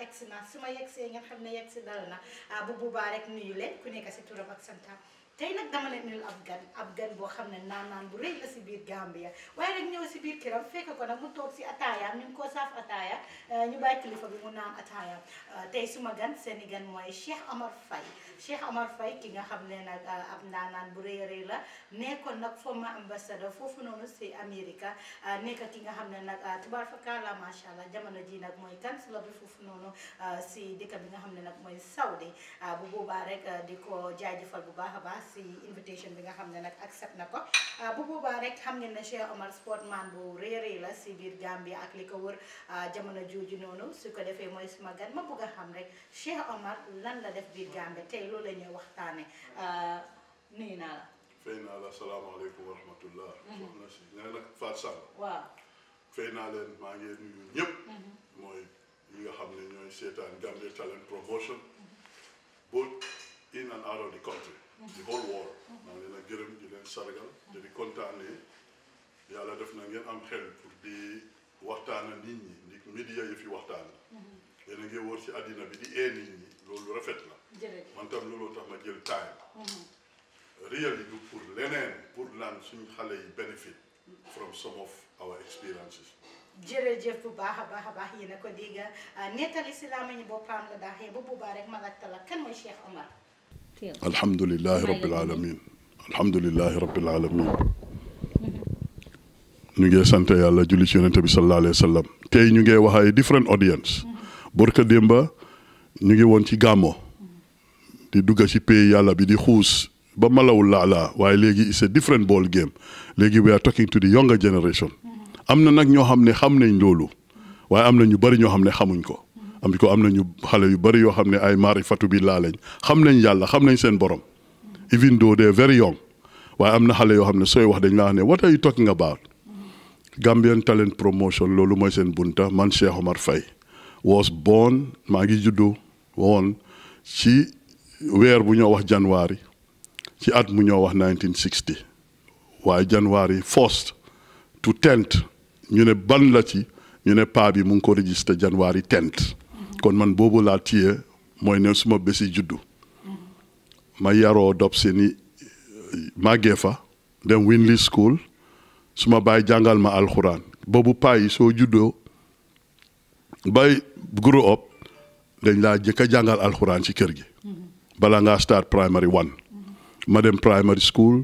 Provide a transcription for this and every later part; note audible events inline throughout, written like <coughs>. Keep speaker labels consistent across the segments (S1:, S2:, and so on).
S1: yegsi naa su ma yegsee ngeen xam ne yegsi dal na ah, bu boobaa rek nuyu leen ku nekk si turam ak santam tey nag dama leen nil ab gan ab gan boo xam ne naanaan bu rëy la si biir Gambia waaye rek ñëw si biir këram fekk ko nag mu toog si ataayaam ñu ngi koo saaf ataaya eh, ñu bàyyi kilifa bi mu naan ataayaam eh, tey suma gan seeni gan mooy Cheikh Omar Faye cheikh Omar fay ki nga xamné nak ah, ab nanan bu reey reey la nekkon nak former ambassadeur fofu nonu si America ah, nekk ki nga xamné nak nag fakala fa kaala allah jamono ji moy kan bi fofu nonu ah, si dekk bi nga xamné nak moy Saudi bu boba rek di ko bu baakha baax si invitation bi nga xamné nak accept nako. bu boba rek xam ngeen cheikh omar sportman bu reey reey la si bir Gambia ak liko ko wër jamono jooju nonu su ko defé moy suma gan ma bëgg xam rek cheikh omar lan la def bir Gambia tay loolu la ñuy waxtaane nuyu naa la
S2: fay naa la salaamaaleykum wa rahmatullah soxna si nee nag Fatou Sall waaw fay naa ngi nuyu ñëpp mooy ñi nga xam ne ñooy Gambia Talent Promotion both in and out of the country the whole world maa ngi leen gërëm di leen sargal te di kontaan ne yàlla def na ngeen am xel pour di waxtaana nit ñi ndi media yi fi waxtaan yéen a ngi wër ci àddina bi di ee nit ñi loolu rafet na jërëjëf man tam mhm. xale yi benefit
S1: laa ma ñu boppam la la kan mooy
S2: Cheikh Omar. Mhm. ñu ngi yàlla julli ci yonente bi sallallahu alayhi tey ñu ngi wax different audience. Mhm. Barka démba ñu ngi woon ci gàmmo. di dugg ci pays yàlla bi di xuus ba malawul laa laa waaye léegi a different ball game léegi we are talking to the younger generation am na nag ñoo xam ne xam nañ loolu waaye am na ñu bari ñoo xam ne xamuñ ko am ko am na ñu xale yu bari yoo xam ne ay maarifatu bi laa lañ xam nañ yàlla xam nañ seen borom even though they are very young waaye am na xale yoo xam ne sooy wax dañ ne what are you talking about Gambian Talent Promotion loolu mooy seen bunta man Cheikh Omar was born maa ngi juddu woon ci weer bu ñoo wax januari ci at mu ñoo wax 1960 waaye januari first to tenth ñu ne ban la ci ñu ne paa bi mu ngi ko registré januari tent kon man boobu laa téye mooy ne suma bési juddu ma yaroo dob seeni eh, màggee fa dem Winley School suma baay jàngal ma alxuraan boobu paa yi soo juddoo bay grow up dañ laa jëkk a jàngal alxuraan ci kër gi balaa ngaa start primary one ma dem primary school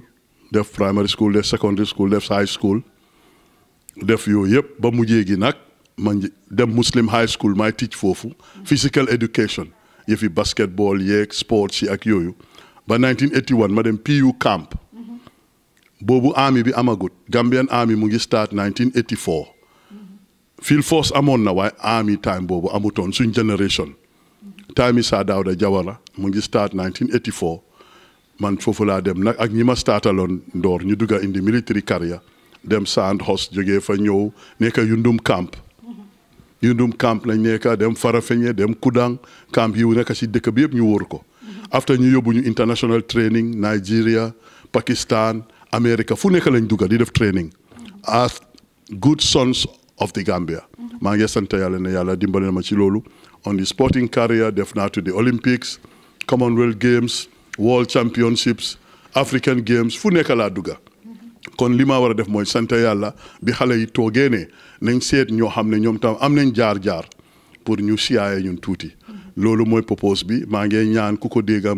S2: def primary school def secondary school def high school def yooyu yëpp ba mujjee gi nag ma dem muslim high school may teach foofu physical education yëfi basketball yeeg sports yi ak yooyu ba 1981 ma dem PU camp boobu army bi amagut Gambian army mu ngi start 1984 field force amoon na waaye army time boobu amutoon suñ génération time Sir Dawda Jawara mu ngi start 1984 man foofu laa dem nag ak ñi ma startaloon ndoor ñu dugga indi military carrière dem Sandhurst jógee fa ñëw nekka Yundum camp Yundum camp lañ nekka dem Farafenni dem Kudang camp yi nekka si dëkk bi yëpp ñu wóor ko after ñu yóbbu ñu international training Nigeria Pakistan America fu nekk lañ dugga di def training as good sons of the Gambia maa ngi sant yàlla na yàlla dimbale na ma ci loolu on his sporting career, definitely now to the Olympics, Commonwealth Games, World Championships, African Games, fu nekk laa kon lima ma war a def mooy sant yàlla bi xale yi toogee ne nañ tam am nañ jaar-jaar pour ñu siyaaye ñun tuuti loolu mooy propose bi ñaan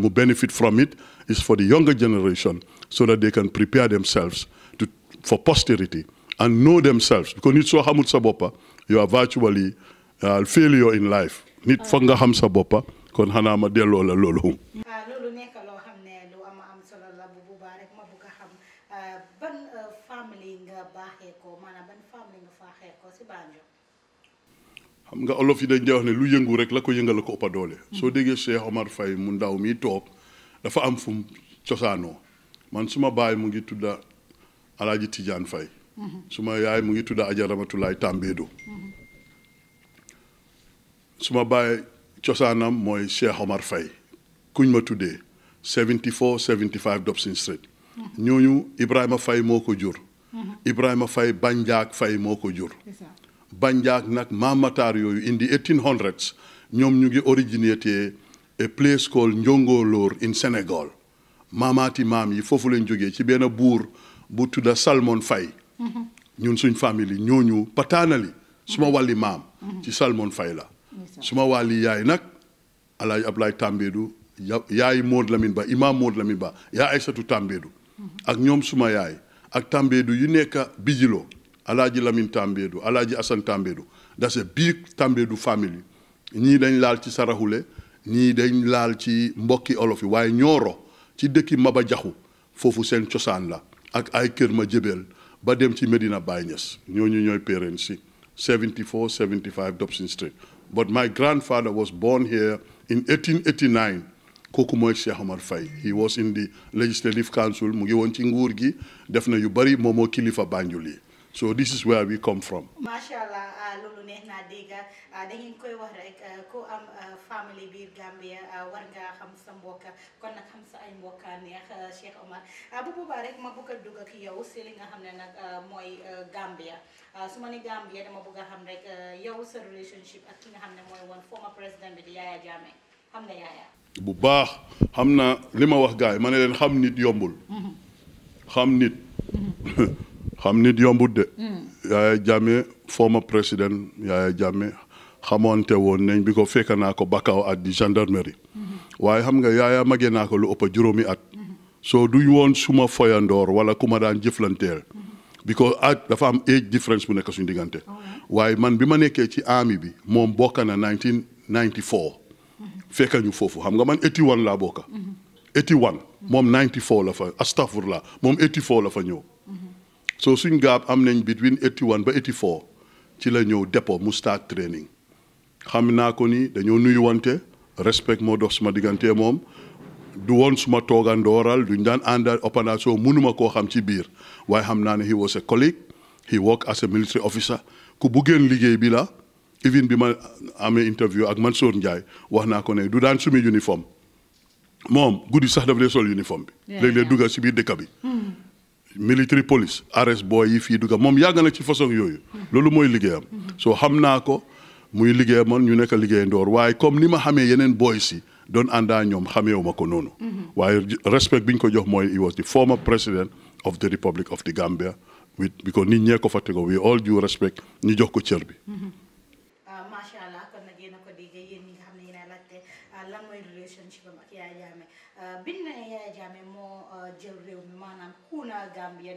S2: mu benefit from it is for the younger generation so that they can prepare themselves to for posterity and know themselves because nit soo xamul sa boppa you are virtually uh, failure in life nit foog nga xam sa boppa kon xanaa ma delloo la loolu. Ah, xam ah, ah, nga baaxee ko maanaam ban famille nga faaxee olof yi dañ dee wax ne lu yëngu rek la ko yëngal la ko ëppa doole. Hmm. soo déggee Cheikh Omar Faye mu ndaw mi toog dafa am fu mu cosaanoo man suma baay mu ngi tudda Alaaji Tijaan Faye. Hmm. suma yaay mu ngi tudda Aja Ramatulaay Tambédou hmm. su ma bàyyi cosaanam mooy Cheikh Omar fay kuñ ma tuddee 74 75 Dobson Street ñooñu Ibrahima fay moo ko jur Ibrahima fay Banjaak fay moo ko jur Banjaak nag maamataar yooyu indi 1800 ñoom ñu ngi originaté a place called Njongoloor in Sénégal maamaati maam yi foofu lañ jógee ci benn buur bu tudda Salmon Faye mhm. ñun suñ famille ñooñu pataanali suma mhm. wàlli maam mhm. ci Salmon Faye la suma waali yaay nag alaaji Ablaye Tambédou yaay mood Lamine Ba imam Maud Lamine Ba yaa Aysatu Tambédou mhm. ak ñoom suma yaay ak Tambédou yu nekk bijilo alaaji Lamine Tambédou alaaji Assane Tambédou that's a big Tambédou family ñii dañ laal ci saraxule ñii dañ laal ci mbokki olof yi waaye ñooro ci dëkki Maba Jaxu foofu seen cosaan la ak ay kër ma jëbeel ba dem ci Medina Baye ñoo ñu ñooy parents si 74 75 Dobson Street But my grandfather was born here in 1889. kooku mooy Omar he was in the legislative council mu Tingurgi, woon Yubari Momo kilifa Banjuli so this is where we come from.
S1: macha allah uh, loolu neex naa dégg uh, da ngeen koy wax rek uh, am family Bir Gambia warga nga xam sa mbokka kon nag xam sa ay mbokka neex Omar Abu boobaa mabuka duga bëgg a hamne ak yow Gambia Sumani Gambia dama bëgg a xam rek sa relationship ak hamne nga one former président bi di Yaya Jammeh xam nga
S2: Yaya. bu baax xam na li ma nit yombul. Mm-hmm. xam nit. Mm-hmm. <laughs> xam nit yombut de. Hmm. Yaya Jammeh former président Yaya Jammeh xamoonte woon nañ bi ko fekk naa ko Bakau at di gendarmerie. Hmm. waaye xam nga Yaya mage naa ko lu ëpp juróomi at. Hmm. soo duñ woon suma foyandoor wala ku ma daan bi ko at dafa am age difference bu nekk suñ diggante. Oh, waaye man bi ma nekkee ci ami bi moom bokk na 1994. fekk ñu foofu xam nga man 81 laa bokk. 81 moom 94 la fa astafurla moom 84 la fa ñëw. so suñ gap am nañ between 81 ba 84 ci la ñëw dépôt mu start training xam naa ko ni dañoo nuyu wante respect moo dox suma diggante moom du woon suma toogandooral duñ daan àndal opération mënuma koo xam ci biir waaye xam naa ne he was a colleague he work as a military officer ku buggeen liggéey bi la even bi ma amee interview ak Mansour Ndiaye wax naa ko ne du daan sumi uniforme moom guddi sax daf dee sol uniforme bi léeg-léeg dugga dëkk bi hmm. military police arrest boy yi fii dugga moom yàgg na ci façon yooyu loolu mooy liggéeyam so xam naa ko muy liggéey man ñu nekk liggéey ndoor waaye comme ni ma xamee yeneen boys yi doon àndaa ñoom xameewuma ko noonu waaye respect bi ñu ko jox mooy he was the former president of the Republic of the Gambia with because nit ñee ko fa we all due respect ñu jox ko cër bi Gambia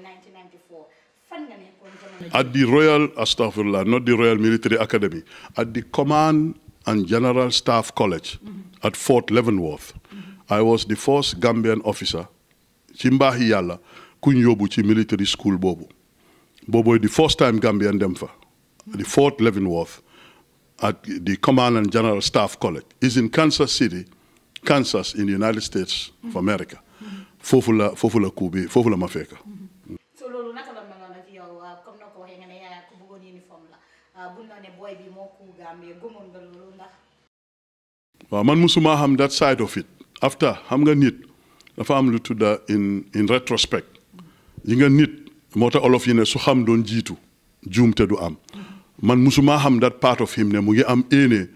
S2: 1994. At the Royal uh, Astafurla, not the Royal Military Academy, at the Command and General Staff College mm -hmm. at Fort Leavenworth, mm -hmm. I was the first Gambian officer, Chimbahi Yala, Kunyobu Military School Bobo. Bobo, the first time Gambian Demfa, mm -hmm. the Fort Leavenworth, at the Command and General Staff College, is in Kansas City, Kansas, in the United States of mm-hmm. America. foofu la foofu la coup foofu la ma fekk. Ah, ah, waaw man musuma xam that side of it after xam nga nit dafa am lu tudda in in retrospect yi nga nit moo tax olof yi ne su xam doon jiitu juum te du am man musuma xam that part of him ne mu ngi am éene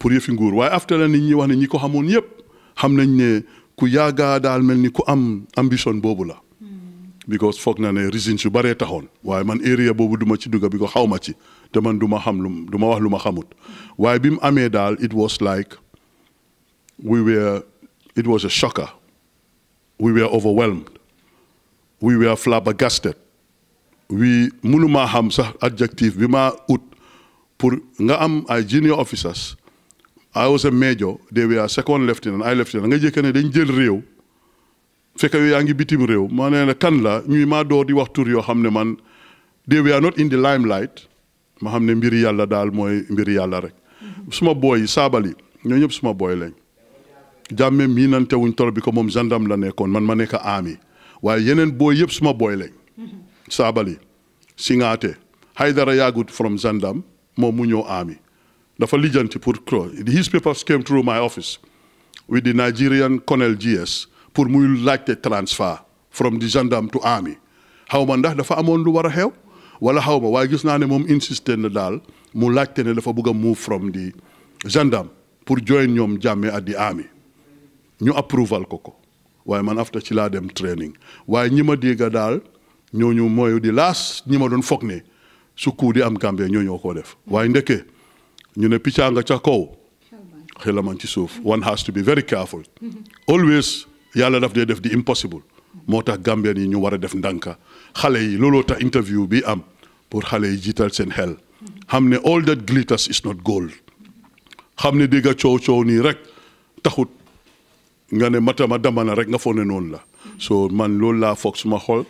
S2: pour yëfi nguur waaye after la nit ñi wax ne ñi ko xamoon yëpp xam nañ ne. ku yàggaa daal mel ni ku am ambition boobu la. because foog na ne reason yu baree taxoon waaye man area bobu duma ci dugga bi ko xaw ma ci te man du xam wax xamut it was like we were it was a shocker we were overwhelmed we were flabbergasted we mënumaa xam sax adjective we ma ut pour nga am ay junior officers I was a major they were second lieutenant I lieutenant nga jëkk ne dañ jël réew fekk yow yaa ngi bitim réew ma ne kan la ñuy maa door di wax tur yoo xam ne man they were not in the limelight ma xam ne mbir yàlla daal mooy mbir yàlla rek suma booy saabali ñoo yëpp suma booy lañ jàmme mii nante wuñ tol bi ko moom sandam la nekkoon man ma nekk aami waaye yeneen booy yëpp suma booy lañ saabali singaate Haydara yaagut from sandam moom mu ñëw aami dafa lijjanti pour close his papers came through my office with the Nigerian colonel GS pour muy laajte transfer from the gendarme to army xaw ma ndax dafa amoon lu war a xew wala xaw ma waaye gis naa ne moom insisté na daal mu laajte ne dafa bëgg a move from the gendarme pour join ñoom jàmme at the army ñu approval ko ko waaye man after ci laa dem training waaye ñi ma dégg daal ñooñu moy di laas ñi ma doon foog ne su kuu di am Gambie ñoo ñoo koo def waaye ndekkee ñu ne nga ca kaw xel ci suuf one has to be very careful always yàlla daf dee def di impossible moo tax gambien yi ñu war a def ndànka xale yi looloo tax interview bi am pour xale yi jiital seen xel xam ne all that glitters is not gold xam ne dégg coow coow nii rek taxut nga ne matama damana rek nga foog ne noonu la so man loolu laa foog suma xol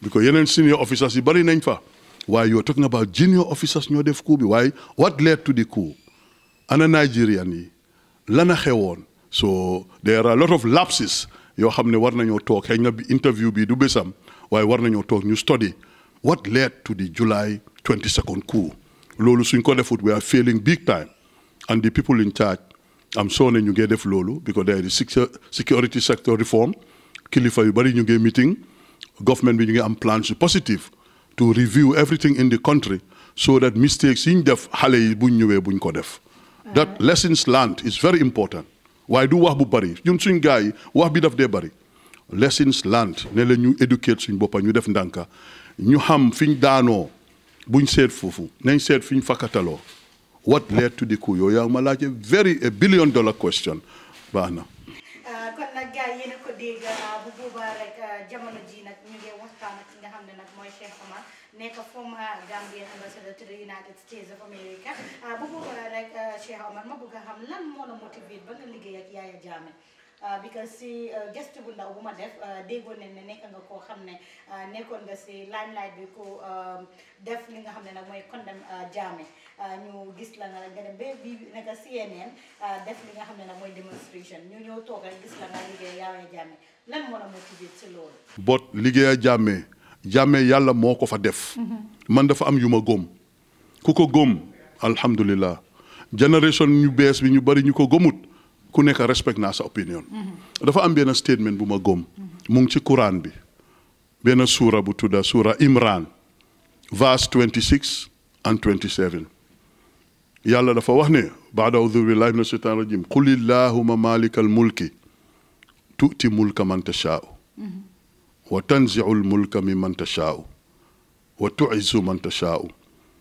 S2: bi ko yeneen senior officers yi bari nañ fa why you are talking about junior officers ñoo def coup bi why what led to the coup ana Nigerian yi lana xewoon so there are a lot of lapses yoo xam ne war nañoo toog xëy na interview bi du bésam waaye war nañoo toog ñu study what led to the July 22nd coup loolu suñ ko defut we are failing big time and the people in charge am soo ne ñu ngee def loolu because there is security sector reform kilifa yu bari ñu ngee meeting government bi ñu ngi am plans yu to review everything in the country soo that mistakes yi def xale yi buñ ñëwee buñ ko def. that lessons lant is very important waaye du wax bu bari ñun suñ gaa yi wax bi daf dee bari lessons lant ne la ñu educate suñ boppa ñu def ndànka ñu xam fiñ daanoo buñ seet foofu nañ seet fiñ fakkataloo what led to the coup yooyu ma laaj a very a billion dollar question baax na.
S1: Ah, like a former uh, Gambian ambassador to the United States of America uh, bu boobaa rek uh, Cheikh Omar ma bëgg a xam lan moo la motivate ba nga liggéey ak Yaya Jammeh because si geste bu ndaw bu ma def déggoon ne ne nekk nga koo xam ne nekkoon nga si limelight bi ku um, def li nga xam ne nag mooy condamn Jammeh ñu gis la nga nga dem ba bii naka CNN def li nga xam ne nag mooy demonstration ñu ñëw toog rek gis la nga liggéey Yaya Jammeh lan moo la motivate si loolu.
S2: bot liggéey Jammeh. jàmme yàlla moo ko fa def mm-hmm. man dafa am yu ma góom ku ko góom alhamdulilah génération ñu bees bi ñu bari ñu ko góomut ku nekk respect naa sa opinion mm-hmm. dafa am benn statement bu ma góom mm-hmm. mu ngi ci Quran bi benn suura bu tudda suura Imran verse 26 and 27 yàlla dafa wax ne baada audu billahi mina shaitan rajim qul illahuma malika al mulki tuuti mulka man tashaau wa tanziu lmulka mi man tachaau wa tuizu man tachaau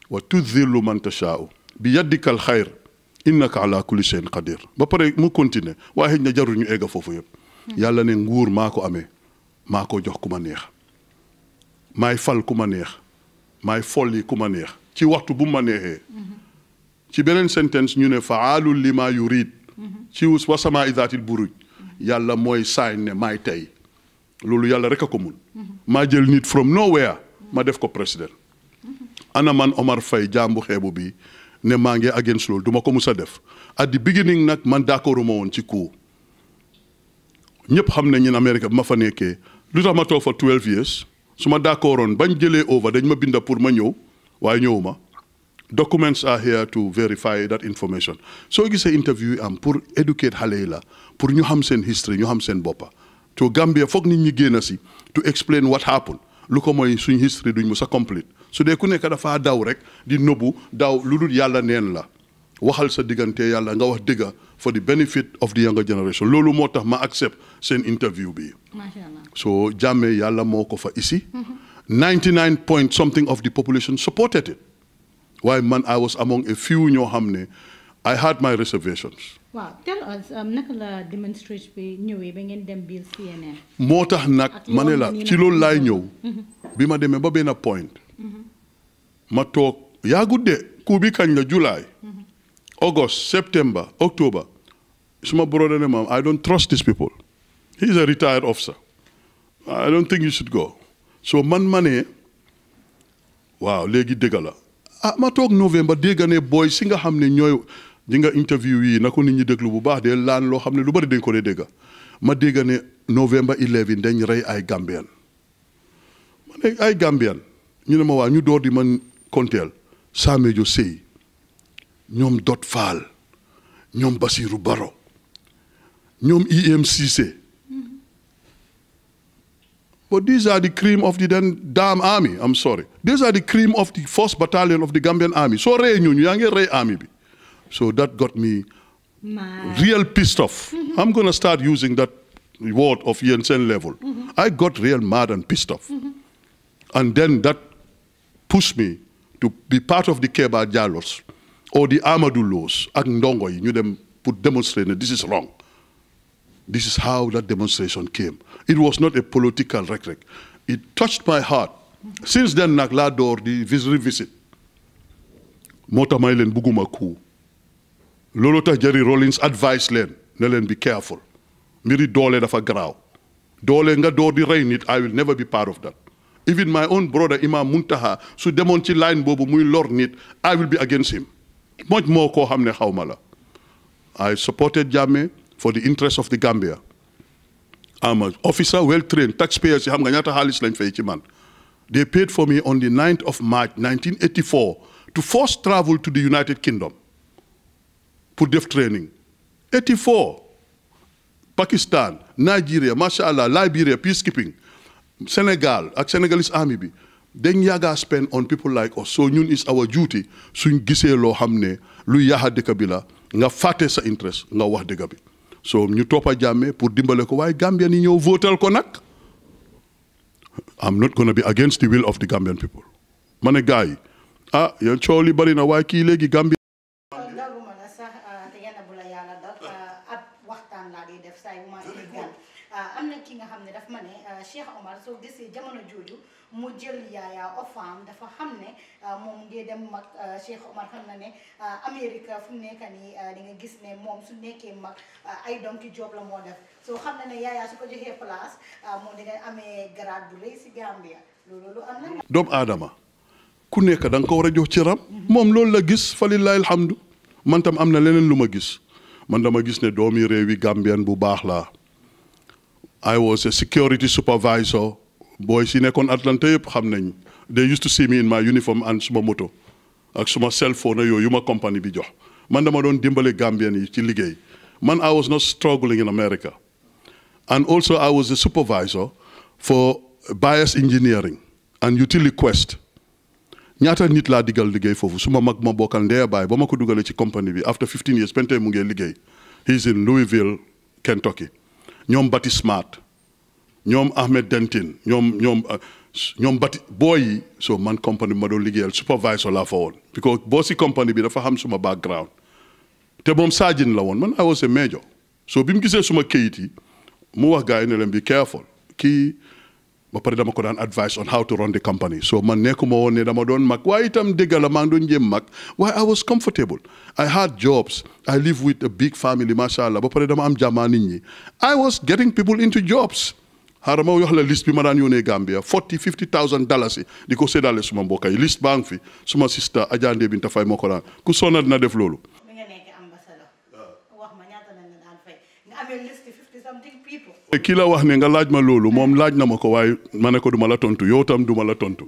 S2: wa tudhillu man tachaau bi yaddika alxayr innaka ala kulli cheyin ba pare mu continuer waaye xëj na jarul ñu egg foofu yëpp yàlla ne nguur maa ko amee maa ko jox ku ma neex maay fal ku ma neex maay folli ku ma neex ci waxtu bu ma neexee ci beneen sentence ñu ne faalul lima yurid ci wasamaa idaatil buruj yàlla mooy saañ ne maay tey loolu yàlla rek a ko mun maa jël nit from nowhere ma def ko président ana man Omar Faye jaambu xeebu bi ne maa ngi against loolu duma ko mus a def at the beginning nag man d'accorduma woon ci coup ñëpp xam ne ñun Amérique bi ma fa nekkee lu tax ma toog fa 12 years su ma d'accordoon bañ jëlee over dañ ma binda pour ma ñëw waaye ñëwuma documents are here to verify that information soo gisee interview yi am pour éduquer xale yi la pour ñu xam seen history ñu xam seen boppa to Gambia foog nit ñi génn si to explain what happened lu ko mooy suñ history duñ mu sa complete su dee ku nekk dafaa daw rek di nëbbu daw lu dul yàlla neen la waxal sa diggante yàlla nga wax dëgga for the benefit of the younger generation loolu moo tax ma accept seen interview bi so jàmmee yàlla moo ko fa isi. 99 point something of the population supported it waaye man I was among a few ñoo xam ne I had my reservations
S1: waaw tell um,
S2: moo tax nag ma ne la ci loolu laay ñëw.
S1: Mm-hmm. Mm-hmm.
S2: bi ma demee ba benn point. Mm-hmm. ma toog yaa guddee kuu bi kañ la july. august september october. suma brother ne ma I don't trust these people. he is a retired officer. I don't think you should go. so man ma ne waaw léegi dëgg la ah ma toog novembre dégg ne booy si nga xam ne ñooy. ji nga interview yi na ko nit ñi déglu bu baax de laan loo xam ne lu bari dañ ko dee dégg ma dégg ne novembre 11 dañ rey ay Gambien ma ne ay Gambien ñu ne ma waa ñu door di man konteel Samejo Sey ñoom Dot Fall ñoom Basiru Baro ñoom EM Cissé But these are the cream of the then damn army. I'm sorry. These are the cream of the first battalion of the Gambian army. So rey ñooñu yaa ngi rey army bi. So that got me real pissed off. Mm -hmm. I'm going to start using that word of Jensen level. Mm -hmm. I got real mad and pissed off. Mm -hmm. And then that pushed me to be part of the Keba Jalos or the Amadou laws at Ndongo. You them put demonstrating this is wrong. This is how that demonstration came. It was not a political rhetoric. It touched my heart. Since then, Naglador, the visit, Motamailen Bugumaku, looloo tax Jerry Rollins advice Len, ne be careful miri doole dafa garaaw doole nga do di rey nit I will never be part of that even my own brother Imam Muntaha su demoon ci line boobu muy lor nit I will be against him much moo koo xam la I supported Jammeh for the interest of the Gambia I'm an officer well trained taxpayers yi xam nga ñaata xaalis lañ fay ci man they paid for me on the 9th of March 1984 to force travel to the United Kingdom pour def training eighty-four Pakistan Nigeria macha allah Liberia peacekeeping Sénégal ak Senegalese army bi dañ yàgga spend on people like us so ñun is our duty suñ gisee loo xam ne lu yaaxa dëkk bi la nga fàtte sa interest nga wax dëgg bi so ñu toppa jàmme pour dimbale ko waaye Gambian yi ñëw votel ko nag am not gonna be against the will of the Gambian people ma ne gars yi ah yéen coow li bari waaye kii léegi Gambia
S1: Omar soo gisee jamono jooju mu jël yaaya ofaam dafa xam ne euh, moom ngee dem mag euh, Cheikh Omar xam na ne euh, Amérique fu mu nii di gis ne moom
S2: loolu aadama ku nekk da ko war a jox cëram moom loolu la gis falilahi alhamdu man tam am na leneen lu ma gis man dama gis ne doomi réew yi Gambien bu baax laa. I was a security supervisor boys in nekkoon Atlanta they used to see me in my uniform and suma moto ak my cell phone yooyu yu company compagnie bi jox man dama I was not struggling in America and also I was a supervisor for bias engineering and utility quest Nyata nit laa digal liggéey foofu suma mag ma bokkal ndee baay ba ko ci bi after 15 years pente mu ngee liggéey He's in Louisville Kentucky ñoom Bati Smart ñoom Ahmed Dentin ñoom ñoom ñoom uh, Bati boy. so man company bi ma doon liggéeyal supervisor la fa because bossy si compagnie bi dafa xam suma background te moom la woon man I was a major so bim mu suma kayit muwa mu wax gars ne careful Ki ba pare dama ko daan advice on how to run the company so man nekkuma woon ne dama doon mag waaye itam dëgg la maa I was comfortable I had jobs I live with a big family mashallah. allah ba pare dama am jàmmaa nit ñi I was getting people into jobs Haramo oh, ma yox la liste bi ma daan yónnee Gambia forty fifty thousand dollars yi di ko séddale suma mbokk yi liste baa fi suma sister Adja Ndeye Binta Faye daan ku na def loolu kii la wax ne nga laaj ma loolu moom laaj na ma ko waaye ma ne ko du la tontu yow tam duma la tontu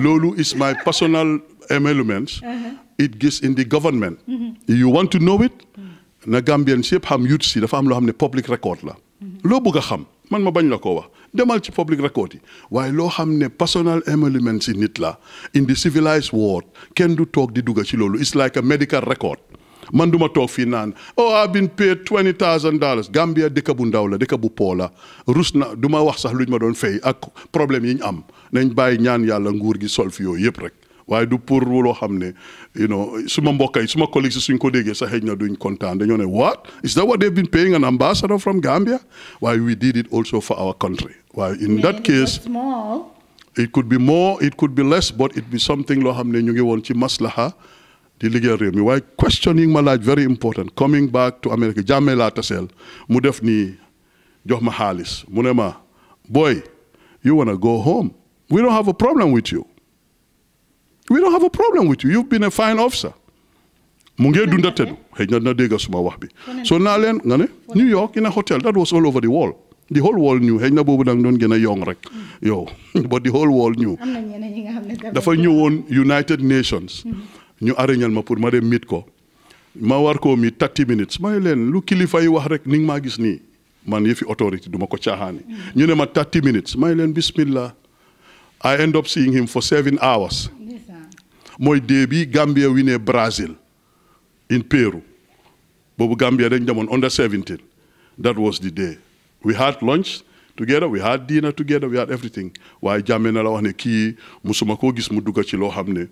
S2: loolu is my personal emolument uh-huh. it gets in the government mm-hmm. you want to know it mm-hmm. na Gambien si yëpp xam youth si dafa am loo xam ne public record la mm-hmm. loo bëgg a xam man ma bañ la koo wax demal ci public record yi waaye loo xam ne personal emolument si nit la in the civilized world kenn du toog di dugga ci loolu it's like a medical record man du oh I've been paid twenty thousand dollars Gambia dëkk bu ndaw la dëkk bu poo la rus na ak problème yi am nañ bàyyi ñaan yàlla nguur gi solf yooyu yëpp rek waaye du you know suma ma suma colleagues, su ma collègue suñ ko déggee Then you know what is that what they've been paying an ambassador from Gambia Why we did it also for our country Why in that case it could be more it could be less but it be something loo xam ne ñu ngi woon maslaha di liggéeyal réew mi waaye question yi nga ma laaj very important coming back to America jàmmee laa mu def nii jox ma xaalis mu ne ma boy you wanna go home we don't have a problem with you we don't have a problem with you you've been a fine mu ngee dunda teddu xëy na dina dégg suma wax bi so naa leen nga ne New York in a hotel that was all over the wool the whole world knew xëy na boobu danga doon gën a yong rek yow <laughs> but the whole world knew
S1: dafa ñëwoon
S2: United Nations mm-hmm. ñu arañal ma pour ma dem mit ko ma war koo mit thirty minutes may leen lu kilifa yi wax rek ni nga maa gis nii man yëfi autorité du ma ko caaxaani ñu ne ma thirty minutes may leen bismillah I end up seeing him for seven hours mooy dee bi Gambia winee Brazil in Peru boobu Gambia dañ demoon under 17 that was the day we had lunch together we had dinner together we had everything waaye jàmme na la wax ne kii musuma koo gis mu dugga ci loo xam ne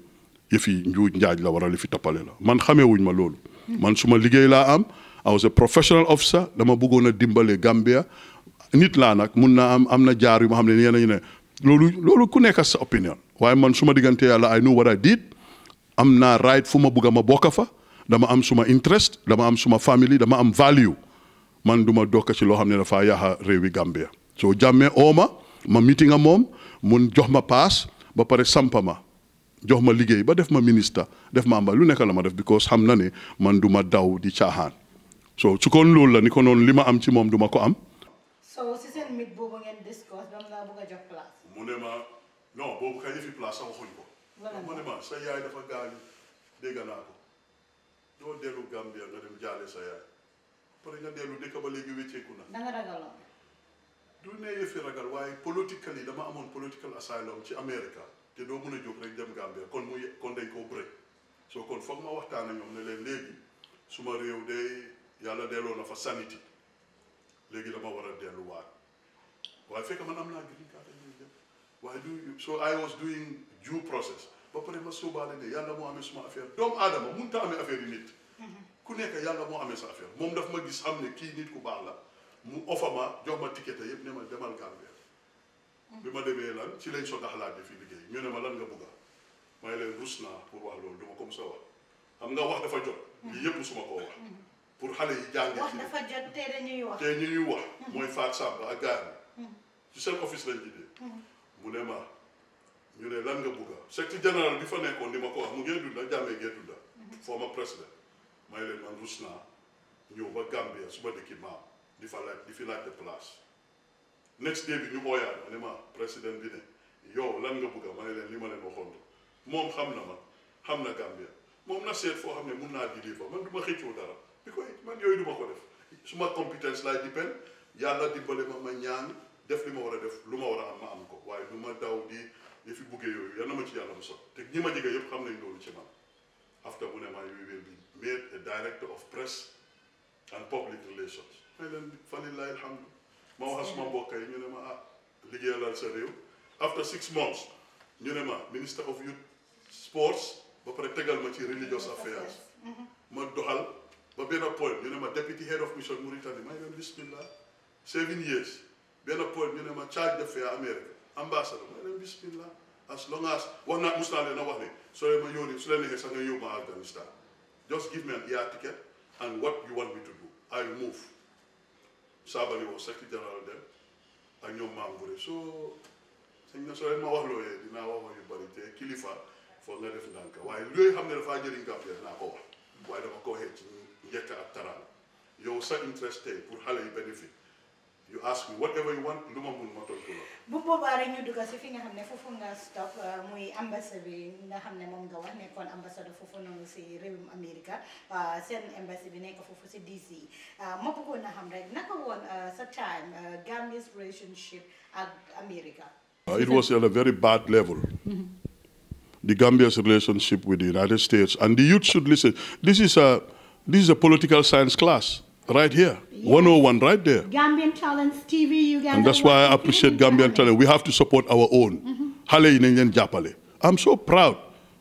S2: yëf yi njuuj njaaj la war a fi tappale la man xamee wuñ ma loolu. man suma liggéey laa am I was a professional officer dama bëggoon a dimbale Gambia nit laa nag mun naa am am na jaar yu ma xam ne yéen ñu ne loolu loolu ku nekk sa opinion waaye man suma diggante yàlla I knew war a did am naa right fu ma bëgg a ma bokka fa dama am suma interest dama am suma family dama am value man du ma dokk ci loo xam ne dafaa yaaxa réewi Gambia soo jàmmee ooma ma meeting a moom mun jox ma paas ba pare sampa ma jox ma liggéey ba def ma ministre def ma amba lu nekk la ma def because xam na ne man duma daw di caaxaan so su kon loolu la ni ko noonu li ma am ci moom duma ko am.
S1: so si seen mit boobu ngeen discuss dama mu laa bëgg a jox place. mu ne ma non boobu kañ fi place sax waxuñ ko. mu ne ma
S2: sa yaay dafa gaañu dégg naa ko doo dellu Gambia nga dem jaale sa yaay pare nga dellu dëkk ba léegi wécceeku na. da nga ragaloon. du ne yëfi ragal waaye political dama amoon political asylum ci America. te jóg rek dem Gambia kon mu kon kon ma ne suma yàlla na fa sanity dama am green card dem so I was doing due process ba pare ma sóobaale ne yàlla moo amee suma affaire doomu aadama mënut a amee affaire nit ku nekk yàlla sa affaire daf ma gis nit ku baax la mu ma jox ma ticket yëpp ne ma demal Gambia lan ci lañ ñu ne ma lan nga bëgga may leen rus naa pour wax loolu duma comme ça wax xam nga wax dafa jot li yépp suma ko wax pour xale yi jàng wax
S1: dafa jot te dañuy wax te
S2: ñu ñuy wax mooy faat sàmba ak gaar hmm. ci seen office lañ jidee hmm. mu ne ma ñu ne lan nga bëgga secteur général bi fa nekkoon di ma ko wax mu ngee dunda jàmmee ngee dunda hmm. former président ma may leen man rus naa ñëw ba Gambia suba dëkki maam di fa laaj di fi laajte place next day bi ñu ooyaat ma ne ma président bi ne yow lan nga bëgg ma ne leen li ma leen waxoon moom xam na ma xam na Gambia moom na seet foo xam ne mun naa di man du ma xëccoo dara bi koy man yooyu du ma ko def suma compétence laay depend yàlla dimbale ma ma ñaan def li ma war a def lu ma war a am ma am ko waaye du ma daw di li fi buggee yooyu yal ma ci yàlla mu sot te ñi ma jege yëpp xam nañ loolu ci man after mu ne maa we will be made a director of press and public relations may leen falilahi alhamdu ma wax suma mbokk yi ñu ne ma ah liggéeyalal sa réew after six months ñu ne minister of youth sports but pare tegal religious affairs mm-hmm. ma but ba benn point ñu deputy head of mission Mauritania ma yoon bismillah seven years benn point ñu ne ma charge d'affaires America, ambassador ma yoon bismillah as long as one night must naa leen a wax ne soo leen ma yónni su leen neexee Afghanistan just give me an air ticket and what you want me to do I move Sabali was secretary general then and ñoom Maam so you na sooy ma wax loo you dinaa you ask me whatever you want lu ma mun ma tontu la.
S1: bu boobaa you ñu dugg si fi stop uh, muy ambassade bi nga xam ne moom nga wax nekkoon ambassade uh, embassy bi nekk DC uh, ma bëggoon na naka woon sa time Gambia's relationship ak Amérique. Uh, it was
S2: at a very bad level. The Gambia's relationship with the United States. And the youth should listen. This is a, this is a political science class right here. Yes. 101 right there.
S1: Gambian Talents TV, you guys. And that's
S2: why I appreciate Gambian Talent. Talent. We have to support our own. Mm-hmm. I'm so proud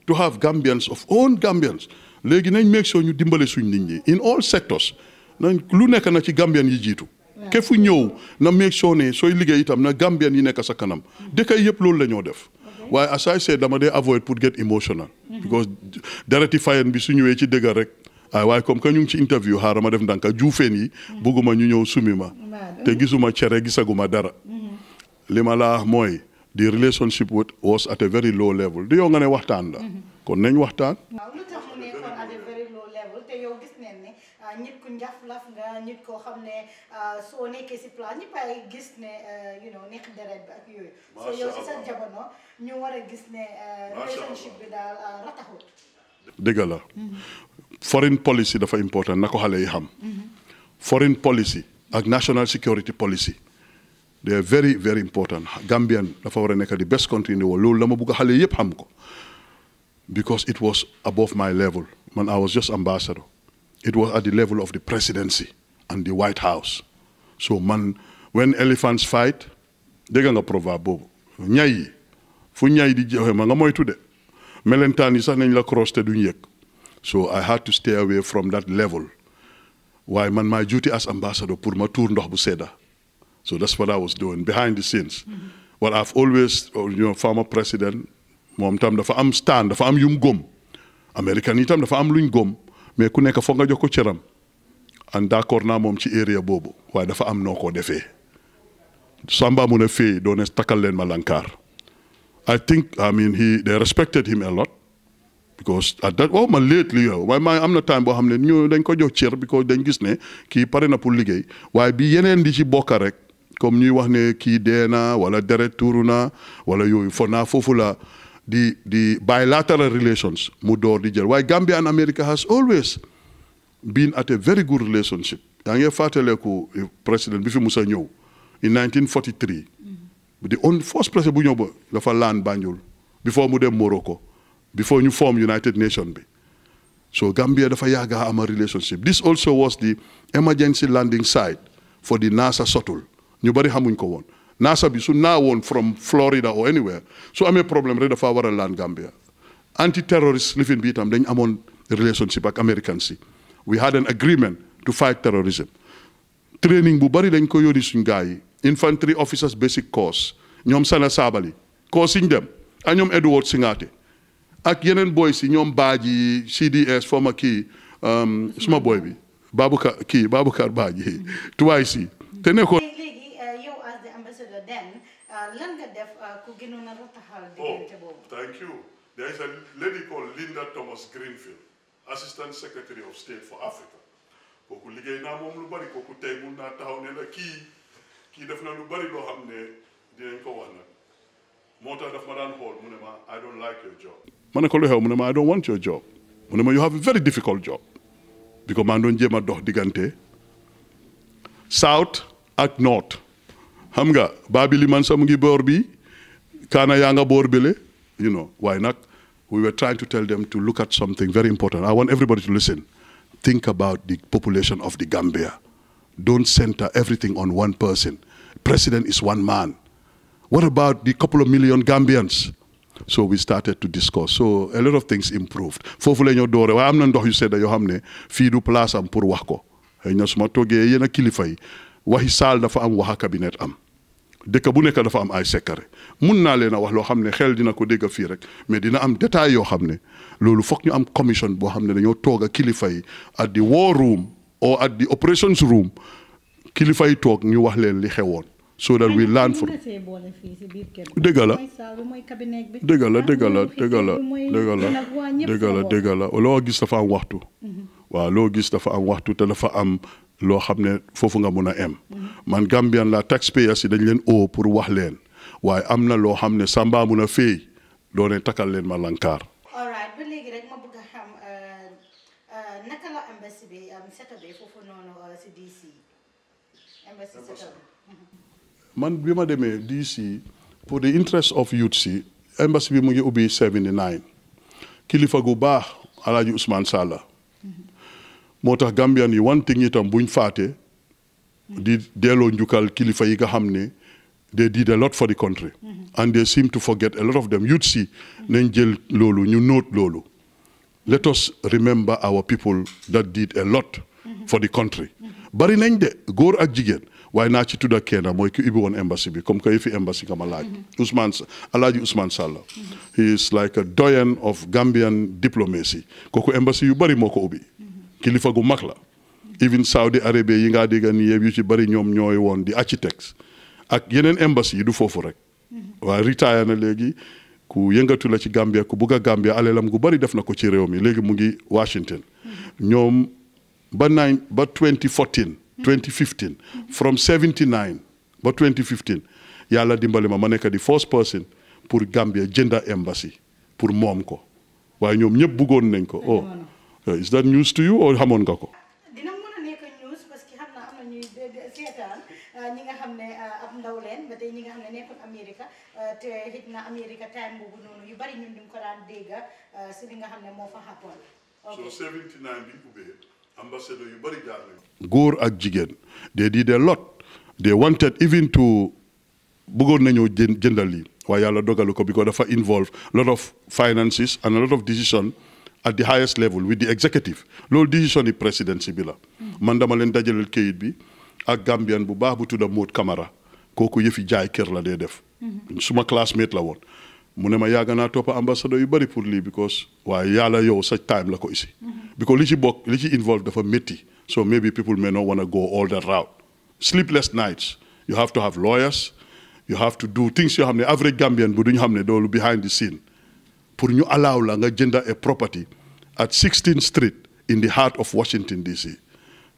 S2: to have Gambians of own Gambians. Legi nañ make sure you dimbali in all sectors. Nañ lu nekk na ci Gambian yi ke fu ñëw na make soo ne sooy liggéey tam na gàmbeen yi nekk sa kanam dëkk yëpp loolu la ñoo def waaye as I said dama dee avoid pour get emotional because dereti fayen bi su ñëwee ci dëgg rek ah waaye comme que ñu ngi ci interview xaaral ma def ndànka juufeen yi bëgguma ñu ñëw sumi ma te gisuma cere gisaguma dara li ma laa mooy the relationship was at a very low level di yow nga ne waxtaan la kon nañ waxtaan
S1: nit ku njaflaf nga nit koo xam ñu war a gis ne. Eh, relationship bi daal ah, rataxut.
S2: dëgg la. Mm-hmm. foreign policy dafa important na ko xale yi xam. Mm-hmm. foreign policy ak national security policy. they are very very important Gambian dafa war a nekk di best country in loolu la ma bëgg xale yëpp xam ko because it was above my level man I was just ambassador. It was at the level of the presidency and the White House. So man, when elephants fight, they're gonna ñay Nyai, funyai di joxe eh, de melentaan la cross te so I had to stay away from that level Why? man my duty as ambassador pour ma tuur ndox bu so that's what I was doing behind the scenes well I've always oh, you know former president moom tam dafa am stand dafa am yum gom American yi dafa am luñ gom mais ku nekk foog nga jox ko cëram an d'accord naa moom ci area boobu waaye dafa am noo ko defee Samba mu ne fii doo ne takkal leen ma lankaar I think I mean he they respected him a lot because at that oh man lately yow waaye maa am na time boo xam ne ñu dañ ko jox cër because dañ gis ne kii pare na pour liggéey waaye bi yeneen di ci bokka rek comme ñuy wax ne kii dee na wala deret tuuru na wala yooyu fo naa foofu la the, the bilateral relations mu door Why? Gambia and America has always been at a very good relationship yaa ngi président bi musa in 1943 mm-hmm. the first president bu land ba before mu Morocco before ñu form United Nations so Gambia dafa yàgga am a relationship this also was the emergency landing site for the NASA shuttle ñu bari ko woon Nasa bisu na one from Florida or anywhere. So I'm a problem ready for our land Gambia. Anti-terrorists living Vietnam, then I'm on the relationship like Americans. We had an agreement to fight terrorism. Training bubari den koyo infantry officers basic course, nyom sana sabali, causing them, Anyom nyom Edward Singate. Ak yenen boys, nyom baji, CDS, former key, um, small boy bi, ki babu kar baji, <laughs> twice.
S1: Teneko lan def ku gënoon a
S3: thank you
S2: there is a lady called Linda Thomas Greenfield assistant secretary of state for Africa kooku liggéey naa moom lu bari kooku tey mun naa taxaw ne la ki ki def na lu bari loo xam ne dinañ ko wax nag moo daf ma daan xool mu ne ma I don't like your job. ma ko lu xew mu ne ma I don't want your job mu ne ma you have a very difficult job because maa ngi doon jéem a dox diggante south ak north xam nga Babili Mansa mu ngi boor bi Kaana yaa nga boor you know waaye nag we were trying to tell them to look at something very important I want everybody to listen think about the population of the Gambia don't center everything on one person president is one man what about the couple of million Gambians so we started to discuss so a lot of things improved foofu la ñoo doore waaye am na ndox yu sedda yoo xam ne fii du place am pour wax ko xëy na su ma toogee yéen a kilifa yi waxi saal dafa am wax cabinet am dëkk bu nekk dafa am ay secret mun naa leen a wax loo xam ne xel dina ko dégg fii rek mais dina am détail yoo xam ne loolu foog ñu am commission boo xam ne dañoo toog a kilifa yi at di war room or at operations room kilifa yi toog ñu wax leen li xewoon. so that we learn from
S1: dëgg la dëgg la dëgg la dëgg la dëgg
S2: la loo gis dafa am waxtu. Mm-hmm. waaw loo gis dafa am waxtu te dafa am. loo xam ne foofu nga mun a m man Gambian la taxpayers yi dañ leen oo pour wax leen waaye am na loo xam ne Samba mun a fay takkal leen ma lankaar. Mhm. man bi ma demee DC pour the interest of youth si embassy bi mu ngi ubbi 79 kilifa gu baax El Hadj Ousmane moo tax Gambian yi one thing itam buñ faate di delloo njukkal kilifa yi nga xam they did a lot for the country mm-hmm. and they seem to forget a lot of them you'd see nañ jël loolu ñu note loolu let us remember our people that did a lot mm-hmm. for the country mm-hmm. bari nañ de góor ak jigéen waaye naa ci tudda kenn mooy ki ubbi woon embassy bi comme que embassy kama ma laaj Ousmane Alaaji Ousmane Sall he is like a doyen of Gambian diplomacy kooku embassy yu bari moko ubi. kilifa gu mag la even Saudi Arabia yi ngaa dégg nii yëpp yu ci bari ñoom ñooy woon di architectes ak yeneen embassy yi du foofu rek
S3: mm-hmm.
S2: waaye retire na léegi ku yëngatu la ci Gambia ku bugg a Gambia alelam gu bari def na ko ci réew mi léegi mu ngi Washington mm-hmm. ñoom ba nine ba 2014 2015 mm-hmm. from 79 ba 2015 yàlla dimbali ma ma nekk di first person pour Gambia jënda embassy pour moom ko waaye ñoom ñëpp buggoon nañ ko oh, is that news to xamoon nga a
S1: nekk news parce que xam naa am na ñuy seetaan euh, ñi nga xam ne euh, ab ndaw leen ba tey ñi nga euh, na Amérique time boobu noonu yu bari ñun ko daan dégg si li nga xam ne moo fa xapoon. soo
S2: góor ak jigéen they did a lot they wanted even to bëggoon nañoo jëndal lii waaye yàlla dogalu ko because dafa involve lot of finances and a lot of decision. at the highest level with the executive loolu décision yi présidence bi la man dama leen dajaleel kayit bi ak Gambian bu baax bu tudda Mood Camara kooku yëfi jaay kër la dee def mhm. suma classmate la woon mu ne ma yàgg naa toppa ambassadeur yu bëri pour lii because waaye yàlla yow sa time la ko isi mhm. because li ci bokk li ci involve dafa métti so maybe people may not want to go all that route sleepless nights you have to have lawyers you have to do things have to ne average Gambian bu doing xam ne behind the scene pour ñu alaaw la nga jënd a property at 16th street in the heart of Washington DC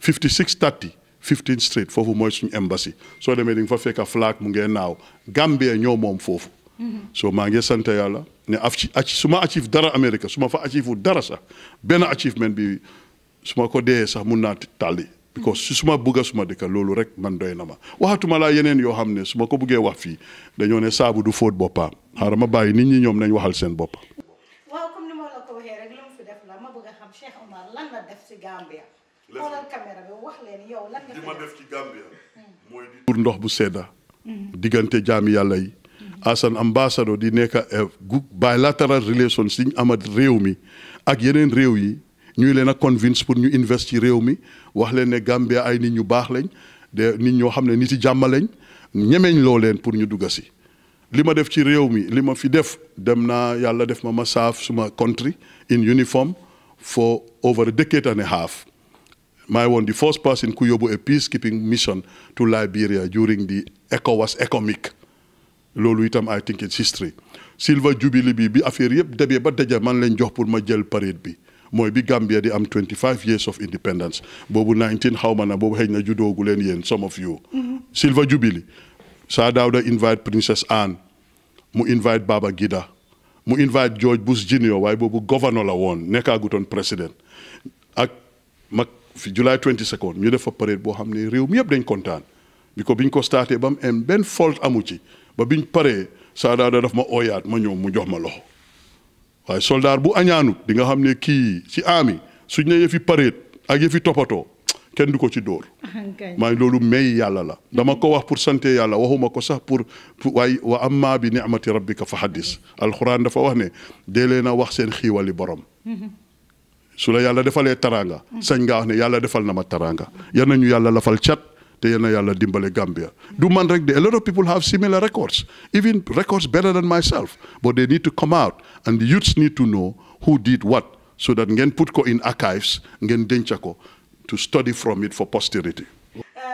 S2: 5630 15th street foofu mooy suñu embassy soo demee di nga fa fekk flag mu ngee naaw Gambia ñoo moom foofu. Mhm. so maa ngi sant yàlla ne af su ma achieve dara Amérique su ma fa achieve dara sax benn achievement bi su ma ko dee sax mun naa tàlli because su suma bugga suma dëkka loolu rek man doy na ma waxatuma laa yeneen yoo xam ne su ma ko bëggee wax fii dañoo ne saabu du fóot boppam xaaral ma bàyyi nit ñi ñoom nañ waxal seen bopp. waaw pour hmm. ndox bu sedda. diggante jaami yàlla yi. as an ambassador di nekk eh, bilateral relation siñ amat réew mi ak yeneen réew yi. ñuy leen a convince pour ñu invest ci réew mi wax leen ne Gambia ay nit ñu baax lañ de nit ñoo xam ne nit yi jàmm lañ ñemeñ loo leen pour ñu dugga si li ma def ci réew mi li ma fi def dem naa yàlla def ma ma saaf suma country in uniform for over a decade and a half my one the first person ku yóbbu a peacekeeping mission to Liberia during the ECOWAS economic loolu itam I think it's history Silva jubilee bi bi affaire yëpp debee ba daja man leen jox pour ma jël parade bi mooy bi Gambia di am 25 years of independence boobu 19 xaw ma na boobu xëy na judoogu leen yéen some of you. Mm-hmm. Silver Jubilee. Sir Dawda invite Princess Anne mu invite Baba Gida mu invite George Bush Junior waaye boobu gouverneur la woon nekkaagutoon président ak mag fi July 22nd ñu def fa parade boo xam ne réew mi yëpp dañ kontaan bi ko bi biñ ko starté ba mu am benn fault amu ci ba bi ñu paree Sir Dawda daf ma oyaat ma ñëw mu jox ma loxo. waaye soldaar bu añaanut di nga xam ne kii ci ami suñ ne yëfi pareet ak yëfi toppatoo kenn du ko ci dóor maa loolu may yàlla la dama ko wax pour sante yàlla waxuma ko sax pour waaye wa maa bi ni'mati rabbika fa haddis alxuraan dafa wax ne dee leen a wax seen xiiwali borom su la yàlla defalee taraanga sañ nga wax ne yàlla defal na ma taraanga yal nañu yàlla lafal cat te yal yàlla dimbale Gambia du man rek a lot of people have similar records even records better than myself but they need to come out and the youths need to know who did what so that ngeen put ko in archives ngeen denca ko to study from it for posterity uh,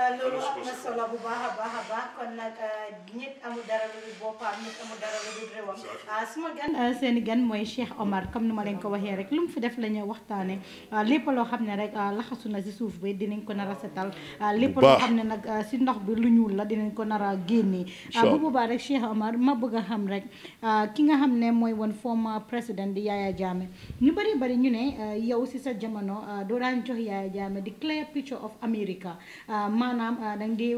S1: waaw ah, su ma gan ah, seen i mooy Cheikh Omar comme ni ma leen ko waxee rek lu mu fi def la ñu waxtaane ah, lépp loo xam ne rek laxasu na si suuf bi dinañ ko nar a setal lépp loo xam ne nag si ndox bi lu ñuul la dinañ ko nar a génnee bu boobaa rek Cheikh Omar ma bëgg a xam rek ki nga xam ne mooy woon former président di Yaya Jammeh ñu bëri bëri ñu ne yow si sa jamono doo daan jox Yaya Jammeh di clear picture of America maanaam danga dee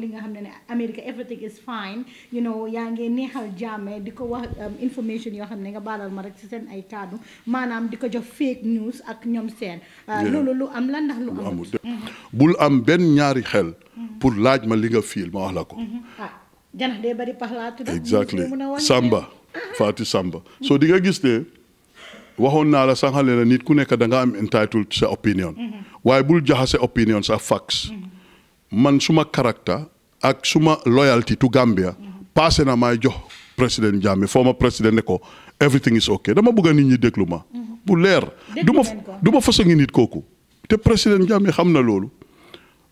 S1: li nga xam ne ne America everything is fine di ko information yoo xam ne nga baalal ma rek si seen ay kaddu maanaam di ko jox fake news ak ñoom seen. Euh, loolu lu am la ndax lu amul. Mm-hmm.
S2: bul am benn ñaari xel. Mm-hmm. pour laaj ma li nga fiil ma wax la ko.
S1: Mm-hmm. ah janax de bari pax ah. gis
S2: ne waxoon naa la sànqale la nit ku nekk danga am entitled sa opinion. waaye bul jaxase opinion sa facts. man suma caractère ak suma loyalty to Gambia. passé na may jox président Jammeh former président ne ko everything is okay dama bëgg nit ñi déglu ma. Mm-hmm. bu leer du ma du ma façon nit kooku. te président Jammeh xam na loolu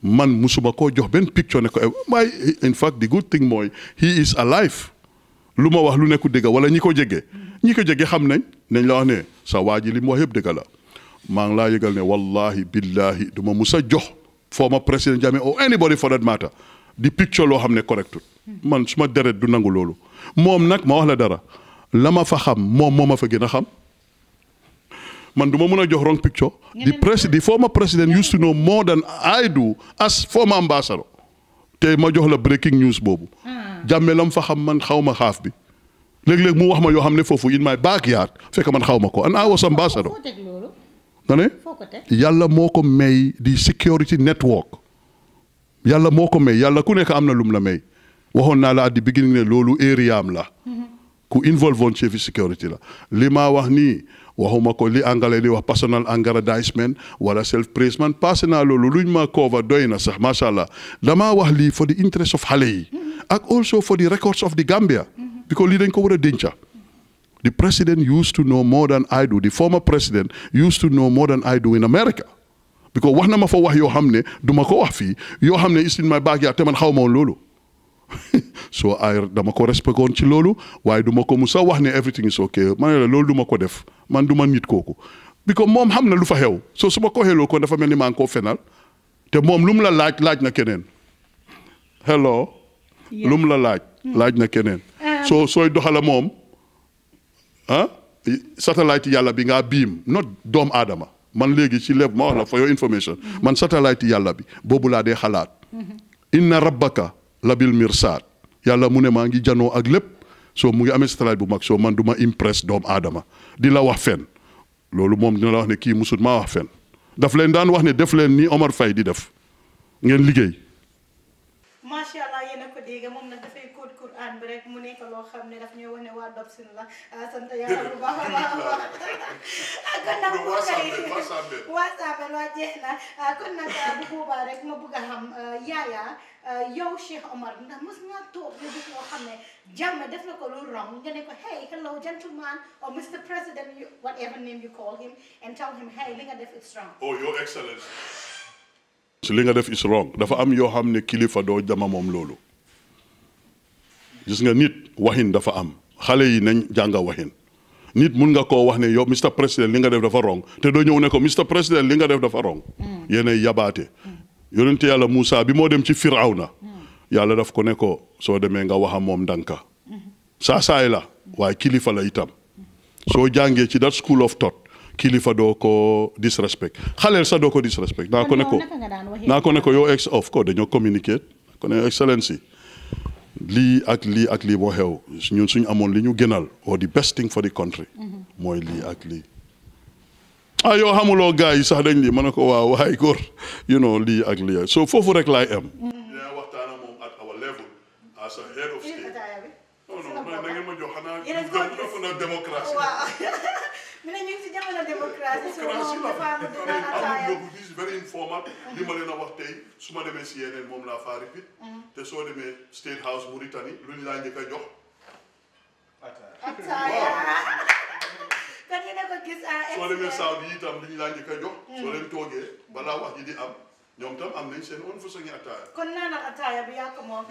S2: man musuma koo jox benn picture ne ko may in fact the good thing mooy he is alive lu ma wax lu nekku dëgg wala ñi ko jege. ñi ko jege xam nañ nañ la wax ne sa waa ji li mu wax yëpp dëgg la maa ngi laa yëgal ne wallahi billahi du ma mus a jox former président Jammeh or anybody for that matter di picture loo xam ne correct mm-hmm. man suma deret nangu loolu. moom nag ma wax la dara la ma fa xam moom moo ma fa gën a xam man du ma mën a jox wrong picture. di presi di former president used to know more than I do as former ambassador. te ma jox la breaking news boobu. Ah. jàmme la fa xam man xaw ma xaaf bi. léeg-léeg mu wax ma yoo xam ne foofu in my backyard fekk man xaw ma ko an I was ambassador. nga ne yàlla moo ko may di security network. yàlla moo ko may yàlla ku nekk am na lum la may. waxoon naa la at the beginning ne loolu areaam la ku involve woon ci security la li maa wax nii waxuma ko li angale di wax personal aggrandizement wala self praise man passé naa loolu luñ ma cover doy na sax macha allah damaa wax lii fo the interest of xale yi ak also for the records of the Gambia because lii dañ ko war a denca di president used to know more than I do the former president used to know more than I do in America because wax na ma fa wax yoo xam ne du ma ko wax fii yoo xam ne is in my man xaw ma loolu <laughs> so air dama ko respect woon ci loolu waaye du ma ko mu sax wax ne everything is okay ma ne la loolu du ma ko def man du ma nit kooku ko moom xam na lu fa xew so su ma ko xeloo kon dafa mel ni maa koo fenal te moom lu mu la laaj laaj na keneen hello lu mu la laaj laaj na keneen um. soo sooy doxala moom ah satellite yàlla bi ngaa biim not doom aadama man léegi ci lépp ma wax la for your information mm-hmm. man satellite yàlla bi boobu laa dee xalaat
S3: mm-hmm.
S2: inna rabbaka labil mirsaad yàlla mu ne maa ngi janoo ak lépp soo mu ngi amee strate bu mag soo man duma ma impress doomu aadama di la wax fen loolu moom dina la wax ne kii musut maa wax fen daf leen daan wax ne def leen ni Omar Faye di def ngeen liggéey.
S1: bi rek mu nekk loo xam ne daf ñuy wane waa Dobson la ah, sant yàlla bu baax a baax a baax <laughs> ah, kon nag bu kay waasaabe waa na ah, kon nag bu boobaa rek ma bëgg a xam yaaya yow Cheikh Omar ndax mos nga toog ñu gis loo xam ne jàmme def na ko lu wrong nga ne ko hey hello gentleman or Mr. President whatever name you call him and tell him hey li nga def is wrong oh your excellency
S2: li nga def is wrong dafa am yoo xam ne kilifa doo jama moom loolu gis nga nit waxin dafa am xale yi nañ jànga waxin nit mun nga koo wax ne yow Mr President li nga def dafa rong te doo ñëw ne ko Mr President li nga def dafa rong hmm. yéen ay yabaate yonente yàlla Moussa bi moo dem ci na hmm. yàlla daf ko ne ko soo demee nga wax a moom ndànka hmm. saasaay la waaye kilifa la itam soo jàngee ci that school of thought kilifa doo ko disrespect xaleel sax doo ko disrespect naa ko ne ko naa ko ne ko yow ex of ko dañoo communiquer ko ne excellency lii ak lii ak lii boo xew ñun suñu amoon li ñu gënal or the best thing for the country mooy lii ak lii ah yoo xamuloo gars yi sax dañ lii ma ne ko waaw waaye góor you know lii ak lii so foofu rek laay am
S1: <laughs> ñu ne ñu si jamono démocratie. démocratie la
S2: amul loo gis very informal. a wax tey si yeneen moom laa faa répit. Mm-hmm. te soo demee State House Mauritanie lu ñu laa njëkk a jox.
S1: ataaya ah, soo demee Saudi
S2: itam lu ñu laa njëkk a jox. Mm. soo leen toogee balaa wax ji di am. ñoom tam am nañ seen oon fa suñu ataaya
S1: kon naanal ataaya bi yàq moom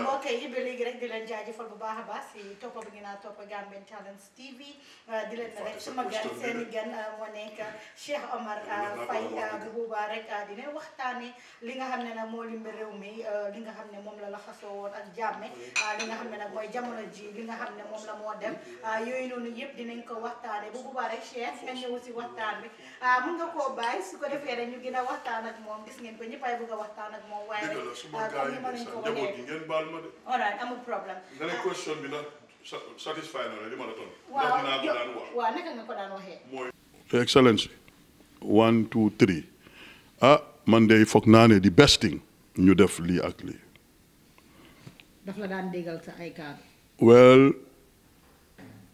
S1: mbokk yi ba léegi rek di leen jaajëfal bu baax a baax si toppa bi ngeen a toppa Gambian Talents TV ah, di leen rek suma gan seen i gan ah, moo nekk Cheikh ah, Omar Faye bu boobaa rek di dina waxtaane li nga xam ne nag moo limbi réew mi li nga xam ne moom la la xasoo woon ak jàmme li nga xam ne nag mooy jamono ji li nga xam ne moom la moo dem yooyu noonu yëpp dinañ ko waxtaane bu boobaa rek Cheikh nga ñëw si waxtaan bi mun nga koo bàyyi su ko defee rek ñu gën a waxtaan ak moom gis ngeen ngeen ko ñëpp ay bëgg nga ko daan waxee.
S2: mooy. one two three ah man de foog naa ne di best thing ñu def lii ak lii.
S1: daf la daan déggal sa ay kàddu.
S2: well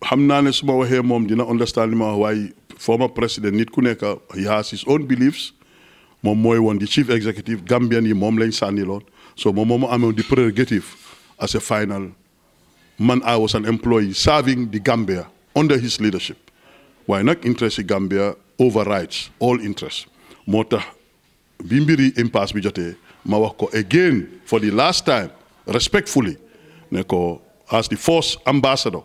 S2: xam naa ne su ma waxee moom dina understand ma wax waaye former president nit ku nekk he has his own beliefs. moom mooy woon di chief executive Gambian yi moom lañ sànniloon so moom moom amoon di prerogative as a final man I was an employee serving the Gambia under his leadership Why not interest yi Gambia overrides all interest moo Bimbi bi mbiri impasse bi jotee ma wax ko again for the last time respectfully ne ko as the force ambassador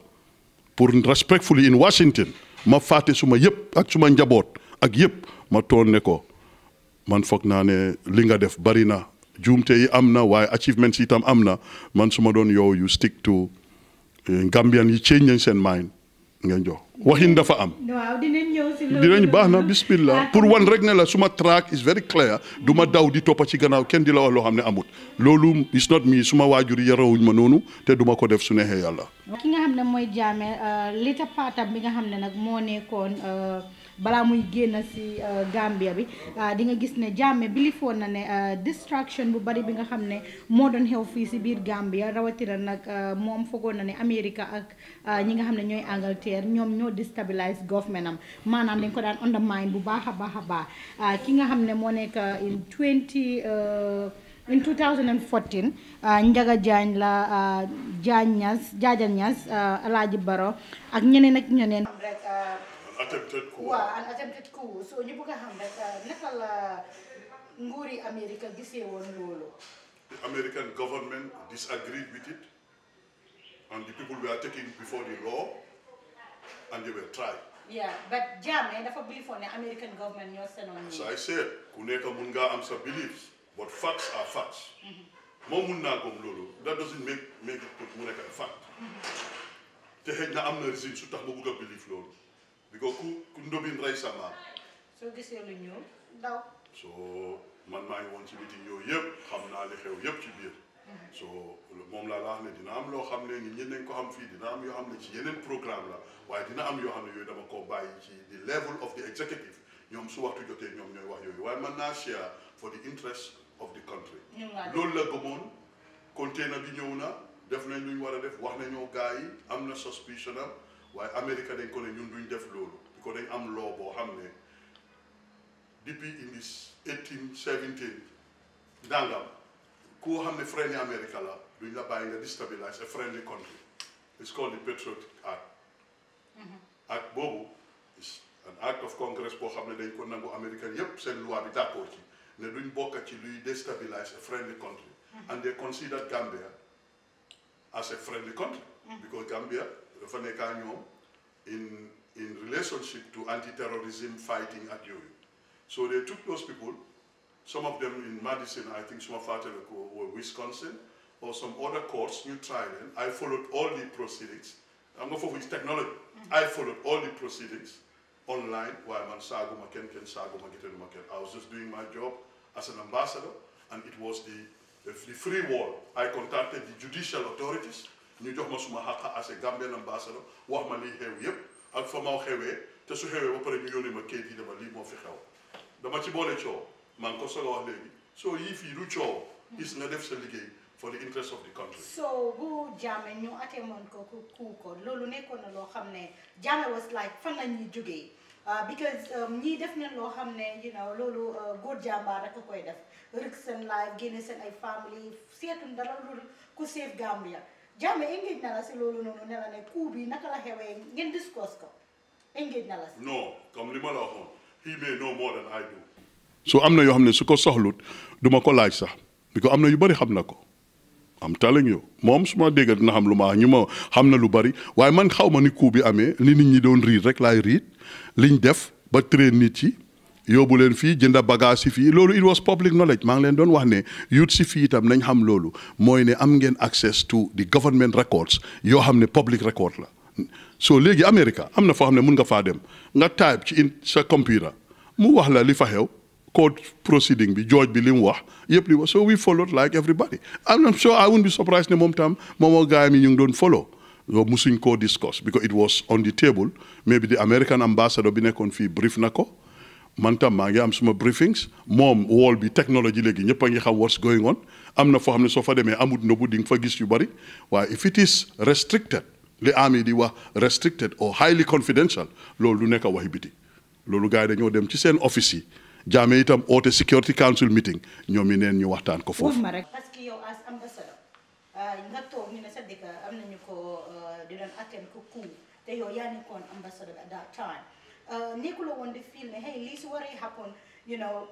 S2: pour respectfully in Washington ma fate, suma yëpp ak suma njaboot ak yëpp ma toon ne ko man fokk naa ne li nga def bari na juumte yi am na waaye yi tam am man su ma doon you stick to eh, Gambian yi change nañ seen mind ngeen jox waxin dafa am.
S1: di dinañ ñëw si baax na
S2: bismillah pour wan rek ne la suma track is very clear du ma daw di topa ci gannaaw kenn di la wax loo xam ne amut loolu is not me suma waajur yarawuñ ma noonu te du ma ko def su neexee yàlla.
S1: ki nga xam ne mooy jaame li ta bi nga xam ne nag moo nekkoon. Eh, balaa muy génn si euh, Gambia bi euh, di nga gis ne jàmme bi li foon na ne euh, distraction bu bari bi nga xam ne moo doon xew fii si biir Gambia rawatina nag moom foogoon na ne America ak ñi nga xam ne ñooy Angleterre ñoom ñoo destabilise government am maanaam dañ ko daan undermine bu baax a baax a baax ki nga xam ne moo nekk in 20 in 2014 Njaga Jaañ la Jaañ Ñas Jaajal Ñas Alaaji Baro ak ñeneen ak ñeneen attempted coup waaw an attempted coup so ñu bëgg a xam rek naka la nguri America gisee ya, woon loolu
S2: the American government disagreed with it and the people were taken before the law and they were tried
S1: yeah but Jammeh dafa beliefoon ne eh, American government ñoo senoon nii so I
S2: said ku nekk mun ngaa am sa beliefs but facts are facts mm-hmm. moom mun naa gom loolu that doesn't make make it mu fact mm-hmm. te xëy na am na raison su tax ma bëgg bi ko ku ndóbin rey sa maam.
S1: soo gisee lu ñëw daw.
S2: so man maa ngi woon ci biti ñëw yëpp xam naa li xew yëpp ci biir. Mhm. so moom laa la wax ne dina am loo xam ne ni ñi nañ ko xam fii dina am yoo xam ne ci yeneen programme la waaye dina am yoo xam ne yooyu dama koo bàyyi ci the level of ñoom su jotee ñoom ñooy wax yooyu waaye man naa share for the interest of the loolu la gëmoon container bi ñëw na def nañ ñu war a def wax nañoo gars yi am na suspicion am. Why America didn't ne a new def loolu di ko dañ am loo boo xam ne depuis indi eighteen Dangam, who xam friendly America, la duñ la bàyyi nga destabilize a friendly country it's called the Patriotic Act mm-hmm. Bobo is an act of congress for Hamne they dañ ko nangu américain yépp seen loi bi d'accord ci ne destabilize a friendly country mm-hmm. and they consider Gambia as a friendly country mm-hmm. because Gambia dafa in in relationship to anti-terrorism fighting at UU. So they took those people, some of them in Madison, I think some of them Wisconsin, or some other courts, New Trident. I followed all the proceedings. I'm not for this technology. Mm -hmm. I followed all the proceedings online. Why man sago maken ken sago maketen maken. I was just doing my job as an ambassador, and it was the the free world. I contacted the judicial authorities ñu jox ma suma xàq Gambian ambassador wax ma lii xew yépp ak fa xewee te su xewee ba pare ñu ma kayit yi dama lii moo fi xew dama ci boole coow maa ngi ko soog a wax léegi soo yii fii du coow gis nga def sa liggéey for the interest of the country.
S1: so bu Jammeh ñu atemoon ko ku ko loolu nekkoon na loo xam ne was like fan la ñuy uh, because um, ñii def nañ loo xam ne you know loolu uh, góor jàmbaar rek koy def seen life génne seen ay family seetuñ dara ku save Gambia. jàmm
S2: comme li ma am na yoo xam ne su ko soxlut duma ko laaj sax parce ko am na yu bari xam na ko am telling you moom su ma dégg dina xam lu ma ñu ma xam na lu bari waaye man xaw ma ni coup bi amee li nit ñi doon riit rek laay riit liñ def ba train nit yi yóbbu leen jënda bagage it was public knowledge maa wa leen wax ne youth si fii itam nañ xam ne am ngeen access to the government records Yo xam ne public record la so legi America am na foo xam ne nga faa dem nga type ci in sa computer mu wax la li fa xew court proceeding bi George bi li wax li so we followed like everybody i am not sure I wouldn't be surprised ne mom tam momo ak mi yi ñu ngi doon follow so musuñ koo discuss because it was on the table maybe the American ambassador bi nekkoon brief na ko man tam maa ngi am suma briefings moom wall bi technology léegi ñëpp a ngi xam what's going on am na foo xam ne soo fa demee amut nëbbu di nga fa gis yu bari waaye if it is restricted li ami di wax restricted or highly confidential loolu du nekk waxi biti loolu gars yi dañoo dem ci seen office yi jaame itam oote security council meeting ñoom yi neen ñu waxtaan ko foofu.
S1: Eh, nekkuloo feel hey happen you know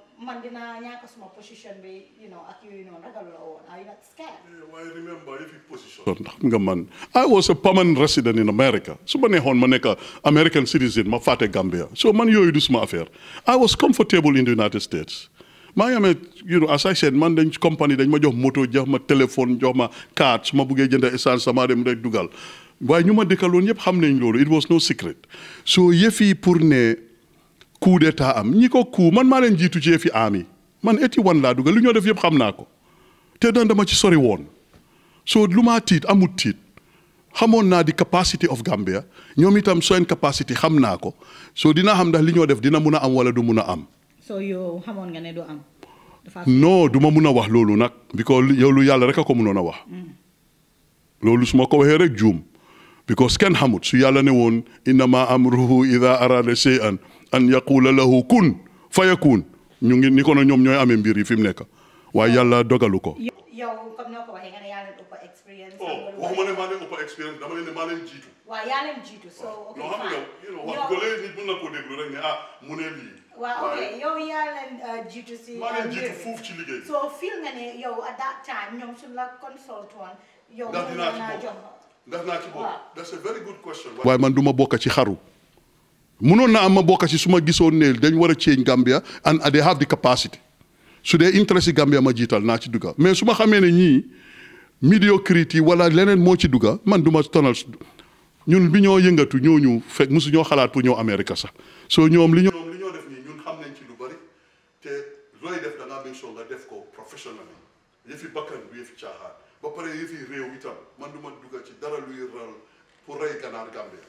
S1: position you know are you not scared. Eh, remember
S2: every position. I was a permanent resident in America So many hon, maneka, American citizen ma fàtte Gambia so many yooyu du suma affair. I was comfortable in the United States. maa you know as I said man dañ company dañ ma jox motor, jox ma téléphone jox ma carte ma buggee essence sama dem dugal. waaye ñu ma dëkkaloon yëpp xam nañ loolu it was no secret so yëf yi pour ne coup d'état am ñi ko coup man maa leen jiitu ci yëf am yi man eighty one laa dugal li ñoo def yëpp xam naa ko te dan dama ci sori woon so lu maa tiit amut tiit xamoon naa di capacity of Gambia ñoom itam seen capacity xam naa ko so dinaa xam ndax li ñoo def dina mun a am wala du mun a am. so du ma mun a wax loolu nag because yow lu yàlla rek a ko munoon a wax. Mm. loolu su ma because kenn xamut su yàlla ne woon innama amruhu ida arada shay'an an yaqula lahu kun fa yakun ñu ngi ni ko na ñoom ñooy amee mbir yi fi mu nekk waaye yàlla dogalu ko.
S1: yow comme noo ko waxee nga ne yaa leen ëpp expérience. Oh, waxuma ne maa leen ëpp expérience dama leen ne maa leen jiitu. waaw yaa leen jiitu so ok non xam nga
S2: wax gële nit mën na koo déglu rek ne ah mu ne lii.
S1: waaw ok yow yaa leen uh, jiitu si. maa leen uh, jiitu fuuf ci liggéey. so feel nga ne yow at that time ñoom suñu la consult woon yow. ndax dinaa ci
S2: ndax naa ci waaye man duma ma bokk ci xaru. munoon na am ma bokk ci su ma gisoon ne dañ war a change Gambia and they have the capacity su dee interest Gambia ma jiital naa ci dugga mais su ma xamee ne ñii médiocrité yi wala leneen moo ci dugga man du ma tonal ñun bi ñoo yëngatu ñooñu fekk mosu ñoo xalaat pour ñëw Amérique sax soo ñoom li ñoo li ñoo def nii ñun xam nañ ci lu bari te looy def da ngaa soo nga def ko professionnellement yëfi bakkan bu yëfi caaxaan ba pare yëf yi réew itam man du ma dugga ci dara luy ral pour rey ganaar Gambia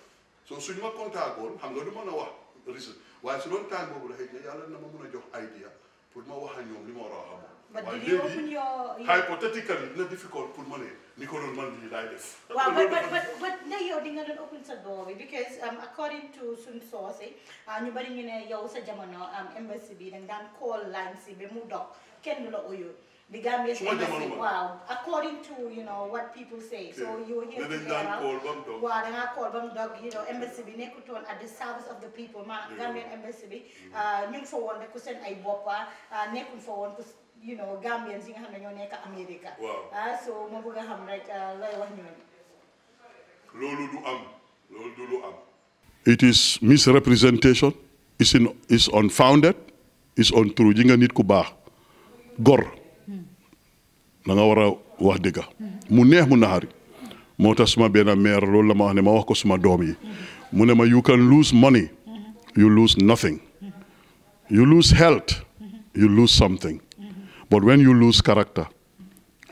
S2: so suñ ma kontaagoon xam nga du mën a wax risque waaye su doon taal boobu la xëy na yàlla na ma mun a jox idea pour ma wax ak ñoom li ma war a xamoon. waaye
S1: léegi
S2: hypothétically dina difficult pour ma ne ni ko doon man lii laay def. waaw but
S1: but but ndax yow open sa door bi because um, according to suñu source ah, ñu bari ñu ne yow sa jamono um, embassy bi da nga daan call line si mu dox kenn la uyoo. bigamist MSC. Wow. According to, you know, what people say. Okay. So you hear Then dan kolbam dog. Wa danga kolbam dog, you know, embassy bi nekutoon at the service of the people. Ma Gambian embassy bi mm-hmm. uh, ñu ngi fa woon rek ku seen ay boppa ah, ah, nekkuñ you know, Gambians yi nga xam ne ñoo nekk America. Ah, so ma bëgg a xam rek lay wax ñooñu. Loolu
S2: du am. Loolu du am. It is misrepresentation. It's, in, it's unfounded. It's untrue. Ji nga nit kuba. baax. Gor. da war a wax dëgga mu neex mu naxari moo tax suma benn maire loolu la ma wax ne ma wax ko suma doom yi mu ne ma you can lose money you lose nothing you lose health you lose something but when you lose character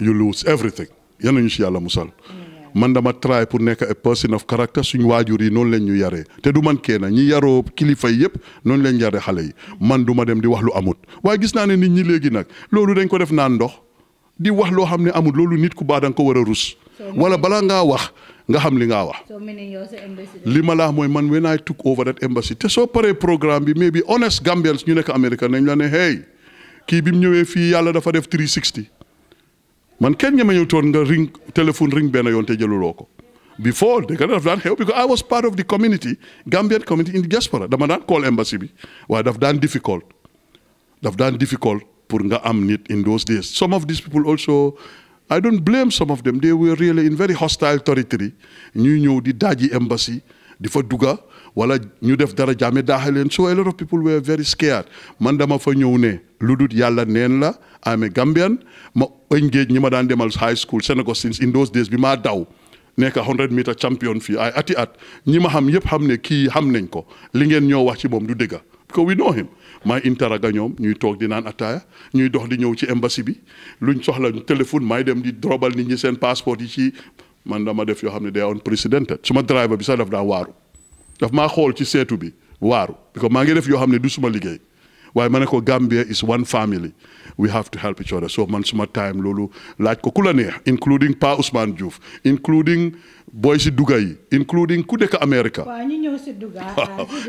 S2: you lose everything yal na si yàlla musal man dama try pour nekk a person of character suñu waajur yi noonu leen ñu yaree te du man keena ñi yaroo kilifa yi yëpp noonu leen yaree xale yi man duma dem di wax lu amut waaye gis naa ne nit ñi léegi nag loolu dañ ko def naan ndox di wax lo xam amul lolou nit ku baax da ko wara a rus wala bala nga wax nga xam li nga wax li ma moy man when I took over that embassy te so pare programme bi maybe honest Gambians ñu nek America nañ la ne hey ki bi mu ñëwee fi yalla dafa def 360 man kenn ñama ñëw ton nga ring telephone ring ben yon te jëluloko ko before they la daf daan help because I was part of the community Gambian community in the diaspora dama dan call embassy bi wa daf dan difficult daf dan difficult Purunga amnit in those days. Some of these people also, I don't blame some of them. They were really in very hostile territory. ñuy ñëw the Daji embassy di Duga, wala New def dara jaame so a lot of people were very scared man dama Ludut ñëw ne lu dut I'm a Gambian ma engage ñi ma high school Senegal, since in those days bima maa daw 100 meter champion fi. ay ati at ñi ma xam yëpp ham ne kii xam nañ ko li du dëgga because we know him my interaga ñoom ñuy toog di ataya new ñuy dox di ñëw ci embassy bi luñ soxla téléphone my dem di drobal nit ñi seen passeport yi ci man dama def yoo xam ne day unprecedented suma driver bi sax daf daa waaru daf maa xool ci seetu bi because maa ngi def yoo xam du suma liggéey waaye ma ko Gambia is one family we have to help each other so man suma time lulu laaj ko ku neex including Pa Ousmane Diouf including boy si Duga yi including ku dëkk America.
S1: waaw ñu ñëw si Duga. <laughs>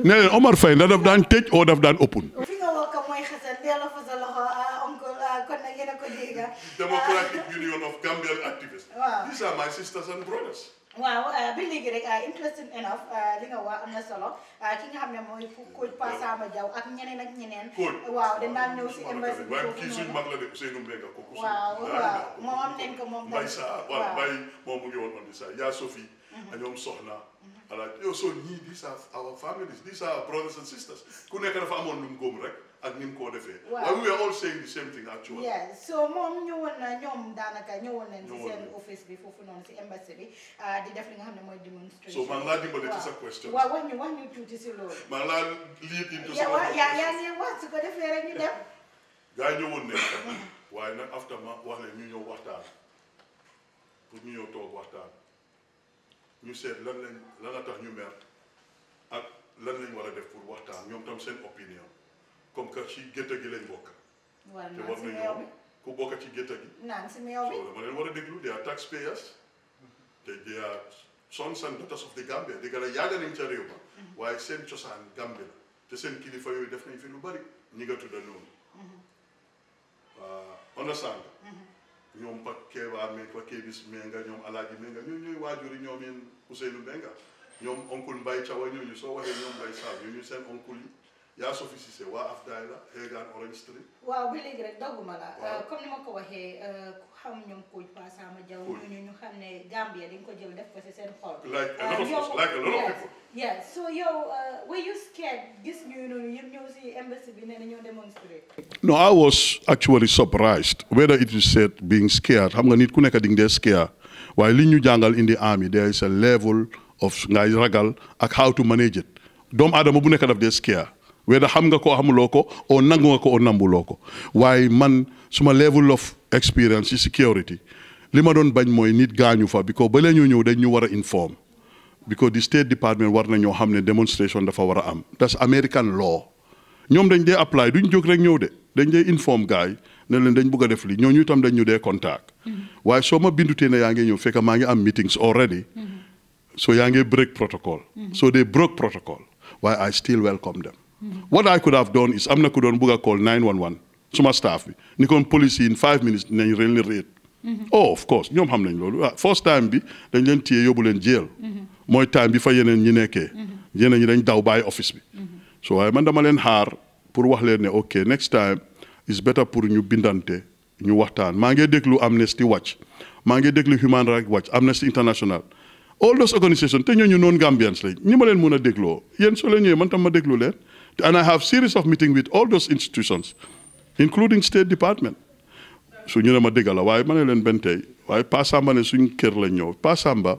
S1: nee
S2: leen Omar Faye ndax daf daan tëj oo daf daan open.
S1: fi nga wax ko mooy xasal delloo fa sa loxo ah, oncle ah, kon nag yéen ko dégg. Democratic Union of Gambian Activists. these
S2: are my sisters and brothers.
S1: waaw euh, ba léegi rek euh, interesting enough euh, li nga wax am na solo ki nga xam ne mooy coach Pa a Jaw ak ñeneen ak ñeneen waaw dañ daan ñëw si embassy bi waaye kii suñu
S2: mag la de Ousseynou Mbengue kooku waaw waaw
S1: moom am nañ ko moom Mbaye Sarr waaw Mbaye
S2: moom mu ngi woon on mhm. ñoom soxna And I also need these are our families, these are our brothers and sisters. Ku nekk dafa amoon lu mu góom rek ak ni we are all saying the same thing actually.
S1: yes so moom ñëwoon na ñoom daanaka ñëwoon nañ ci seen office before foofu noonu si embassy bi ah, di definitely li nga xam demonstration. so maa ngi laa dimbale a question. waaw wax ñu wax ñu tuuti si loolu.
S2: maa ngi laa lead into yeah, yeah.
S1: yaa ngi wax su ko defee rek ñu dem.
S2: gaa ñëwoon nañ waaye nag after ma wax leen ñu ñëw waxtaan pour ñu ñëw toog waxtaan. ñu seet lan lañ lan la tax ñu mer ak lan lañ war não def pour opinião ñoom tam seen que ci gétt gi lañ bokk.
S1: war te war nañu
S2: ku bokk ci gétt gi.
S1: naan si meew bi
S2: soo a déglu taxpayers te they sons and daughters of the Gambia di gën a yàgg nañ ca réew ma. Mm-hmm. waaye seen te seen kilifa yooyu def nañ fi lu bari ñi understand. ñoom fa a mi fa Kébis Menga ñoom Alaaji Menga ñooñu ñooy waajur yi ñoom yéen Ousseynou Menga ñoom oncle Mbaye Thiaw ñooñu soo waxee ñoom Mbaye Sall ñooñu seen oncle yi yaa sophistiqué waa Afdaay la Hegan Orange Street.
S1: waaw ba léegi rek daguma la. Euh, comme ma ko waxee. Euh, xam ñoom Kouj Pa xam na ñoo
S2: no I was actually surprised whether it is said being scared xam nga nit ku nekk di nga dee scared waaye li ñu jàngal in the army there is a level of ngay ragal ak how to manage it doomu aadama bu nekk daf dee scared. weda xam nga ko loo ko o nangu nga ko o nambuloo ko waaye man suma level of experience ci security li ma doon bañ mooy nit gaañu fa because ba la ñëw dañ ñu war a inform because the state department war na ñoo xam ne demonstration dafa war a am that's American law ñoom dañ dee apply duñ jóg rek ñëw de dañ dee inform gaay ne leen dañ bugg a def li ñooñu itam dañ ñu dee contact mm-hmm. waaye soo ma bindutee na yaa ngi ñëw fekk maa ngi am meetings already mm-hmm. so yaa ngi break protocol mm-hmm. so they broke protocol waaye I still welcome them What I could have done is I'm not could on Buga call 911, suma staff You ni police in five minutes dinañ leen la réet. oh of course ñoom xam nañ ah, first time bi dañ you téye yóbbu in jail. Mm-hmm. More time bi fa yeneen ñi nekkee. Mm-hmm. yeneen ñi dañ office bi. Mm-hmm. so I'm dama leen xaar pour wax leen ok next time it's better pour ñu bindante you waxtaan maa deklu Amnesty Watch mange deklu Human Rights Watch Amnesty International. all those organisations te ñooñu noonu Gambians lañ ñi ma leen mun a dégloo yéen soo leen ñëwee man tam ma And I have series of meeting with all those institutions, including State Department. su ñu ne ma dëgg la waaye ma ne leen benn waaye Pa Samba ne suñ kër la ñëw Pa Samba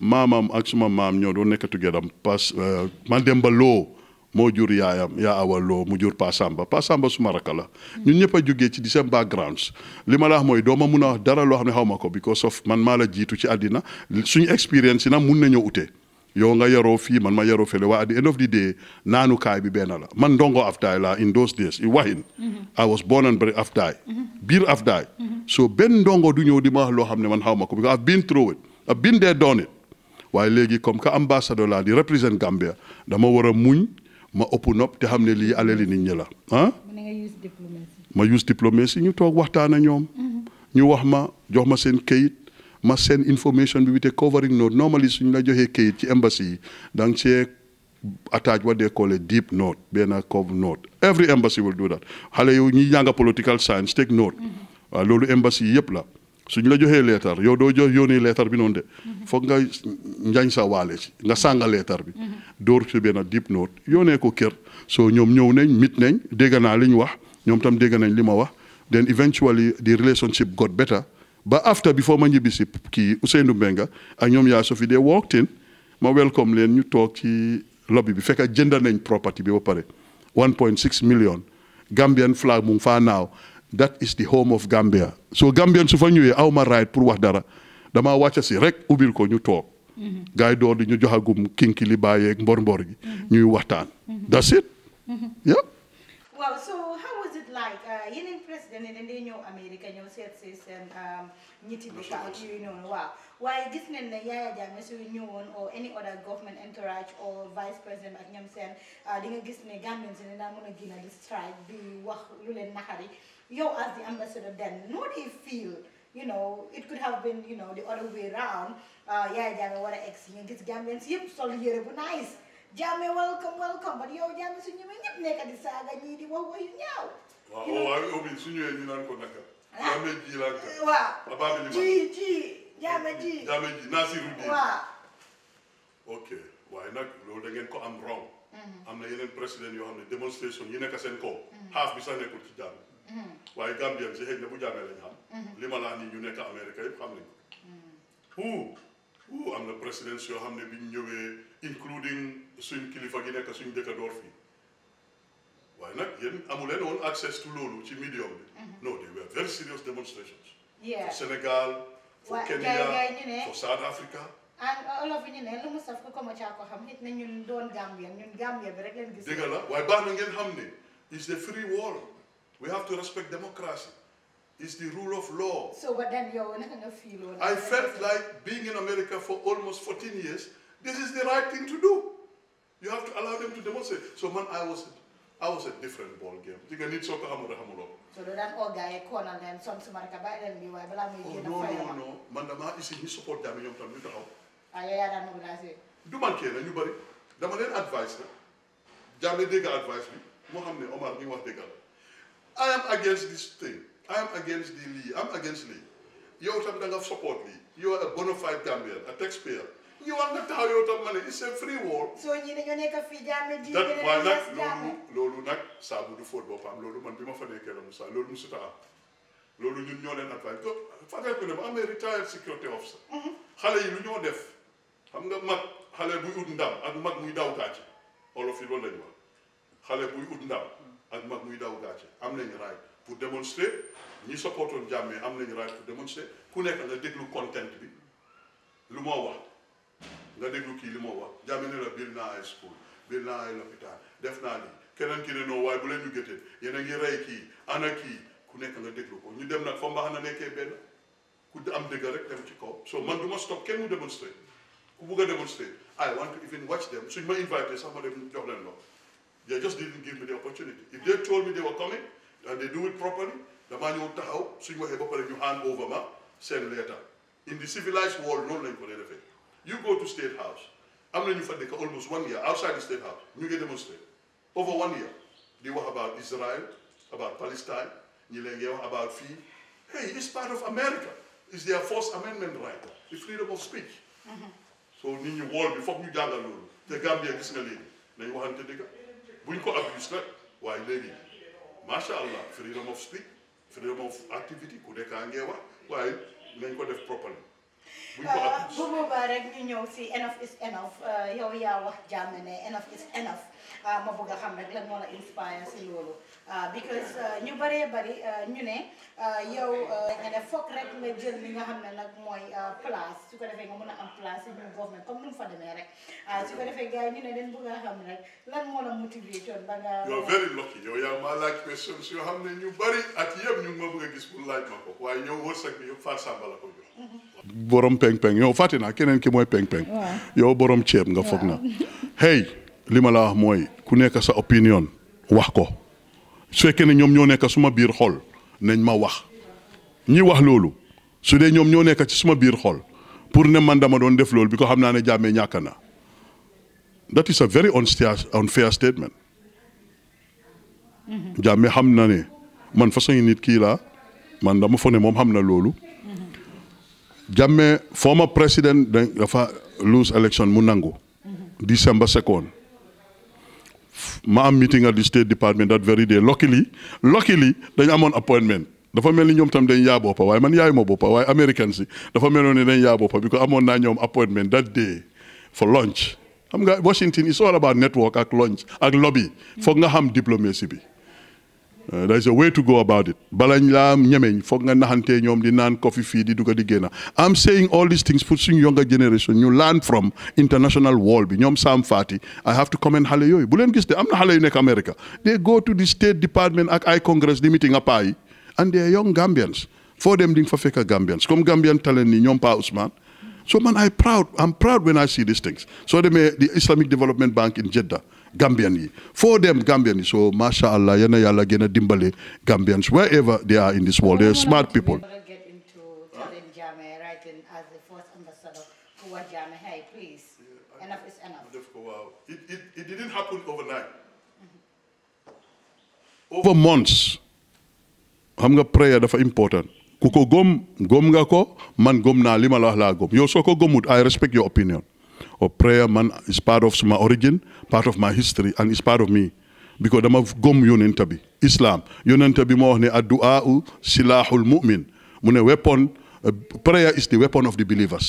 S2: maamam ak suma maam ñoo doon nekk tugedam pas eh, Mademba Loo moo jur yaayam yaa awa Loo mu jur Pa Samba Pa Samba suma rakk la ñun ñëpp a jógee ci di seen backgrounds li ma la wax mooy doo ma mun a wax dara loo xam ne xaw ma ko because of man maa la jiitu ci àddina suñu expérience yi nag mun nañoo utee yow nga yaroo fii man ma yaroo fële waa at the end of the day naanukaay bi benn la man ndongo Afdaay laa in those days i wahin mm-hmm. I was born and bred Afdaay mm-hmm. biir Afdaay mm-hmm. so benn ndongo du ñëw di ma wax loo xam ne man xaw ma ko because I've biin through it I've been there done it waaye léegi comme que ambassadeur laa di represent Gambia dama war a muñ ma ëpp up te xam ne lii alali nit ñi la ah ma use diplomatie ñu toog waxtaan ñoom ñu wax ma jox ma seen kayit ma seen information bi with a covering note normally suñ la joxee kayit ci embassy yi da nga cee attach wa they call a deep note benn cov note every embassy will do that xale yow ñi jàng political science take note mm-hmm. waaw loolu embassy yëpp la suñ la joxee leetar yow doo jox yónnee leetar bi noon de mm-hmm. foog nga njañ sa waale ci nga sànga leetar bi mm-hmm. dóor ci benn deep note yónnee ko kër soo ñoom ñëw nañ mit nañ dégg naa li ñu wax ñoom tam dégg nañ li ma wax then eventually the relationship got But after, before my nyibisi ki Usain Mbenga, and yom ya Sophie, they walked in, ma welcome leen ñu toog ci lobby bi fekk jëndal nañ property bi ba pare 1.6 million Gambian flag mu ngi faa naaw that is the home of Gambia so gambien su fa ñëwee aw ma right pour wax dara dama wàcca si rek ubbil ko ñu toog mm-hmm. gars yi door di ñu joxagum kinkili bàyyeeg mbor mbor gi mm-hmm. ñuy waxtaan mm-hmm. that's it
S1: yeah yeneen président yi dañ dee ñëw American ñëw seet si seen ñitti dëkk yooyu noonu waaw waaye gis nañ Yaya Jammeh su or any other government entourage or vice president ak ñoom seen uh, di nga gis Gambians si ne daa going a génn di strike di wax lu leen naxari as the ambassador then do you feel you know, it could have been, you know, the other way around. Uh, yeah, Jamie, what ex, you It's Gambians, yep, so here, nice. Jamie, welcome, welcome. But yo, Jamie, so you mean, yep, naked, saga, needy, what were you now? waaw o waawi o
S2: min suñu e ñinan ko naka ah. jame ji lanka eh, waaw abaɓe ji
S1: ji jame ji jame
S2: ji waaye nag loolu da ngeen ko am wrong mhm. am na yeneen président yoo xam ne démonstration yi nekk seen ko mhm. xaaf bi sax nekkul ci jaam mhm. waaye Gambien si xëy na bu li ma laa ni ñu nekk Amérique yëpp xam nañ ko hu am na président yoo xam ne bi ñu ñëwee including suñ kilifa gi nekk suñ dëkka door waaye nag yéen amu leen woon access to loolu ci médium bi. Mm-hmm. no they were very serious demonstrations. yeah for Sénégal.
S1: for Kenya for
S2: South Africa.
S1: and all of you know, lu mu saf ku ko ma caa ko xam nit ne ñun doon Gambia ñun Gambia bi rek leen gis. dëgg
S2: la waaye baax na ngeen xam it's the free world we have to respect democracy. It's the rule of law.
S1: So, but then you're not going to feel I felt
S2: like being in America for almost 14 years, this is the right thing to do. You have to allow them to demonstrate. So, man, I was I was a different ball game. You can need something hamura hamura.
S1: So do that all guy corner them some sumara ka ba them ni way me? mi No no no.
S2: Mandama is isi ni support them yom tan ni taxaw.
S1: Ay ya da no la
S2: Do man ke la ñu bari. Dama len advice na. Jamé dégg advice me. Mohammed Omar ni wax déggal. I am against this thing. I am against the Lee. I'm against Lee. You are da nga support Lee. You are a bona fide Gambian, a taxpayer.
S1: you want to tell you
S2: to money. It's a free world.
S1: So you know you make a fee jam di di why nak lolu
S2: lolu nak sabu du fot bopam lolu man bima fa nekké la Moussa lolu musuta am. Lolu ñun ñoo leen advise ko fatel ko ne am retired security mhm. yi lu ñoo def xam nga mag xale buy ut ndam ak mag muy daw gàcce olof yi loolu lañu wax xale buy ut ndam ak mag muy daw gàcce am nañu raay pour démontrer ñi sopportoon jàmmee am nañu raay pour démontrer ku nekk nga déglu content bi lu moo wax nga déglu kii li moo wax jàmmi ne la biir naa ay school biir naa ay lopitaan def naa lii keneen ki ne noo waaye bu leen ñu gétee yéen a ngi rey kii ana kii ku nekk nga déglu ko ñu dem nag fa mbaax na nekkee benn ku am dëgg rek dem ci kaw so man du ma stop kenn mu démonstrate ku bugg démonstrate I want to even watch them So you may invité sax ma dem jox leen lool they just didn't give me the opportunity if they told me they were coming and they do it properly damaa ñëw taxaw suñ waxee ba pare ñu hand over ma send later. in the civilized world no one can ever defee you go to State House. I'm in Fadika almost one year outside the State House. You get demonstrate. Over one year. They were about Israel, about Palestine, about fee. Hey, it's part of America. It's their First Amendment right, the freedom of speech. Mm -hmm. So, ni ñu wol bi fokk the Gambia loolu. Te Gambia gis nga léegi nañ waxante dëgg buñ ko abuse that, waaye léegi macha allah freedom of speech freedom of activity ku nekkaa ngee wax waaye properly
S3: Uh,
S1: bu boobaa rek ñu ñëw si enough is enough uh, yow yaa wax jàmm ne enough is enough uh, ma bëgg a xam rek lan moo la inspire si loolu because ñu bëree ne yow nga ne nga xam ne nag mooy place su ko defee nga a comme nu fa demee rek su ko defee a xam rek lan moo la motivé
S2: very lucky yow yaa maa laaj question si xam ne ñu bëri at yëpp ñu ma bëgg a gis pour laaj ma ko waaye ñëw wërsëg bi yëpp Far Samba la ko jox mm-hmm. borom peng-peng yow fàtte naa keneen ki mooy peng-peng yow boroom ceeb nga foog na hey li ma la wax mooy ku nekk sa opinion wax ko su fekkee ne ñoom ñoo nekk suma biir xol nañ ma wax ñi wax loolu su dee ñoom ñoo nekk ci suma biir xol pour ne man dama doon def loolu bi ko xam naa ne jàmmee ñàkk na that is a very unfair statement mm-hmm. jàmmee xam na ne man façon nit kii laa man dama fo ne moom xam na loolu Jammeh former president dafa lose election mu nangu December second ma am meeting at the state department that very day luckily luckily dañ amoon appointment dafa mel ni ñoom tam dañ yaa boppa waaye man yaayuma boppa waaye American si dafa meloon ne dañ yaa boppa because amoon naa ñoom appointment that day for lunch xam nga Washington it's all about network ak lunch ak lobby foog nga xam diplomatie bi Uh, there is a way to go about it coffee di di i I'm saying all these things for younger generation You learn from international world. bi ñoom I have to comment xale yooyu bu leen am not xale yu America they go to the state department at congress the meeting a and they are young Gambians For them, di nga Gambians Come Gambian talent nii ñoom Pa Ousmane so man I proud I'm proud when I see these things they demee the Islamic Development Bank in Jeddah Gambian for them dem Gambian so mashallah, yana yéen a yàlla gën a dimbale Gambians wherever they are in this world they are smart people. It, it, it didn't happen overnight. Mm-hmm. Over months. xam nga prayer dafa important Kuko ko gom gom nga man gom na lima ma la wax laa gom yow soo ko gomut I respect your opinion or oh, prayer man is part of my origin part of my history and it's part of me because dama gëm yonent bi islam yonent bi moo wax ne addu'a silahul mu'min mu weapon uh, prayer is the weapon of the believers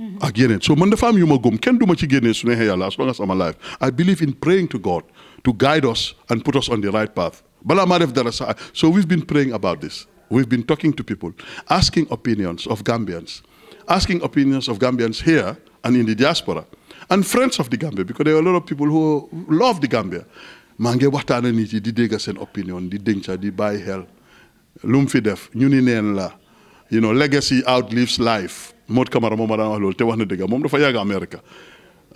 S2: mm-hmm. Again, so man dafa am yu ma gëm kenn ci génnee su as long as I'm alive I believe in praying to God to guide us and put us on the right path balaa maa def dara so we've been praying about this we've been talking to people asking opinions of Gambians asking opinions of Gambians here and in the diaspora and friends of the Gambia because there are a lot of people who love the Gambia maa ngi waxtaan ak di opinion di denca di bàyyi xel lu mu fi def ni la you know legacy outlives life Mode Camara moom ma daan wax loolu te wax na dëgg dafa yàgg America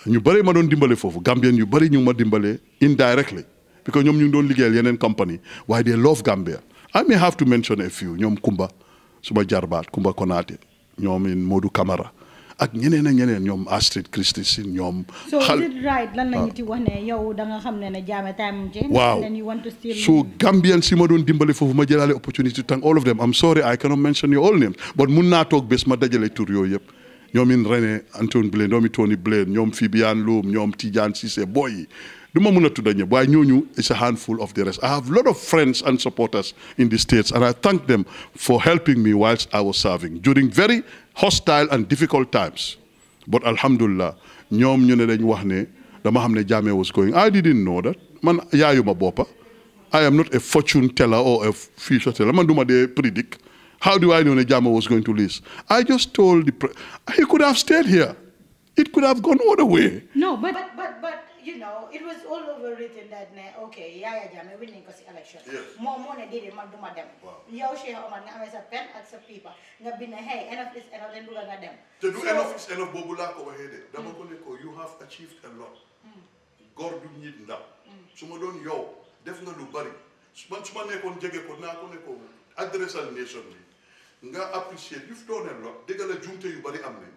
S2: ñu bëri ma doon dimbale foofu Gambia, you bëri ñu ma dimbale indirectly because you don't doon liggéeyal company Why they love Gambia I may have to mention a few Nyom Kumba suma jarbaat Kumba Konaate in modu Camara ak ñeneen ak ñeneen ñoom Astrid Christensen ñoom. xal so is it right ah. si ma doon dimbale foofu ma jëlaale opportunity thank all of them I'm sorry I cannot mention your all names but mun naa toog bés ma dajale tur yooyu yëpp. ñoom in René Antoine Blade ñoom i Tony Blade ñoom Fibian si ñoom Tidiane boy yi duma muna tudda ñëpp waaye ñooñu it's a handful of the rest I have a lot of friends and supporters in the States and I thank them for helping me whilst I was serving during very hostile and difficult times but alhamdulillah ñoom ñu ne dañ wax ne dama was going I didn't know that man yaayuma boppa I am not a fortune teller or a future teller man duma dee predict how do I know that Jammeh was going to lose I just told the he could have stayed here it could have gone all the way
S1: no but but but you know, it was all over written that ne, okay, Yaya Jammeh winning because election. Yes. More money did it, man duma Madam, waaw yow Cheikh Omar nga amee sa pen ak sa pipa nga bind hey enough is enough leen bëgg nga dem. te enough
S2: enough boobu laa ko waxee de. dama ko ne you have achieved a lot. Mm. God, you ñit you mm. su ma don't def nga lu bari man su ma nekkoon jege on naa ko ne Address adressal nation bi nga apprécier you've done a lot they dégg la jumte yu you, am nañ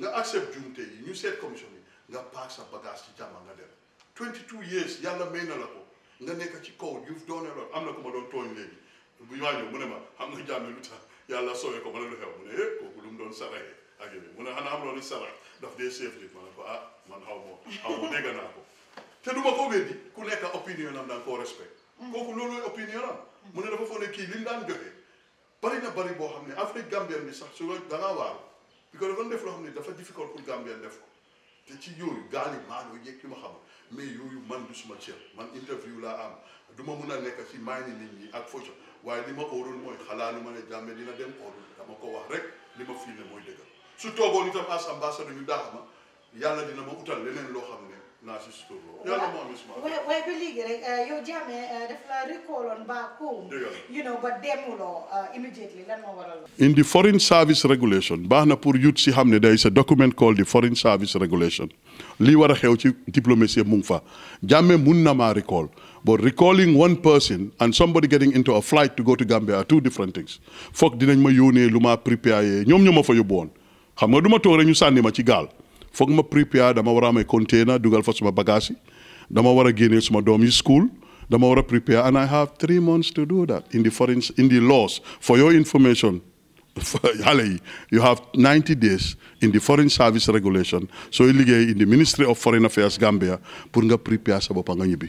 S2: nga accept jumte you. New seet commission nga paak sa bagage ci jàmm nga dem 22 years yàlla may na la ko nga nekk ci kaw you've done am na ko ma doon tooñ léegi bu maa ñëw mu ne ma xam nga jàmm lu tax yàlla soowee ko ma ne lu xew mu ne eh kooku lu mu doon saraxee ak yooyu mu ne xanaa ma ne ko ah ko te du ku nekk opinion am danga koo respect mm. kooku loolu opinion am mm. mu ne dafa foog kii li mu daan joxe bari na bari boo xam ne Afrique Gambien bi sax su dangaa waaru parce que dafa def loo xam ne dafa difficile pour Gambien def ko te ci yooyu gaali maalo yeeg yu ma xam mais yooyu man du suma cër man interview laa am du mun a nekk si maa ngi nit ñi ak foco waaye li ma óoroon mooy xalaanu ma ne jàmme dina dem óoroon dama ko wax rek li ma fii ne mooy dëgg su toogoon itam as ambassadeur ñu daax ma yàlla dina ma utal leneen loo xam ne Uh,
S1: yo eh, eh, recall on back home. You know, but lo uh, uh, immediately
S2: In the Foreign Service Regulation, baax na pour youth si there is a document called the Foreign Service Regulation. Li xew ci diplomacy mu jamme Jame mun na ma recall. But recalling one person and somebody getting into a flight to go to Gambia are two different things. Fok dinañ ma yone luma prepare ñom ñoma fa yobon. Xam nga duma tok ñu sanni ma ci foog ma prépare dama wara may container dugal fa suma bagage dama wara a suma dom yi school dama wara prepare, and I have three months to do that in the foreign in the laws for your information hale <laughs> you have 90 days in the foreign service regulation So liggéey in the ministry of foreign affairs Gambia pour nga prépare sa boppa nga ñibi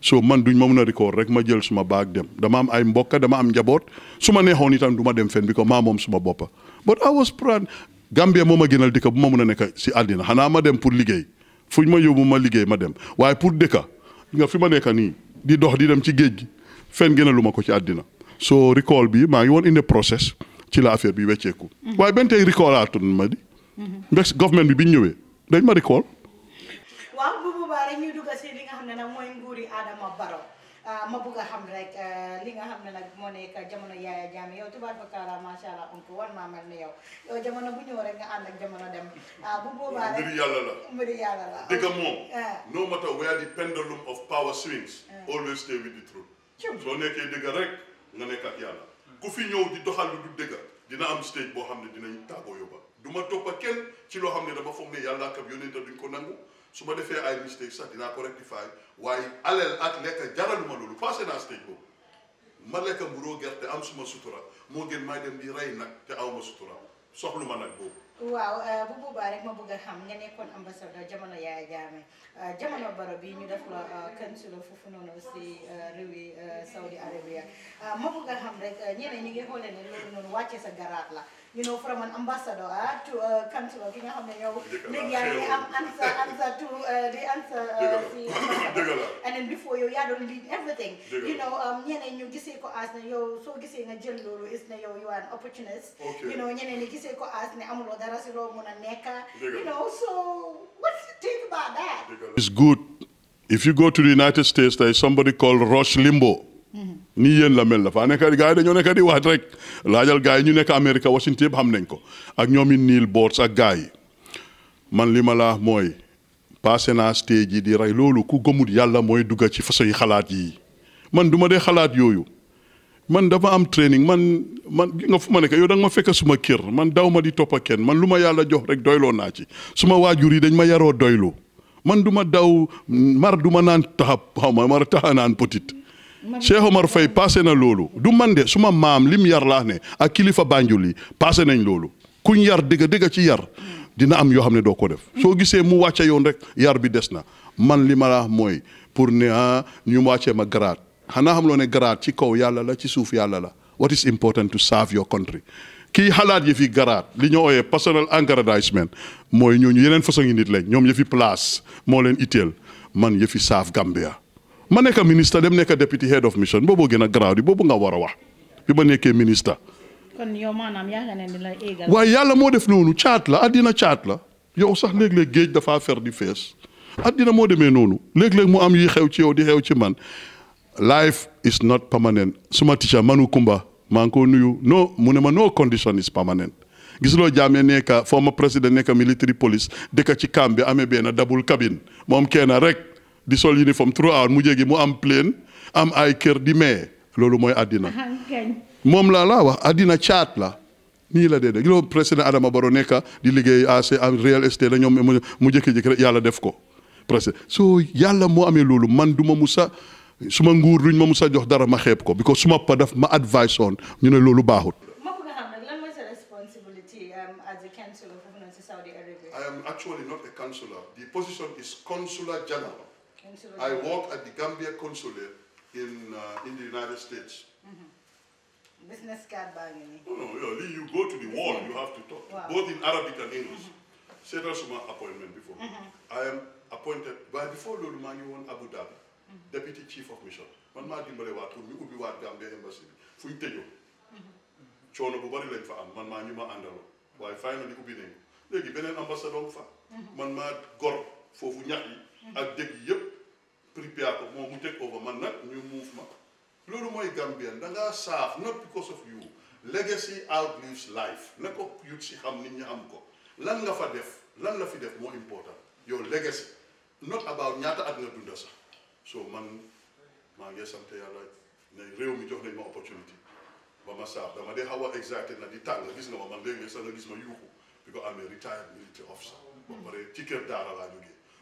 S2: so man duñ ma mëna record rek ma jël suma bag dem dama am ay mbokk dama am njaboot suma ma itam duma dem fen biko ma mom suma boppa but I was proud Gambia moo ma gënal dëkk bu ma mun a nekk si àddina xanaa ma dem pour liggéey fuñ ma yóbbu ma liggéey ma dem waaye pour dëkka nga fi ma nekk nii di dox di dem ci géej gi fenn gënalu ko ci àddina so recall bi maa ngi woon in the process ci la affaire bi wecceeku. Mhm. waaye benn tey recall aatun ma di. ndax mhm. government bi bi ñu ñëwee dañ ma recall.
S1: waaw bu boobaa rek ñuy si li nga xam ne nag mooy nguuri Adama ma bëgg a xam rek euh, li nga xam ne nag moo nekk jamono yaaya jaame yow tubaab fa kaala macha allah uncle wan maa mel ne yow yow jamono bu ñëw rek nga ànd ak jamono dem <laughs> ah, bu boobaa rek mbiru yàlla la mbiru yàlla la dëgg moom ah.
S2: no matter where the pendulum of power swings ah. always stay with the truth soo nekkee dëgg rek nga nekk yàlla ku fi ñëw di doxal lu du dëgg dina am stage boo xam ne dinañ tàggoo yóbba du ma toppa kenn ci loo xam ne dama foog ne yàlla su ma defee ay mistake sax dinaa ko rectify waaye alal ak lekk jaraluma loolu passé naa stage boobu ma lekk mburoo gerte am suma sutura moo gën may dem di rey nag te aw ma sutura soxlu ma nag boobu.
S1: waaw euh, bu boobaa rek ma bëgg a xam nga nekkoon ambassadeur jamono Yaya Jammeh euh, jamono Barrow bi ñu def la consulat euh, foofu noonu si réewi Saudi Arabia ma bëgg a xam rek ñeneen ñi ngi xoolee ne loolu noonu wàcce sa garaat la. you know from an ambassador eh, to a country, you know, how many answer to uh, the answer. Uh, <coughs> and then before you, you don't need everything. you know you um, ñu say, ko ask," na yow so you say, jël loolu is na yow you are an opportunist. you know ñeneen ñi you ko say, "I amuloo dara si loo mun a you know so what's the thing about that.
S2: It's good. If you go to the United States, there is somebody called Rush Limbaugh. nii yéen la mel dafa nekk gars yi dañoo nekk di waat rek laajal yi ñu nekk Amérique Washington yëpp xam nañ ko ak ñoom it niil boot ak gars man li ma la mooy passé naa stage di rey loolu ku gëmut yàlla mooy dugga ci façon yi xalaat yi man du ma dee xalaat yooyu man dama am training man man nga fu ma nekk yow da ma fekk suma kër man daw ma di topp ak kenn man lu ma yàlla jox rek doyloo naa ci suma waajur yi dañ ma yaroo doyloo man du ma daw mar du ma naan taxa xaw ma mar taxa naan petit Cheikh Omar fay passé na loolu du man de ma maam lim yar laa ne ak kilifa Banjul yi passé nañ loolu kuñ yar dëgg dëgg ci yar dina am yoo xam ne doo ko def soo gisee mu wàcce yoon rek yar bi des na man li ma la mooy pour ne ah ñu wàccee ma grade xanaa xam loo ne grade ci kaw yàlla la ci suuf yàlla la what is important to serve your country kii xalaat yi fi garaat li ñoo ooyee personal aggrandisement mooy ñooñu yeneen façon yi nit lañ ñoom yëfi place moo leen itteel man yëfi saaf Gambia ma nekk ministre dem nekk deputy head of mission boobu gën a garaaw di boobu nga war a wax bi ma nekkee ministre. waaye yàlla moo def noonu caat la addina caat la yow sax léeg-léeg géej dafaa fer di fees addina moo demee noonu léeg-léeg mu am yii xew ci yow di xew ci man life is not permanent suma teacher Manu Kumba maa ngi ko nuyu no mu ne ma no condition is permanent. gis loo jaamee nekka former président nekka military police dëkk ci kaam bi amee benn double cabine moom kenn rek. di sol uniforme trois heures mu jégi mu am plaine am ay kër di maye loolu mooy àddina <laughs> moom laa laa wax àddina caat la nii la dee de loolu président Adama Barrow nekka di liggéey AC am real estate la ñoom mu jékki-jékki rek yàlla def ko presque soo yàlla moo amee loolu man du ma musa suma nguur duñ ma musa jox dara ma xeeb ko because suma pa daf ma advice on ñu ne loolu baaxut
S1: I work at
S2: the Gambia Consulate in, uh, in the United States.
S1: Mm -hmm. Business card bargaining.
S2: Eh? No, no, yeah, you go to the wall, you have to talk, wow. both in Arabic and English. Mm-hmm. Set us my appointment before. Mm -hmm. I am appointed, by before Luluma, you won Abu Dhabi, mm -hmm. Deputy Chief of Mission. man maa dimbale waa tur bi ubbi waat Gambia embassy bi fu ñu tëjoo mm-hmm. bari lañ fa am man maa ñu ma àndaloo waaye finally ubbi nañ ko léegi beneen ambassadeur ambassador mm-hmm. man maa gor foofu ñax yi ak prepare for moo over man nag movement loolu mooy Gambien da ngaa saaf not because of you legacy outlives life ne ko youth si xam nit ñi am ko lan nga fa def lan la fi def important Your legacy not about ñaata at nga dunda sax so man maa ngi i yàlla ne réew mi jox nañ ma opportunity ba ma saaf dama dee xaw a exacté na di tàng gis nga ma man léegi sax this gis ma yuuxu because I'm a retired military officer ba pare ci kër daara laa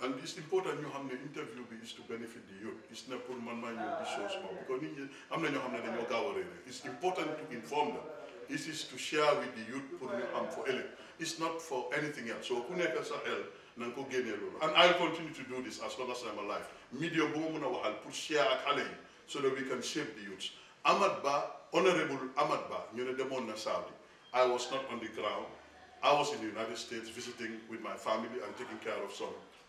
S2: And it's important you have the interview bi is to benefit the youth It's not for man maa ñëw di source because i am not ñoo xam ne it's important to inform them this is to share with the youth for me and for ëllëg it's not for anything else so ku nekk el na and I'll continue to do this as long as I'm alive media bu ma mën a share ak xale so that we can shape the youths Ahmad Ba, honorable Ba, you ñu the demoon na Saudi I was not on the ground I was in the United States visiting with my family and taking care of some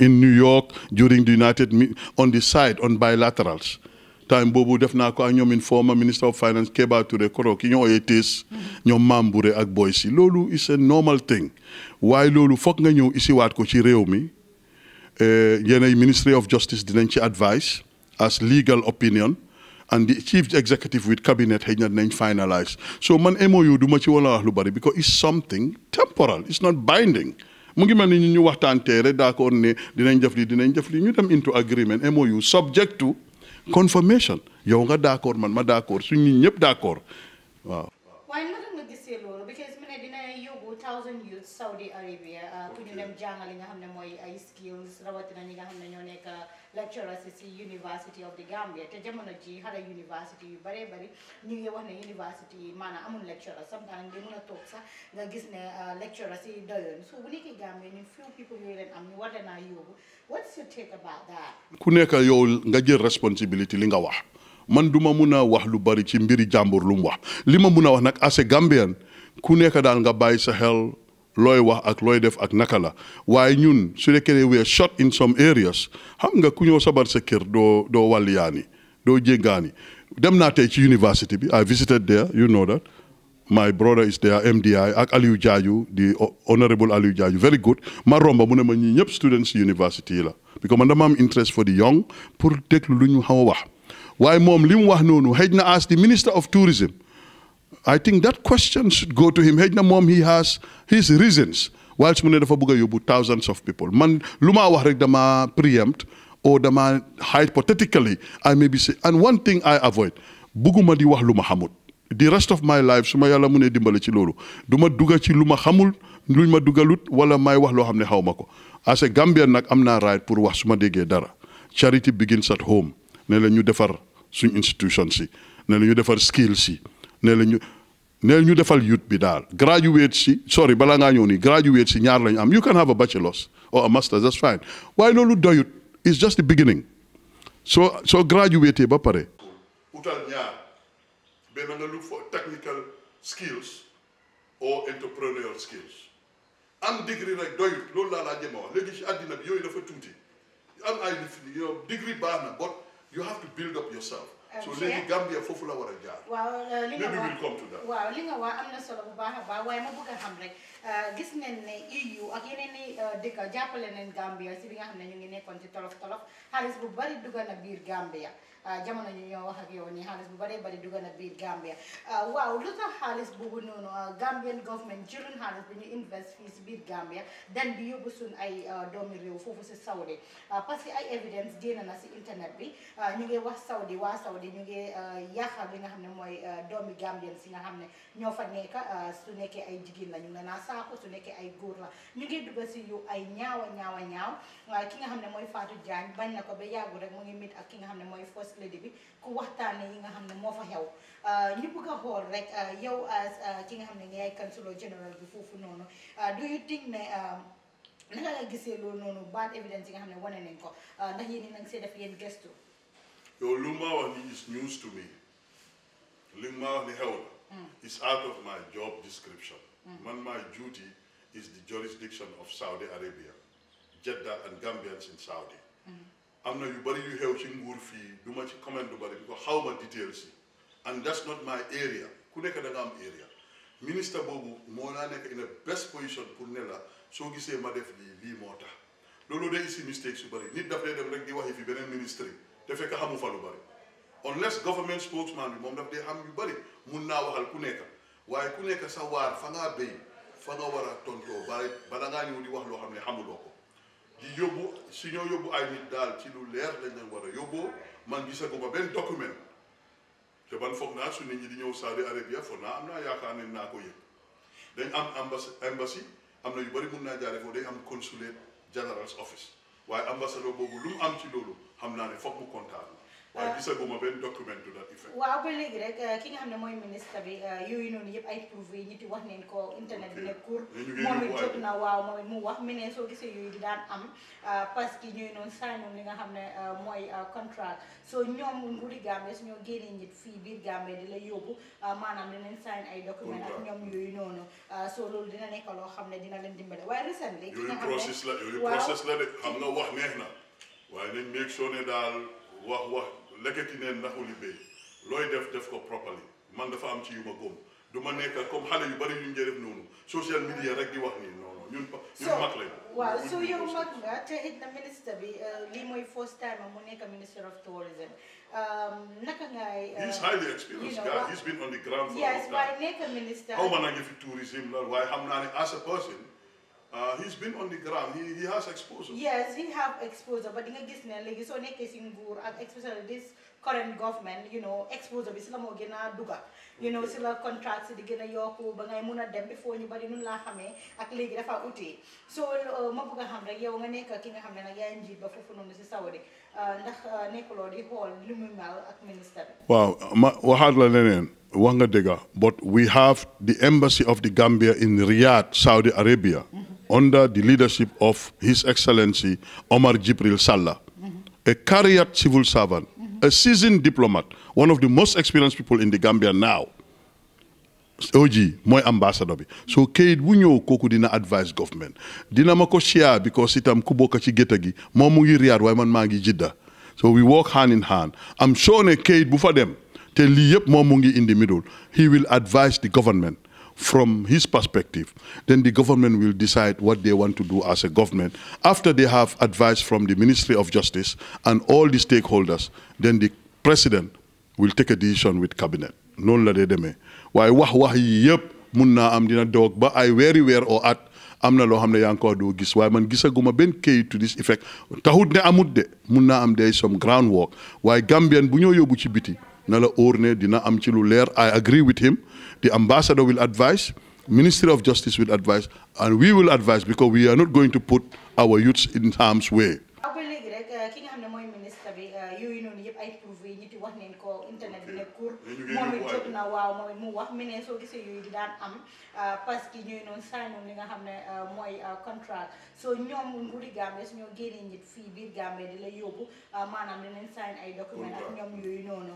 S2: in New York during the United on the side on bilaterals time boobu def naa ko in former minister of finance Keba Touré Koro ki ñoo ooyee tiis ñoom Mambouré ak boy si is a normal thing Why loolu foog nga ñëw isiwaat ko eh, ministry of justice dinañ ci advice as legal opinion and the chief executive with cabinet xëy na finalize so man MOU du ma ci wala wax because it's something temporal it's not binding mu ngi mel ni ñu ñu waxtaan tey rek d'accord ne dinañ jëf li dinañ jëf li ñu dem into agreement MOU subject to confirmation yow nga d'accord man ma d'accord suñ ñi ñëpp d'accord
S3: waaw
S1: thousand youth Saudi Arabia uh, ku ñu dem jàngal li nga xam ne mooy ay skills rawatina ñi nga xam ne ñoo nekk uh, lecturers si University of the Gambia te jamono ji xale university yu bëree bëri ñu ngi wax ne university yi amul lecturers sometimes nga mën a sax nga gis ne uh, lecturers yi doyoon so bu nekkee Gambia ñun few people yooyu leen am ñu war naa yóbbu what's your take about that. ku
S2: nekk yow nga jël responsibility li nga wax man duma mun a wax lu bari ci mbiri jàmbur lu mu wax li ma mun a wax nag as ku nekk daal nga bàyyi sa xel looy wax ak looy def ak naka la waaye ñun su nekkee ne we short in some areas xam nga ku ñëw sabar sa kër doo doo wàlliyaani doo jéggaani dem naa tey ci university bi I visited there you know that my brother is there MDI ak Aliou Diadio di honorable Aliou Diadio very good ma romba mu ne ma ñii ñëpp students university yi la parce que man dama am interest for the young pour déglu lu ñu xaw a wax waaye moom li mu wax noonu xëj na as the minister of I think that question should go to him. Hey, na mom, he has his reasons whilst mu ne dafa buga yobu thousands of people man luma wah rek dama preempt or dama hypothetically I may be say and one thing I avoid bugu di wah luma hamut. the rest of my life su ma yàlla mënee dimbale ci loolu du ma ci luñ ma dugalut wala may wah loo xam ne xaw ma ko as a Gambian nag am right pour dara charity begins at home ne la ñu defar suñ institution si ne la ñu defar skill si. nee la ñu nee ñu defal youth bi daal graduate si sorry balaa ngaa ñëw nii graduate si ñaar lañu am you can have a bachelor's or a master's that's fine waaye loolu doyut it's just the beginning soo soo graduate ba pare. utal ñaar benn nga look for technical skills or entrepreneurial skills am degree rek doyut loolu laa laa jëm wax léegi si àddina bi yooyu dafa tuuti am ay yow degree baax na but you have to build up yourself. Eh, so léegi Gambia foofu la war a jaar.
S1: waaw eh, li maybe we'll come to that. waaw li nga wax am na solo bu baax a baax waaye ma bëgg a xam rek eh, gis nañ ne EU ak yeneen i dëkk jàppale Gambia si bi nga xam ne ñu ngi nekkoon ci tolof tolof xaalis bu bari dugg na Gambia. Ah, jamono ñu ñoo wax ak yow nii xaalis bu baree bari dugg na biir Gambia ah, waaw lu tax xaalis boobu noonu ah, Gambian government jëluñ xaalis bi ñu invest fii si biir Gambia dan bi yóbbu suñ ay doomi réew foofu si Saudi parce ay evidence génn na si internet bi ñu ngi wax Saudi waa Saudi ñu ngi yàqal li nga xam ne mooy doomi Gambian si nga xam ne ñoo fa nekk su nekkee ay jigéen la ñu ne naa saako su nekkee ay góor la ñu ngi dugg si yu ay ñaawa ñaawa ñaaw ki nga lady bi ku waxtaane yi nga fa xew euh, ñu bëgg rek euh, yow as euh, ki nga ngay general bi do you think ne naka gisee bad evidence yi nga nañ ko ndax yéen ñi def yéen
S2: lu ma wax ni is news to me li ma wax ni xew hmm. is out of my job description hmm. man my duty is the jurisdiction of Saudi Arabia Jeddah and Gambians in Saudi hmm. am na yu bëri yu xew ci nguur fii du ma ci comment du bëri bi ko xaw ma details si and that's not my area ku nekk da nga am area ministre boobu moo naa nekk in a best position pour ne la soo gisee ma def lii lii moo tax loolu day si mistake su bari nit daf lay dem rek di waxi fi beneen ministre te fekk xamu fa lu bëri unless government spokesman bi moom daf dee xam yu bëri mun naa waxal ku nekk waaye ku nekk sa waar fa ngaa béy fa nga war a tontoo bari bala ngaa ñëw di wax loo xam ne xamuloo ko di yóbbu si ñoo yóbbu ay nit daal ci lu leer lañ leen war a yóbboo man gisaguma benn document te man foog naa su nit ñi di ñëw Saudi Arabia foog naa am naa yaakaar ne naa ko yëg dañ am embassy am na yu bëri mun naa jaare foofu dañ am consulate general's office waaye ambassadeur boobu lu mu am ci loolu xam naa ne foog mu waaye gisagoo ma benn document
S1: waaw ba léegi rek euh, ki nga xam ne mooy ministre bi euh, yooyu noonu yëpp ay prouvé ñi wax neen ko internet bi na waaw moom it mu wax mi ne soo gisee yooyu di daan am euh, parce que ñooy noonu li nga xam ne mooy contrat soo ñoom nguuri Gambie su ñoo génnee nit fii biir Gambie di la yóbbu maanaam dinañ sign ay document ak ñoom yooyu noonu soo loolu dina nekk loo xam ne dina leen dimbale waaye recently yooyu process la
S2: yooyu process la de xam nga wax neex na waaye nañ make sure ne daal wax wax lekkati neen naxuli béy looy def def ko properly man dafa am ci yu ma góom du comme xale yu bari ñu social media rek di wax non non ñun ñun yow
S1: nga te it na bi euh, first time minister of tourism. Um, naka ngay. Euh, he's highly experienced guy he's been on the ground for a time. yes waaye nekk minister. xaw
S2: fi tourism la xam as a person. Uh, he's been on the ground. He, he has exposure. Yes,
S1: he have exposure. But in a case, like so, in case in Gur, especially this current government, you know, exposure. We sila mo gina duga. You know, sila contracts di gina yoko bangay muna dem before ni bali nun la kami at legi dafa uti. So uh, mabuga hamra yaw nga neka kinga hamra na yain jid ba fufu nung si sawari. Uh, ndax uh, nekulo di hall lumimal at
S2: minister. Wow, wahad la nenen. Wanga Dega, but we have the embassy of the Gambia in Riyadh, Saudi Arabia. Mm -hmm under the leadership of His Excellency Omar Jibril Salah, mm -hmm. a career civil servant, mm -hmm. a seasoned diplomat, one of the most experienced people in the Gambia now. Oji, my ambassador bi so kayit bu Koku dina advise government dina ma share because itam kubo kachi getagi, gétta gi moom mu jida. so we walk hand in hand i am sure ne kayit bu dem te liyep momungi in the middle he will advise the government from his perspective, then the government will decide what they want to do as a government. After they have advice from the Ministry of Justice and all the stakeholders, then the president will take a decision with cabinet. Non la deme. demee waaye wah wax munna yëpp am dina ba ay weeri weer or at am na lo xam yanko do ngi gis man gisaguma ben këyit to this effect taxut ne amut de mun am day some groundwork. Why waaye Gambien bu ñoo yóbbu biti na la ne dina am ci lu leer I agree with him the ambassador will advise Ministry of Justice will advise and we will advise because we are not going to put our youths in harm's way
S1: moom it jóg na waaw moom mu wax mu ne soo gisee yooyu daan am euh, parce que ñooy noonu sign li nga xam ne euh, mooy euh, contrat so ñoom nguuri Gambie su ñoo génnee nit fii biir Gambie di la yóbbu maanaam dinañ sign ay document ak ñoom yooyu noonu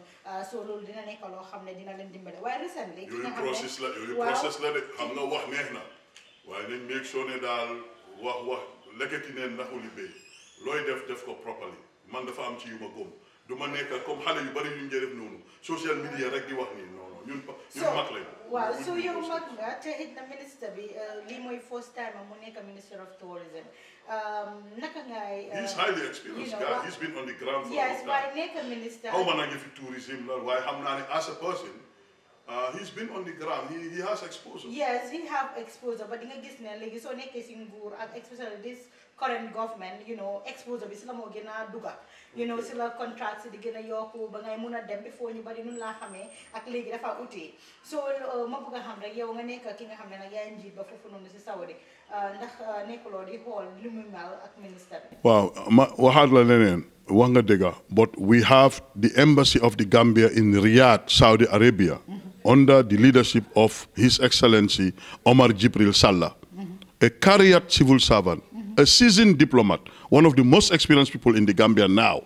S1: so loolu dina nekk loo xam ne dina leen dimbale waaye recently yooyu process la
S2: yooyu process la de xam nga wax neex na waaye nañ make sure ne daal wax wax lekkati neen ndaxuli looy def def ko properly man dafa am ci yu ma góom du ma nekk comme xale yu bari yu njëriñ def social media rek di wax nii non non ñun. ñun waaw yow
S1: nga te it na bi euh, first time mu minister of tourism. Um, naka ngay. Euh, he's highly experienced guy he's been on the ground for yes minister. How ma
S2: fi tourism la xam as a person. Uh, he's been on the ground. He, he has exposure. Yes,
S1: he have exposure. But in a case na especially this current government you know expose, bi si la moo duga you know si la contract si di gën a ba ngay mun dem before ñu bari nun laa xamee ak léegi dafa utee so uh, ma bëgg a xam rek yow nga nekk ki nga xam ne yaay njiit ba foofu noonu si Saudi uh, ndax
S2: uh, nekkuloo di xool lu mu mel ak ministre bi ma waxaat la leneen wax nga dëgga but we have the embassy of the Gambia in Riyadh Saudi Arabia mm-hmm. under the leadership of His Excellency Omar Jibril Salla, mm-hmm. a career civil servant a seasoned diplomat, one of the most experienced people in the Gambia now.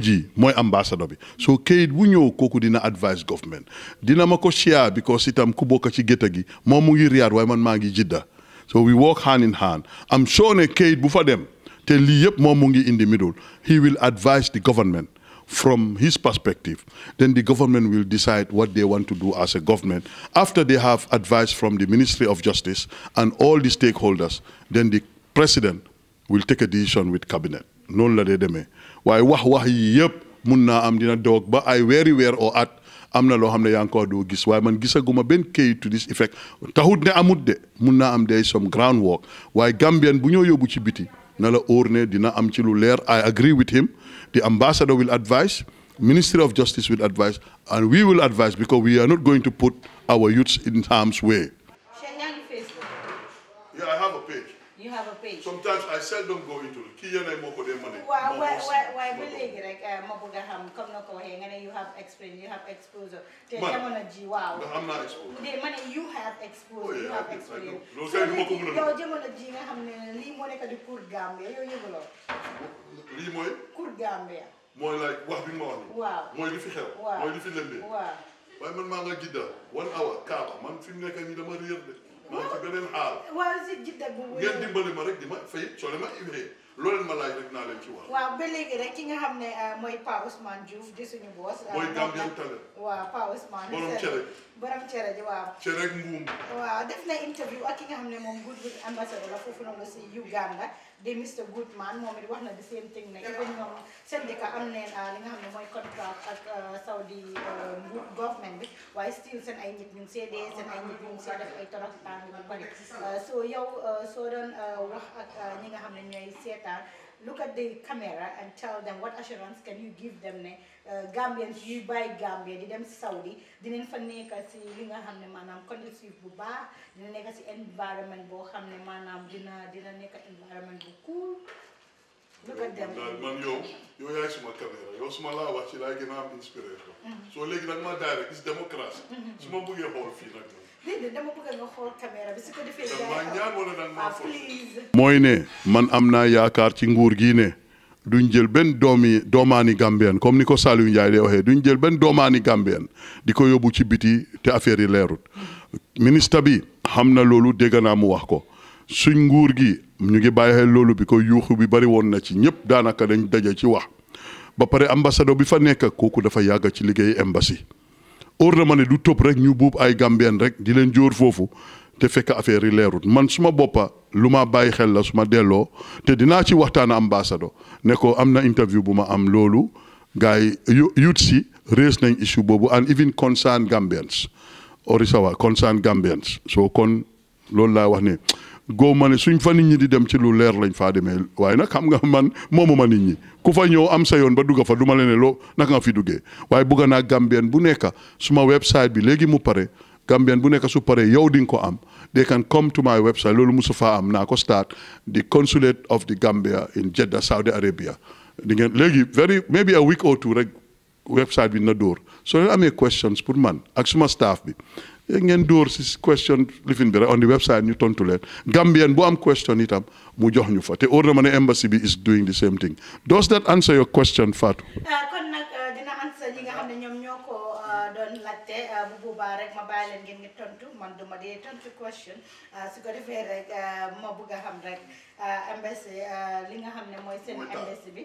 S2: ji mooy ambassador bi so kayit wu ñëw kooku dina advise government dina ma ko share because itam ku bokk ci gétta gi moo mu ngi Riyadh waaye man maa ngi Jidda so we work hand in hand am sure ne kayit bu fa dem te lii yëpp moom mu ngi in the middle he will advise the government from his perspective then the government will decide what they want to do as a government after they have advice from the Ministry of Justice then the president will take a decision with cabinet No, la de demee Why wax wax yi yëpp mun am dina doog ba ay weeri weer oo at am na loo xam ko doo gis waaye man gisaguma to this effect taxut ne amut de mun am day some ground work Gambia Gambian bu ñoo yóbbu ci biti na la dina am ci lu leer I agree with him the ambassador will advise Ministry of Justice will advise and we will advise because we are not going to put our youths in harm's way pay. Sometimes I seldom go into it. Key and I moko them money. Why, why, why
S1: well, really, like uh, mabuga ham um, come no go hang and you have experience. you have exposure. They come on a jiwa. I'm not exposed. The money you have exposure. Oh, you have explained.
S3: No, say moko muna. Yo,
S1: jemo na ham ne limo ne kadi kur Gambia. Yo, yo
S2: More like what we Wow. More if you help. Wow. More if you lend me. Wow. Why man manga gida? One hour. Kaba. Man film ne kani dama real. maa ngi ci beneen aar.
S1: waaw si jiite bu wér. ngeen
S2: dimbali ma rek di ma fay soo leen ma indee loo leen ma laaj rek naa leen
S1: waaw ba léegi rek ki nga xam ne euh, mooy Pa Ousmane Diouf di suñu boss. Euh, mooy Gambian Talent. waaw Pa Ousmane. borom cere borom cere ji waaw.
S2: cere ak mbuum.
S1: waaw def na interview ak ki ne moom Goodwood ambassador la foofu noonu si Uganda di Mr Goodman moom it wax na the same thing ne even sen de ka am neen li ah, nga xam ne contrat ak ah, saudi um, government bi waaye still seen ay nit ñu ngi see dee seen ay nit ñu ngi def ay torox tàng bu bëri so yow soo doon wax ak ñi nga xam ne ñooy look at the camera and tell them what assurance can you give them ne ah, Gambians you buy Gambia di dem Saudi dinañ fa nekk si li nga xam ne maanaam conducive bu baax dina nekk si environment boo xam ne maanaam dina dina nekk environment bu cool
S3: suma caméra
S2: ci laa mooy ne man am naa yaakaar ci nguur gii ne duñ jël benn doomi doomaani Gambien comme ni ko Saliou Ndiaye di waxee duñ jël benn doomaani Gambien di ko yóbbu ci biti te affaire yi leerut mm-hmm. ministre bi xam na loolu dégg naa mu wax ko suñ nguur gi ñu ngi bàyyi xel loolu bi ko yuuxu bi bari woon na ci ñëpp daanaka dañ daje ci wax ba pare ambassadeur bi fa nekk kooku dafa yàgg ci liggéey embassy óor na ma ne du topp rek ñu buub ay gamben rek di leen jóor foofu te fekk affaire yi leerut man suma boppa lu ma bàyyi xel la su ma delloo te dinaa ci waxtaan ambassadeur ne ko am na interview bu ma am loolu gars yi si raise nañ issue boobu and even concern Gambians orisawa concern Gambians soo kon loolu laa wax ne go mané suñ fa nit ñi di dem ci lu leer lañ fa démé way nak xam nga man moomu ma nit ñi ku fa ñew am sa yoon ba dugga fa duma lené lo nak nga fi duggé way Gambien bu nekk suma website bi légui mu paré Gambien bu nekk su paré yow ko am they can come to my website lolu musufa am na ko start the consulate of the Gambia in Jeddah Saudi Arabia di ngeen very maybe a week or two rek website bi na so soo leen amee questions pour man ak suma staff bi ngeen dóor si question lifin bi rek on the website ñu tontu leen Gambien bu am question itam mu jox ñu fa te óor na ma ne embassy bi is doing the same thing does that answer your question Fatou.
S1: Euh, kon nag euh, dina answer yi nga xam ne ñoom ñoo ko euh, doon laajte bu boobaa rek ma bàyyi leen ngeen ngi tontu man duma dee tontu question su ko defee rek ma bëgg xam rek embassy li nga xam ne seen embassy bi.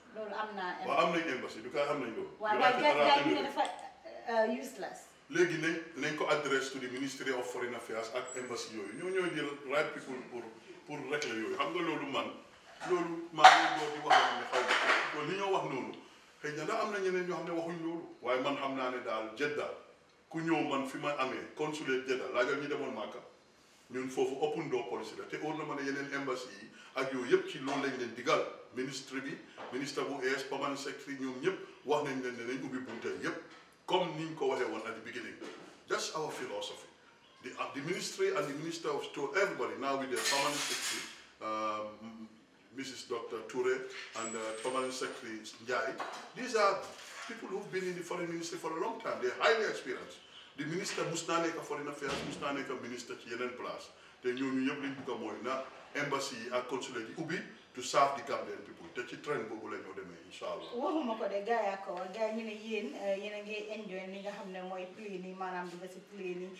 S1: loolu am naa. waaw
S2: am nañ embassy du kaay am nañ loolu. waaw waaye léegi ne nañ ko adresse to the ministry of foreign affairs ak embassy yooyu ñoo ñoo jël right people pour pour régler yooyu xam nga loolu man loolu maa ngi door di wax ne xaw ma ko li ñoo wax noonu xëy na am na ñeneen ñoo xam ne waxuñ loolu waaye man xam naa ne daal Jedda ku ñëw man fi ma amee consulate Jedda laajal ñu demoon Màkka ñun foofu open door policy la te óor na man ne yeneen embassy yi ak yooyu yëpp ci loolu lañ leen digal. ministre bi ministre bu ees permanent secretary ñoom ñëpp wax nañ leen ne nañ ubbi bunte yëpp comme niñ ko waxee woon at the beginning that's our philosophy the uh, the ministry and the minister of to everybody now with the permanent secretary um, Mrs. Dr. Toure and uh, permanent secretary Njai these are people who've been in the foreign ministry for a long time they're highly experienced the minister mus naa nekk foreign affairs mus naa nekk ministre ci yeneen place te ñooñu ñëpp liñ bëgg a mooy na embassy ak consulat yi to serve the Gambian people te ci train boobu la ñoo demee incha allah.
S1: waxuma ko de gars yaa ko wax gars ñu ne yéen eh, yéen a ngi enjoy li nga xam ne mooy play nii maanaam si play nii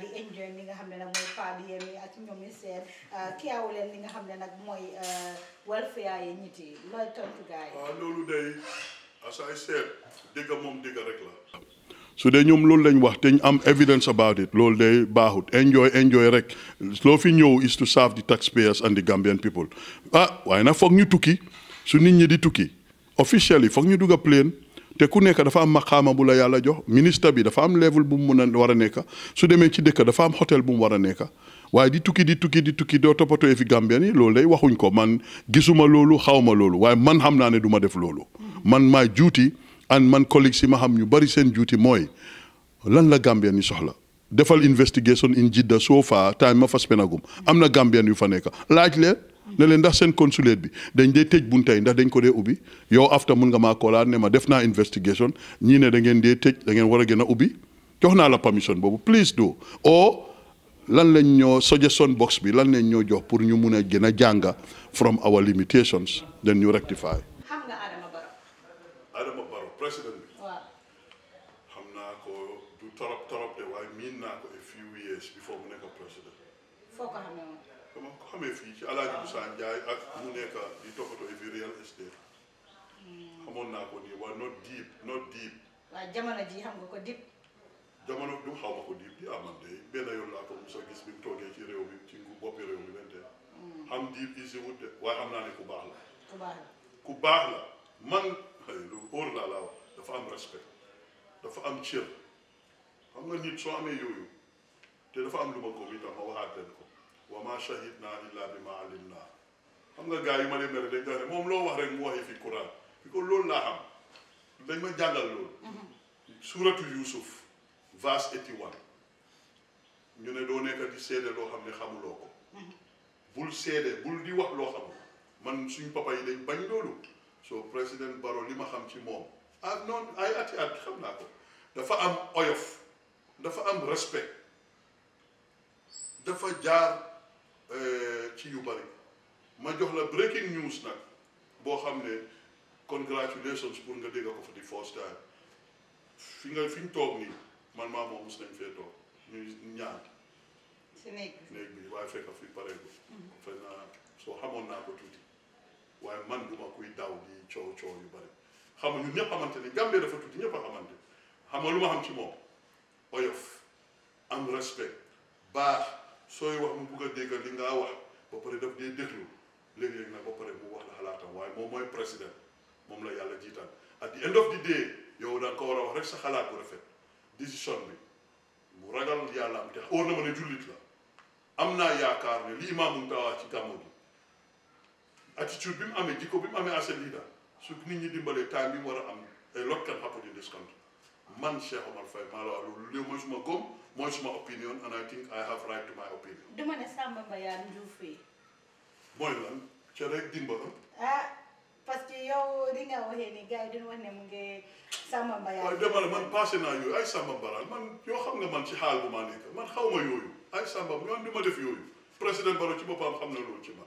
S1: di enjoy li nga xam ne nag mooy paa bi yem yi ak ñoom ñu seen ah, kiyaawu leen li nga xam ne nag mooy eh, welfare yi ñit yi looy tontu gars yi. Ah,
S2: loolu day as I said moom dégg rek la. su dee ñoom loolu lañ wax te ñu am evidence about it loolu day baaxut enjoy enjoy rek loo fi ñëw is to serve the taxpayers and the Gambian people ah waaye nag foog ñu tukki su nit ñi di tukki officially foog ñu dugg plane te ku nekk dafa am maqaama bu la yàlla jox ministre bi dafa am level bu mu mun a war a nekk su demee ci dëkk dafa am hôtel bu mu war a nekk waaye di tukki di tukki di tukki doo toppatoo fi Gambien yi loolu day waxuñ ko man gisuma loolu xawma loolu waaye man xam naa ne du def loolu man maa juuti. and man collègue si ma xam ñu bari seen juuti mooy lan la Gambien yi soxla defal investigation in Jidda so far time ma fa spenagum am na Gambien yu fa nekk laaj leen ne leen ndax seen consulate bi dañ dee tëj bunta yi dañ ko dee ubbi yow after mun nga maa koolaat ne ma def naa investigation ñii ne da ngeen dee tëj war a gën a ubbi jox naa la permission boobu please do o lan lañ ñoo suggestion box bi lan lañ ñoo jox pour ñu mun a gën a jànga from our limitations then ñu rectify Adama Barrow président bi. naa ko du torop torop de waaye miin naa ko a few years before mu nekk président.
S1: foo ko xamee woon.
S2: dama ko xamee fii ci Alaaji Musaa Njaay ak mu nekk di toppatoo yi real estate. Hmm. xamoon naa ko nii waaye not deep not deep.
S1: waaw jamono ji xam nga ko deep.
S2: jamono du xaw ma ko diib di amante benn yoon laa ko mos gis bi mu ci réew mi ci boppi i mi wente hmm. xam diib isi wut de naa ne ku
S1: baax
S2: la man dafa am dafa am cër xam nga nit soo dafa am lu ma ko itam ma waxaat xam nga gars yi ma dañ dax moom loo wax rek mu waxee fi Quran fi ko loolu laa xam dañ ma loolu mm-hmm. suratu Yusuf verse 81 ñu ne doo nekk di seede loo xam ne xamuloo ko mm-hmm. bul seede bul di wax loo xamul man suñ papa yi dañ bañ loolu so président Barrow li ma xam ci moom ah noonu ay ati at xam naa ko dafa am oyof dafa am respect dafa jaar euh, ci yu bari ma jox la breaking news nag boo xam ne congratulations pour nga dégg ko fa di first time fi nga fi ñu toog nii man maa moom nañ fee toog ñuy ñaan néeg bi néeg bi waaye fekk fi pare ko fay naa soo xamoon naa ko tuuti waaye man du ma kuy daw di coow coow yu bari xam nga ñun ñëpp xamante ni ne Gambie dafa tuuti ñëpp a xamante xam nga lu ma xam ci moom oyof am respect baax sooy wax mu bugg a dégg li ngaa wax ba pare daf dee déglu léeg-léeg nag ba pare mu wax la xalaatam waaye moom mooy président moom la yàlla jiitaan at the end of the day yow da nga ko war wax rek sa xalaat bu rafet décision bi mu ragal yàlla am te óor na ma ne jullit la am naa yaakaar ne li imaamu Tawa ci gàmmu bi attitude bi mu amee jikko bi mu amee as a leader su nit ñi dimbalé time bi mu am ay lot kan happen in this man Cheikh Omar fay ma la wax loolu lii suma gom mooy suma opinion and I think I have right to my opinion.
S1: duma ne Samba Mbayaan Njuufee.
S2: boy lan ci rek dimbala.
S1: ah parce que yow li nga waxé ni gay yi dañu wax ne mu ngi Samba Mbayaan. boy dama
S2: man passé na yooyu ay Samba Mbaraan man yo xam nga man ci xal bu ma nekk man xawma ma ay Samba ñoom ni def yooyu président baro ci bopam xam na ci man.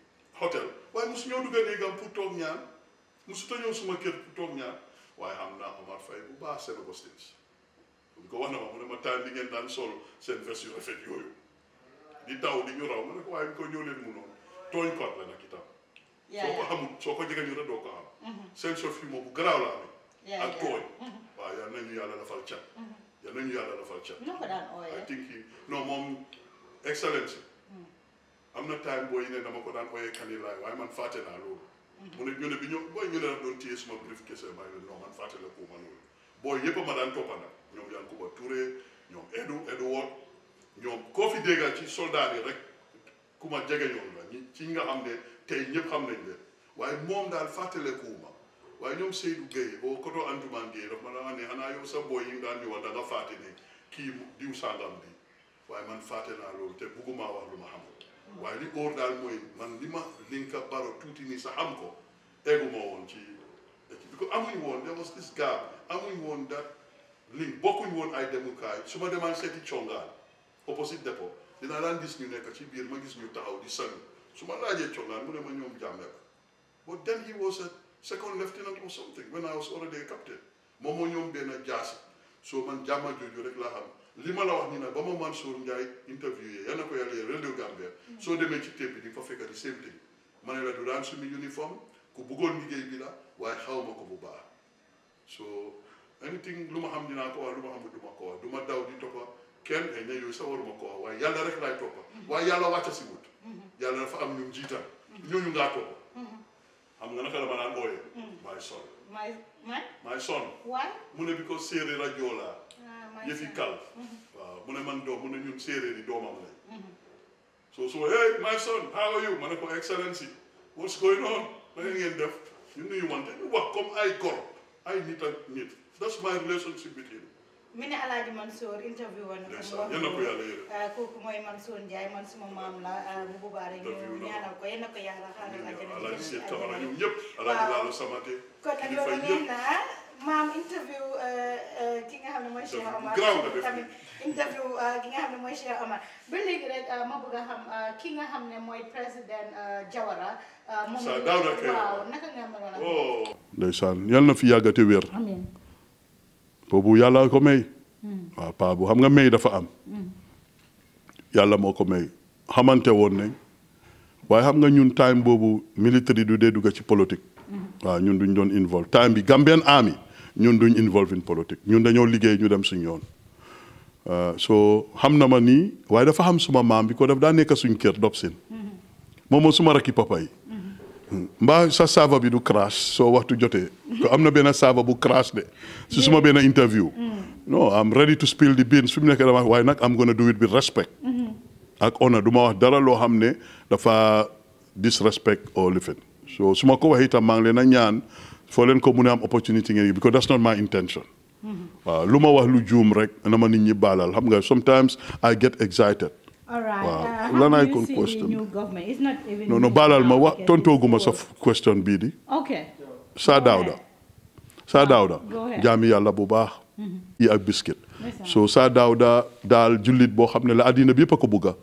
S2: hotel musu mosu ñoo né gam pour tok ñaan ta ñew suma kër pour tok ñaan waaye xam Omar Faye bu baax seen hostage bu ko wana mo ma mu di ngeen daan solo sen version rafet di taw di ñu raw mané ko way ko ñëw leen mu noonu tooñ ko la nak itam ya, ya. soo ko xamul soo ko jege ñu rek doo ko am sen sof yi moom bu graw la amee
S1: ya, ak tooñ mhm.
S2: waaw yal nañu yàlla dafal cat mhm. yal nañu yàlla dafal cat I think he. No, mom. excellence am na time booy ne dama ko daan ooyee kanilaay waaye man fàtte naa loolu. mu ne ñu ne bi ñu booy ñu ne la doon téye suma brief kese maa ngi non man fàtte la ko ma loolu. booy yëpp a ma daan toppa nag ñoom Yankuba Touré ñoom Edu Edouard ñoom koo fi déggal ci soldat yi rek ku ma jege ñoom la ñi ci nga xam ne tey ñëpp xam nañ leen waaye moom daan fàttale ko ma waaye ñoom Seydou Gueye oo koto Antumaan Gueye daf ma daa ne xanaa yow sa booy yi daan ñu wax da nga fàtte kii diw sàngam bi waaye man fàtte naa loolu te bugguma wax lu waaye li óor daal mooy man li ma Linka Barrow tuuti nii sax a ko egguma woon ci équipe bi ko amuñ woon was this gap amuñ woon da link bokkuñ woon ay demukaay su ma demaan seeti congaan opposite dépôt dinaa daan gis ñu nekk ci biir ma gis ñu taxaw di sañu su ma laajee congaan mu ne ma ñoom jàmme la but then he was a second lieutenant or something when I was already a captain moom moo ñoom benn jaasi so man jàmma jooju rek laa xam li ma la wax nii nag ba ma Mansour Ndiaye interviewé yal na ko yàlla yore réew Gambia soo demee ci tépp bi di nga fa fekk di same thing ma ne la du daan suñu uniforme ku bëggoon liggéey bi la waaye xaw ma ko bu baax so anything lu ma xam dinaa ko wax lu ma xamul du ma ko wax du ma daw di toppa kenn ay na yooyu sax waruma ko wax waaye yàlla rek laay toppa mm-hmm. waaye yàlla wàcca si wut mm-hmm. yàlla fa am ñum jiital mm-hmm. ñooñu ngaa xam nga naka la ma daan ooyee my son
S1: my my Yefikal, mhm. waaw
S2: mu ne man do mu ne ñun séeréer di doomam la mhm. so so hey my son how are you ma ko excellency what's going on na ngeen def ñu nuyu man ñu wax comme ay gor ay nit ak nit that's my relationship with him
S1: mine aladi mansour interview woon na ko yàlla yëre ah, kooku moy mansour ndjay man suma mam la ah, bu bare ñu ñaanal ko yéen na ko yàlla xaaral alaaji seet ñu
S2: ñep aladi alaaji laalo samate
S1: ko tan loolu neex na ah. maam interview uh, uh, ki uh,
S2: a na fi yàggate wér boobu yàlla ko may hmm. waaw paa xam nga may dafa am hmm. yàlla moo ko may xamante woon nañ waaye xam nga ñun time boobu military du dee dugg ci politique hmm. waaw ñun duñ doon involve time bi Gambian Army ñun duñ involve in politique ñun dañoo liggéey ñu dem suñ yoon euh, so xam na ma nii waaye dafa xam suma maam bi ko def daa nekk suñ kër Dobsin moom moo suma rakki papa yi mbaa sa saava bi du crash soo waxtu jotee ko am na benn saava bu crash de si suma benn interview
S3: mm. non am
S2: ready to spill the beans fi mu nekk dama waaye nag am gonna do it with respect mm-hmm. ak honneur du ma wax dara loo xam ne dafa disrespect au lifin so su ko waxee itam maa ngi leen a ñaan foo leen ko mun a am opportunity ngeen because that's not my intention
S1: mm-hmm.
S2: waaw lu ma wax lu juum rek na ma nit ñi baalal xam nga sometimes I get excited
S1: All right. Wow. Uh, how do you see question. the Balal, ma wa, tonto
S2: guma sa question bi di. Okay. Sa Dauda. Sa Dauda. Jami bu baax. Mm-hmm. Yi ak biscuit. So Sa Dauda dal julit bo xamne la adina bi yep ko bëgga.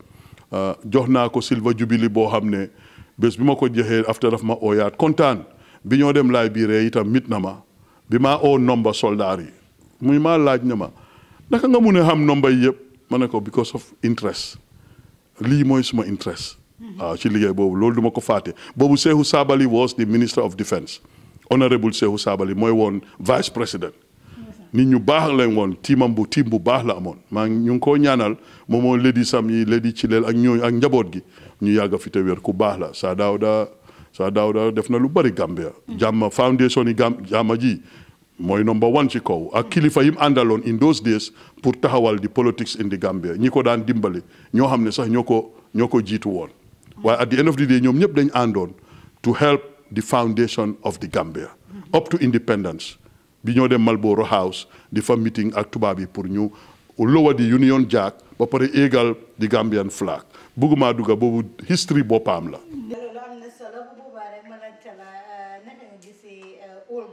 S2: Uh, jox naa ko Silva Jubili bo xamne bes ma ko joxé after af ma oyat contane. bi ñoo dem laay biiree itam mit na ma bi ma oo nomba soldaar yi muy ma laaj na ma naka nga mun xam nomba yi yëpp ma ne ko because of interest lii mooy suma interest waaw ci liggéey boobu loolu du ma ko fàtte boobu Seehu Sabali was the minister of defence honorable Seehu Sabali mooy woon vice président nit ñu baax lañ woon tiimam bu tiim bu baax la amoon maa ñu ngi koo ñaanal moom moo sam yi ledi ci leel ak ñooñu ak njaboot gi ñu yàgg fi te wér ku baax la saa so sa Daouda def na lu bari Gambia jàmma foundation yi gam jàmma ji mooy number wan ci kaw ak kilifa yi mu àndaloon in those days pour taxawal di politics in the Gambia ñi ko daan dimbali ñoo xam ne sax ñoo ko ñoo ko jiitu woon waaye at the end of the day ñoom ñëpp dañu àndoon to help the foundation of the Gambia up to independence bi ñoo dem Marlborough House di fa meeting ak tubaab yi pour ñu lower the Union Jack ba pare éegal di Gambian flag bëgguma dugga boobu history boppam la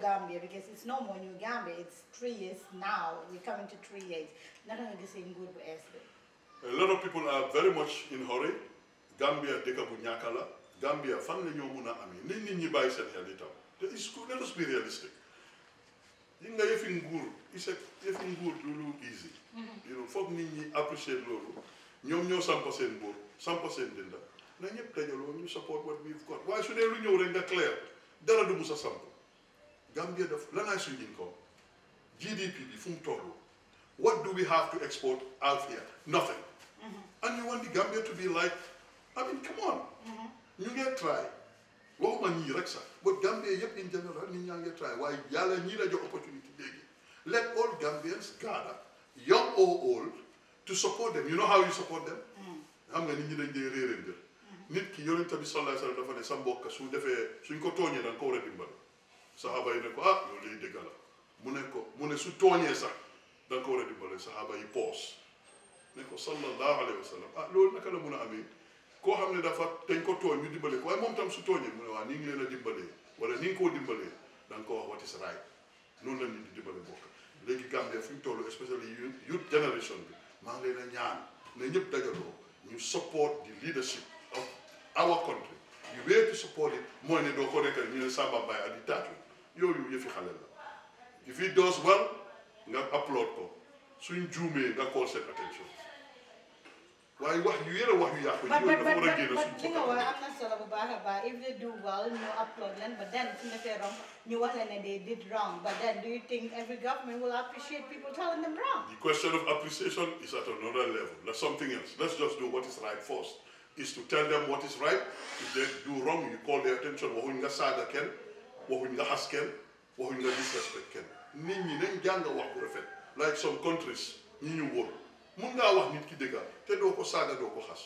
S1: Gambia because it's no more New Gambia. It's three years now. We're coming to three years. Not only the same A
S2: lot of people are very much in hurry. Gambia deka bu ñakala. Gambia fan la ñoo mëna amé. Nit nit ñi bayyi seen xel itam. Te let us be realistic. Yi nga yëfi nguur, isa yëfi nguur easy. You know, fokk nit ñi appreciate loolu. Ñoom ñoo sampa seen boor, sampa seen dinda. Na ñëpp dajaloo ñu support what we've got. Waaye su dee lu ñëw rek nga clear. Dara du musa samp. Gambia daf lanaa suñu income GDP bi fu mu what do we have to export out here nothing
S3: mm-hmm.
S2: and you want the Gambia to be like I mean come on mm-hmm. ñu ngee try waxuma ñii rek sax but Gambia yep in general ni ñaa ngee try Why? yàlla ni la jox opportunity léegi let all Gambians gather young or old to support them you know how you support them mm. xam nga nit ñi dañ dee réere mbir
S3: mm-hmm.
S2: nit ki yonent bi sallallahu alayhi wa sallam dafa ne sa mbokk su defee suñ ko tooñee danga ko war a sahaba yi ne ko ah loolu day dëgg la mu ne ko mu ne su tooñee sax da ko war a dimbale sahaba yi poos ne ko sallallahu alayhi wa sallam ah loolu naka la mun a amee koo xam ne dafa dañ ko tooñ ñu dimbale ko waaye moom tam su tooñee mu ne waa nii ngi leen a dimbalee wala nii nga koo dimbalee da nga ko wax watis raay noonu la nit di dimbale mbokk léegi Gambia fi mu toll especially youth generation bi maa ngi leen a ñaan ne ñëpp dajaloo ñu support the leadership of our country the way to support it mooy ne doo ko nekkal ñu ne Samba Mbaye at di taatu yooyu yëfi xale la if he does well nga applaud ko suñ juumee nga call seen attention waaye wax yu yëre wax yu yàqu yooyu dafa suñ nga
S1: wax am solo bu baax if they do well ñu applaud leen but then suñ defee wrong ñu wax leen ne they did wrong but then do you think every government will appreciate people telling them wrong the
S2: question of appreciation is at another level that's something else let's just do what is right first is to tell them what is right if they do wrong you call their attention waxuñ nga saaga kenn waxuñ nga xas kenn waxuñ nga disrespect kenn nit ñi nañ jàng wax bu rafet like some countries ñi ñu wóor mun ngaa wax nit ki dëgga te doo ko saaga doo ko xas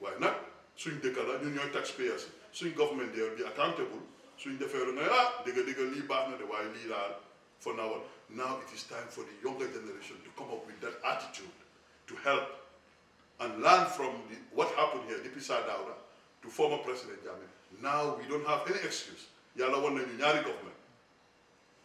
S2: waaye nag suñ dëkka la ñun ñooy taxpayers yi suñ government day di accountable suñ defee lu ne ah dëgga dëgga lii baax na de waaye lii daal for now now it is time for the younger generation to come up with that attitude to help and learn from the, what happened here DP Sir Dawda to former President Jammeh now we don't have any excuse yàlla wan nañu ñaari government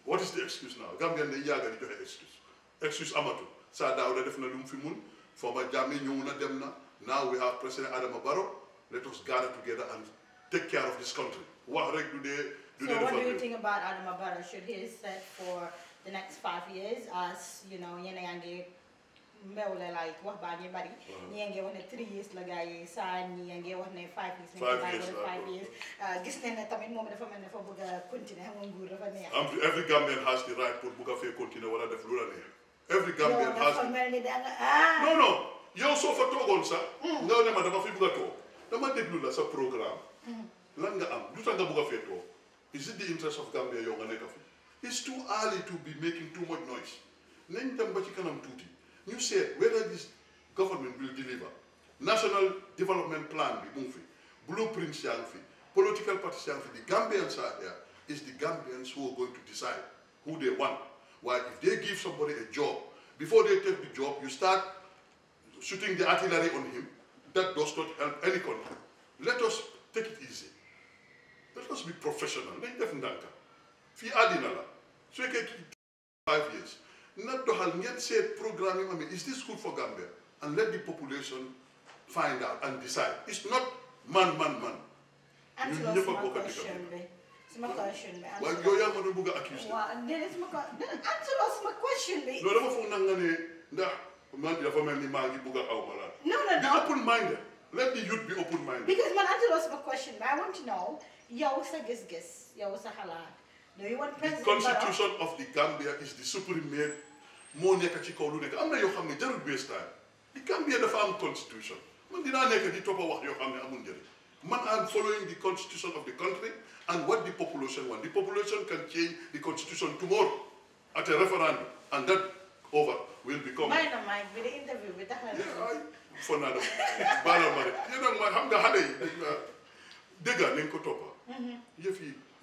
S2: what is the excuse now Gambien day yàgga di joxe excuse excuse amatu saa daaw da def na lu fi mun former Jammeh ñëw na dem na now we have President Adama Barrow let us gather together and take care of this country wax rek du dee so what do you
S1: think about Adama Barrow should he set for the next five years as you know yéen a ngi mbewle like wax baa ngi bari ñii ngi wax ne three years la gars yi saa ñii ngi wax ne five years five years ah, gis nañ ne tamit moom dafa mel ne dafa bëgg a continuer xam nga nguur dafa neex
S2: every Gambian has the right a fee continuer la neex every Gambian has non ah! mm. ne ma dama fi bëgg a toog dama déglu la sa programme mm. lan nga am lu tax nga bëgg a fee toog is it the interest of Gambia yow nga nekk fi it's too early to be making too much noise nañ dem ba ci kanam tuuti You say whether this government will deliver national development plan blueprint, mu blueprints political parties yaa the Gambians are It's the Gambians who are going to decide who they want why if they give somebody a job before they take the job you start shooting the artillery on him that does not help any country let us take it easy let us be professional nañ def ndànk fii five years not to have seet programme yi amee is this good for Gambia and let the population find out and decide it's not man man man.
S1: ñun ñëpp a question bi. waaye yow
S2: yaa ma doon bëgg a accuse.
S1: waaw déedéet suma ko answer suma question bi. loolu dama foog
S2: nag nga ne ndax man dafa mel ni maa ngi bëgg a aw ma laal. be open minded. let the youth be open minded.
S1: because man answer suma question bi I want to know yow sa gis-gis yow sa xalaat. The constitution
S2: of the Gambia is the supreme moo nekk ci kaw lu nekk am na yoo xam ne jarul waste time di Gambia dafa am constitution man dinaa nekk di toppa wax yoo xam ne amul am following the constitution of the country and what the population want the population can change the constitution tomorrow at a referendum and that over will become. may na
S1: maay bi de interview bi tax na. ay
S2: fon naa def baal You know, yéen a ma xam nga xale yi dégg
S3: nga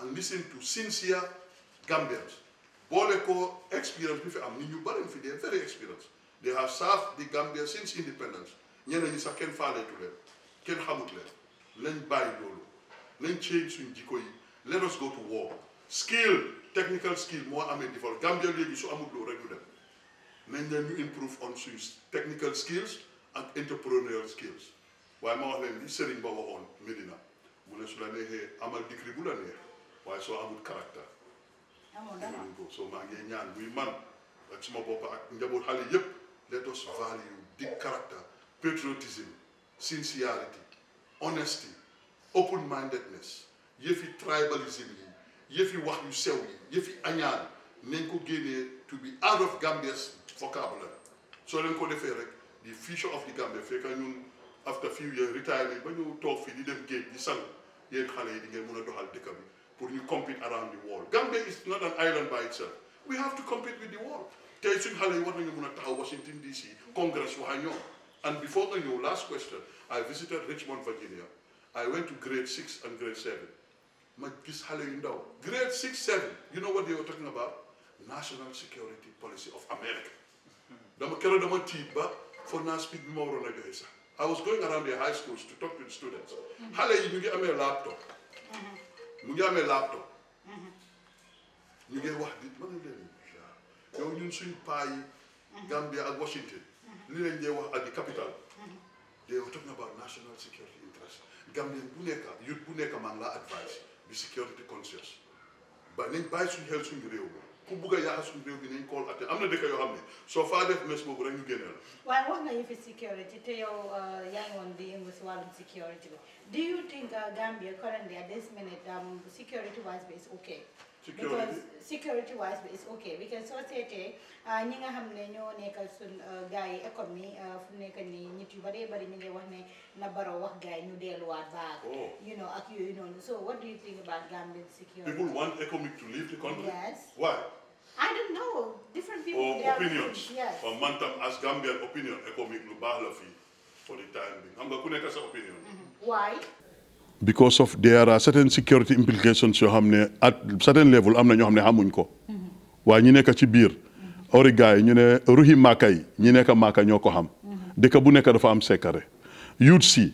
S2: and listen to sincere Gambians. Boleko experience bi fi am new ñu bari fi they are very experienced. They have served the Gambia since independence. ñeneen ñi sax kenn faaleetu leen kenn xamut leen lañ bàyyi loolu lañ change in jikko let us go to war skill technical skill more amee defaral Gambia léegi su amut loolu rek du improve on suñ technical skills and entrepreneurial skills Why more than this? Selling Serigne Ba waxoon Medina mu ne su la neexee amal dikri bu la waaye soo amul caractère. maa ngi ñaan muy man ak suma bopp ak njaboot xale yëpp let us value dig caractère patriotism sincerity honesty open mindedness yëfi tribalism yi yëfi wax yu sew yi yëfi añaan nañ ko génnee to be out of Gambia's vocabulary soo leen ko defee rek di future of the Gambia fekka ñun after few years retire ba ñu toog fii di dem géej di sang yéen xale yi di ngeen mën a doxal dëkk bi but you compete around the world Gambia is not an island by itself we have to compete with the world tey suñu Washington DC congress and before the ñëw last question I visited Richmond Virginia I went to grade six and grade seven ma gis xale grade six seven you know what they were talking about national security policy of America for now. speak more ma I was going around the high schools to talk to the students xale you give me a laptop mu ngi amee laptop ñu ngi wax di man leen yow ñun suñ paa yi Gambia ak Washington li leen dee wax ak di capital they were talking about national security interest Gambia bu nekka youth bu nekka man la advice bi security conscious ba nañ bàyyi suñ xel suñu réew mi ku bugg a yàq suñu réew gi nañ kool atte am na dëkk def mes boobu rek ñu génne la.
S1: waaye wax nga security te yow uh, yaa ngi woon di yëngu si wàllum security do you think uh, Gambia currently at this minute um, security wise is okay because security wise it's okay because société uh, ñi nga xam ne ñoo nekkal suñ guy economy économie uh, fu nekk nii nit yu bëree bëri ñu ngi wax ne na baro wax gars yi ñu delluwaat baag oh. you know ak yooyu noonu so what do you think about Gambian security people want
S2: economic to leave the country yes why
S1: I don't know different people or opinions yes or
S2: man as Gambian opinion economic lu baax la fii for the time being xam nga ku nekk sa opinion mm-hmm. why because of there are certain security implications yoo xam ne at certain level am na ñoo xam ne xamuñ ko waaye ñu nekk ci biir ori gars yi ñu ne ruhi maaka yi ñu nekk maaka ñoo ko xam dëkk bu nekk dafa am secret youth si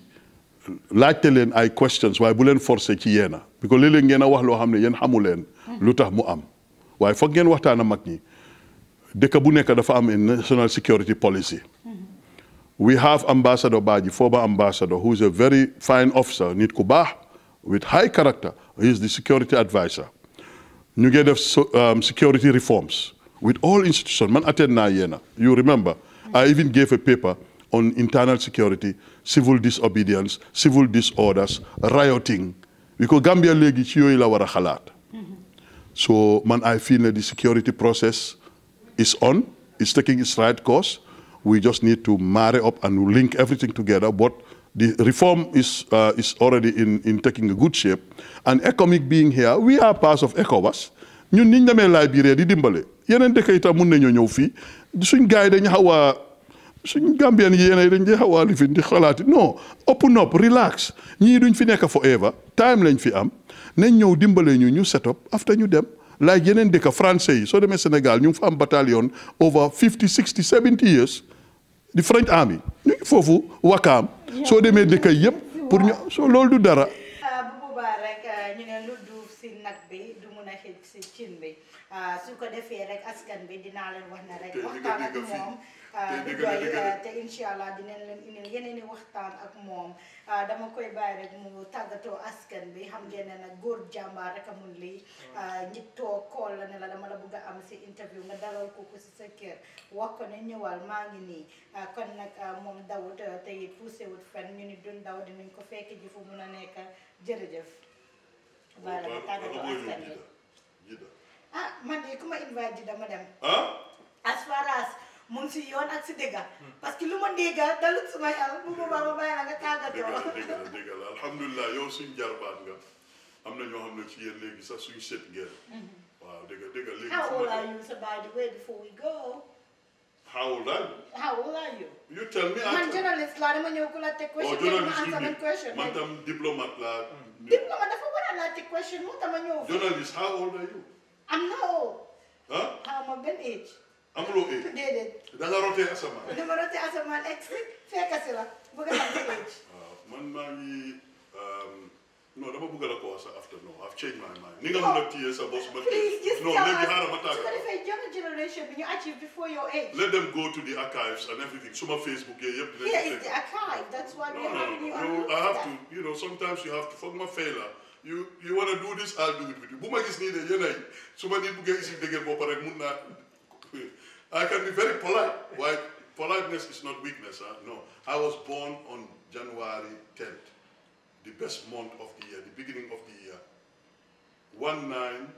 S2: laajte leen ay questions waaye bu leen forcé ci yéena because léeg-léeg ngeen a wax loo xam ne yéen xamu leen lu tax mu am waaye foog ngeen waxtaan a mag ñi dëkk bu nekk dafa am national security policy We have Ambassador Baji, former ambassador, who's a very fine officer, Nit Kubah, with high character. He is the security advisor. You get um, security reforms with all institutions. Man attend Nayena. You remember, I even gave a paper on internal security, civil disobedience, civil disorders, rioting. Because Gambia legi ci yoy la wara xalaat. So man I feel that the security process is on, it's taking its right course. We just need to marry up and link everything together. But the reform is, uh, is already in, in taking a good shape. And ECOMIC being here, we are part of ECOWAS. ñun niñ demee Liberia di dimbale yeneen dëkk itam munde nañoo ñëw fii suñ gars yi dañ xaw a suñ Gambien yi yéen dañ di lifin di xalaati non open up relax Ni duñ fi forever time lañ fi am nañ ñëw dimbale ñu ñu set up after ñu dem la yeneen dëkk français yi so demee Sénégal ñu ngi fa am over 50 60 70 years di French Army ñu foofu wakaam soo demee dëkk yëpp pour ñu soo loolu du dara. Ah, bu boobaa rek
S1: ah, ñu ne lu duuf si nag bi du mun a xëj si cin bi ah, su ko defee rek askan bi dinaa leen wax na rek waxtaan ak moom. Ah, di jooy te incha allah dinañ leen indil yeneen waxtaan ak moom ah, dama koy bàyyi rek mu tàggatoo askan bi xam ngeen ne nag góor jàmbaar rek amul lii njittoo oh. ah, kool la ne la dama la bëgg a am si interview nga dalal ko si sa kër wax ko ne ñëwal maa ngi nii kon nag moom dawut te it poussé fen ñu ni duñ daw dinañ ko fekk ji fu mun a nekk jërëjëf voilà oh, tàggatoo askan
S3: bi
S1: ah man de ku ma invite ji dama dem as far mu ngi yoon ak si dëgga parce que lu ma dégga dalut suma xel bu boobaa ma bàyyi la nga tàggatoo dëgg
S2: la la alhamdulilah yow suñ jarbaat nga am na ñoo xam ne ci yéen léegi sax suñ sët ngeen mm-hmm. waaw dëgg dëgg léegi how old are
S1: you sa by the way before we go
S2: how old are you
S1: how old are you
S2: you tell me man
S1: journalist laa dama ñëw ku la teg question oh, man
S2: tam diplomate laa mm.
S1: Mm. diplomate dafa war a laa teg question moo tax ma ñëw
S2: journalist how old are you
S1: i am not old ah am ma benn age
S2: da la xam man maa ngi dama bëgg la ko wax after no I've changed my mind. ni nga sa ba. please just non léegi xaaral ma
S1: ko generation bi ñu achieve before your age. let
S2: them go to the archives and everything suma Facebook yee yëpp. dinañ Yeah, here is the
S1: archive that's why we have no I have
S2: to you know sometimes you have to Fuck my failure. you you want to do this I'll do it with you bu gis nii de yéenay su nit bu I can be very polite. Why? Politeness is not weakness, huh? no. I was born on January 10th, the best month of the year, the beginning of the year. 1980,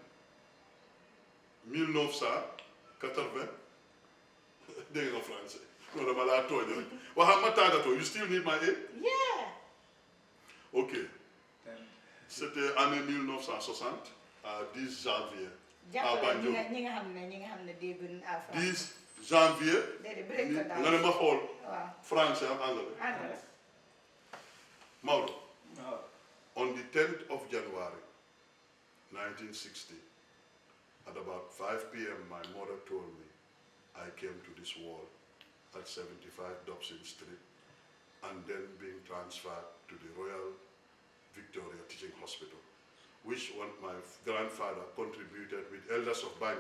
S2: dégg nga français non dama laa tooñ rek waxam ma tàggatoo you still need my aid. yeah. ok. c' était année 1960 à 10 janvier. This ah, ñi nga
S1: ñi nga xam ne ñi ah,
S2: janvier. déedéet
S1: bële ma xool.
S2: français ak anglais. anglais. on the 10th of January 1960 at about 5 p.m. my mother told me I came to this world at 75 Dobson Street and then being transferred to the Royal Victoria Teaching Hospital which one, my grandfather contributed with elders of Banyu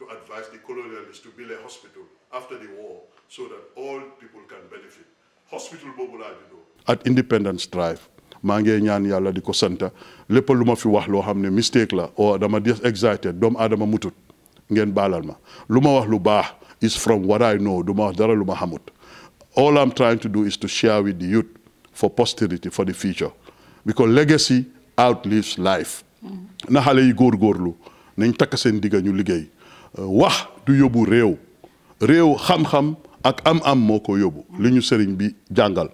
S2: to advise the colonialists to build a hospital after the war so that all people can benefit. Hospital boobu laa at Independence Drive maa ngi ñaan yàlla di ko santa lépp lu ma fi wax loo xam ne mistake la o dama des excited doomu aadama mutut ngeen baalal ma wax lu is from what I know du ma wax dara lu xamut all I'm trying to do is to share with the youth for posterity for the future because legacy outlives life na xale yi góor góorlu nañ takk seen digga ñu liggéey euh, wax du yóbbu réew réew xam-xam ak am-am moo ko yóbbu li ñu sëriñ bi jàngal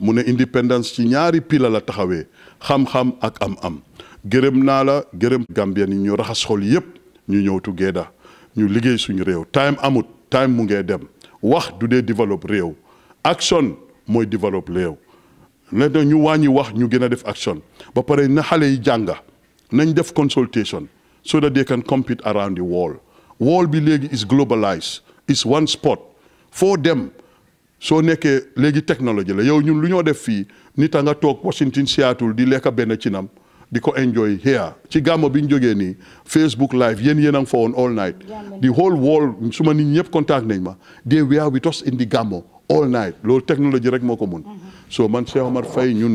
S2: mu ne indépendance ci ñaari pila la taxawee xam-xam ak am-am gërëm naa la gërëm Gambien yi ñu raxas xol yëpp ñu ñëw together ñu liggéey suñu réew time amut time mu ngee dem wax du dee développe réew action mooy développe réew ne dañu wàññi wax ñu gën a def action ba pare na xale yi jànga nañ def consultation so that they can compete around the world world bi léegi is globalized is one spot foo dem soo nekkee léegi technology la yow ñun lu ñoo def fii nit a nga toog Washington Seattle di lekk benn ci nam di ko enjoy here ci gàmmo bi ñu jógee nii Facebook live yéen yéen a ngi fa woon all night the whole world suma nit ñëpp contact nañ ma they were with us in the gàmmo all night loolu technology rek moo ko mun mhm. so man cheikh omar fay ñun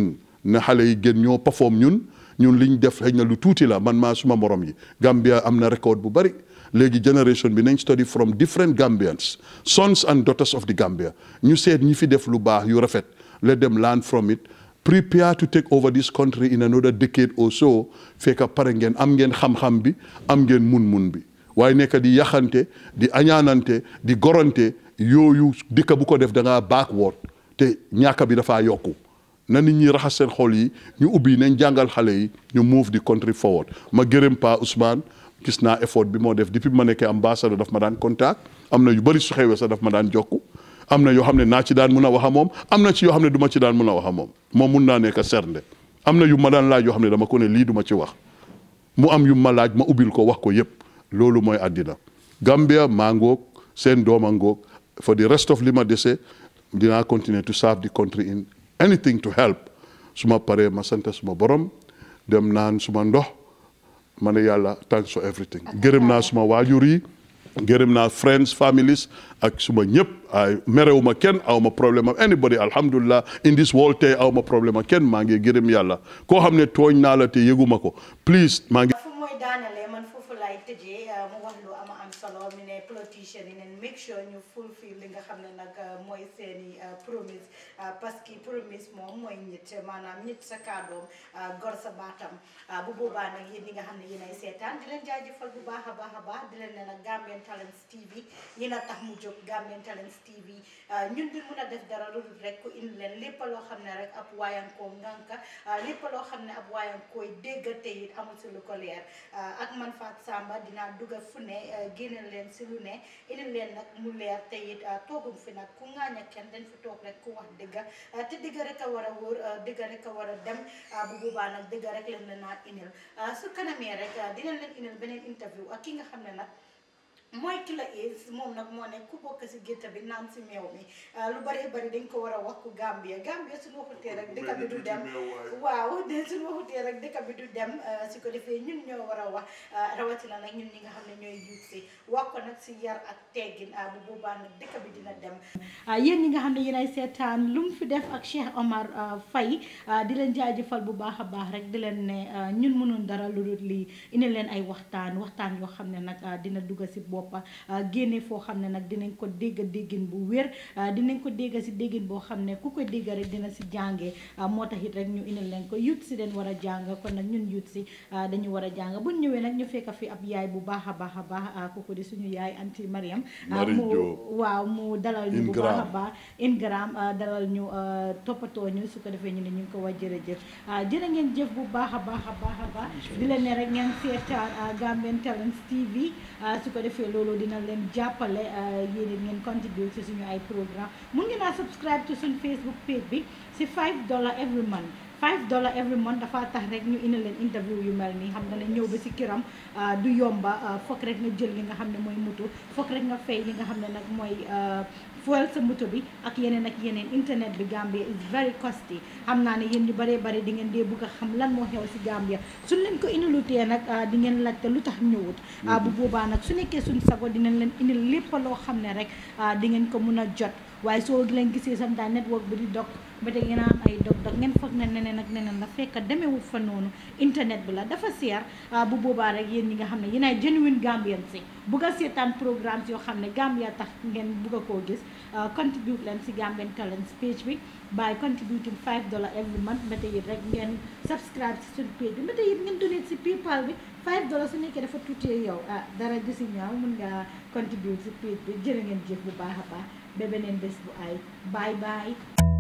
S2: na xalé yi gën ñoo perform ñun ñun liñ def xëy na lu tuti la man ma suma morom yi gambia amna record bu bari léegi generation bi nañ study from different gambians sons and daughters of the gambia ñu sét ñi fi def lu baax yu rafet let them land from it prepare to take over this country in another decade or so feka pare ngeen am ngeen xam-xam bi am ngeen mun-mun bi nek di yaxante di añanante di gorante yoyu dika bu ko def da nga backward te ñàkk bi dafaa yokku na nit ñi raxas seen xol yi ñu ubbi nañ jàngal xale yi ñu move di country forward ma gërëm Pa Ousmane gis naa effort bi moo def depuis ma nekkee ambassadeur daf ma daan contact am na yu bëri su xewee sax daf ma daan jokku am na yoo xam ne naa ci daan mun a wax a moom am na ci yoo xam ne du ci daan mun a wax a moom moom mun naa nekk sernde am na yu ma daan laaj yoo xam ne dama ko ne lii duma ma ci wax mu am yu ma laaj ma ubbil ko wax ko yëpp loolu mooy àddina Gambia maa ngoog seen dooma ngoog for the rest of li ma dese dinaa continuer to serve the country in anything to help suma ma paree ma sant suma borom dem naan suma ndox ma ne yàlla thanks for everything gërëm naa suma waajur yi gërëm naa friends families ak suma ñëpp ay merewuma kenn aw ma problème am anybody alhamdulilah in this world tey aw ma problème ak kenn maa ngi gërëm yàlla koo xam ne tooñ naala la te yëguma ko please maa ngi
S1: and make sure you fulfill the nga uh, uh, promise uh, parce que promise moom mooy nit maanaam nit sa kàddoom gor sa baatam bu boobaa nag yéen nga di bu di Gambian Talents TV ñi tax mu jóg Gambian Talents TV Euh, ñun duñ mun a def dara lu dul rek ku indi leen lépp loo xam ne rek ab waayankoo ngànka euh, lépp loo xam ne ab kooy dégga te it amul si lu ko leer euh, ak man Fatou Samba dinaa dugal fu ne génne leen si lu ne indi leen nag mu leer tey it toogum fi nag ku ŋaañ ak kenn dañ fi toog rek ku wax dëgga te dëgg rek a war a wóor dëgg rek a war a dem bu boobaa nag dëgg rek leen la naa indil su kanamee rek dinañ leen indil beneen interview ak ki nga xam ne nag moi ki la is mom nak moo ne ku bokk si gétt bi nan ci meew mi ah, lu bari bari dañ ko wara wax ku Gambia Gambia suñu xuté rek dëkk bi du dem waaw de suñu xuté rek dëkk bi du dem ah, si ko defee ñun ño wara wax ah, rawati na nak ñun ñi nga xamné ñoy e jitt ci wax ko nak ci yar ak a bu boba nak deka bi dina dem yeen ñi nga xamné yeen ay seetaan lu mu fi def ak Cheikh Omar fay di leen fal bu baaxa baax rek di leen ne ñun mënon dara lu dul li ine leen ay waxtaan waxtaan yo xamné nak dina dugg si bopp ko ah, génne foo xam ne nag dinañ ko dégg déggin bu wér ah, dinañ ko dégg si déggin boo xam ne ku ko dégg rek dina ah, moo tax it rek ñu indil leen ko yuut si den war a jàng kon nag ñun yuut si dañu war a jàng buñ ñëwee nag ñu fekk fi ab yaay bu baax a baax a baax kooku di suñu yaay anti Mariam mu waaw mu dalal ñu bu baax a baax ingram dalal ñu toppatoo ñu su ko defee ñu ne ñu ngi ko wax jërëjëf jërë ngeen jëf bu baax a baax a baax a baax ne rek ngeen seetaan Gambian Talents TV su ko defee Lolo dina len jàppale euh, yéen it ngeen contribute ci suñu ay programme mën ngeen na subscribe ci suñu Facebook page bi ci 5 dollar every month 5 dollar every month dafa tax rek ñu indi len interview yu mel nii xam nga ne ba ci kiram euh, du yomba euh, fokk rek nga jël li nga xamne moy mooy mutu rek nga fay li nga xamne nak moy fuel sa moto bi ak yeneen ak yeneen internet bi Gambia is very costly xam naa ne yéen ñu baree bari di ngeen dee bëgg a xam lan moo xew si Gambia suñ leen ko indilutee nag ah, di ngeen te lu tax ñëwut ah, bu boobaa nag su nekkee suñ sago dinañ leen indil lépp loo xam ne rek ah, di ngeen ko mun a jot waaye soo leen gisee sam daal network bi di dog ba tey ngeen am ay ngeen foog ne neneen ak neneen la fekk demewut fa noonu internet bi la dafa seer bu boobaa rek yéen ñi nga xam ne yéen ay genuine Gambian si bugg a seetaan programmes yoo xam ne Gambia tax ngeen bugg koo gis Uh, contribute leen si Gambian Talents page bi by contributing five dollar every month ba tey it rek ngeen subscribe si suñu page bi ba tey it ngeen donate si PayPal bi five dollar su nekkee dafa tuutee yow ah dara gisi ñaaw mun nga contribute si page bi jërë ngeen jëf bu baax a baax ba beneen bés bu ay bye bye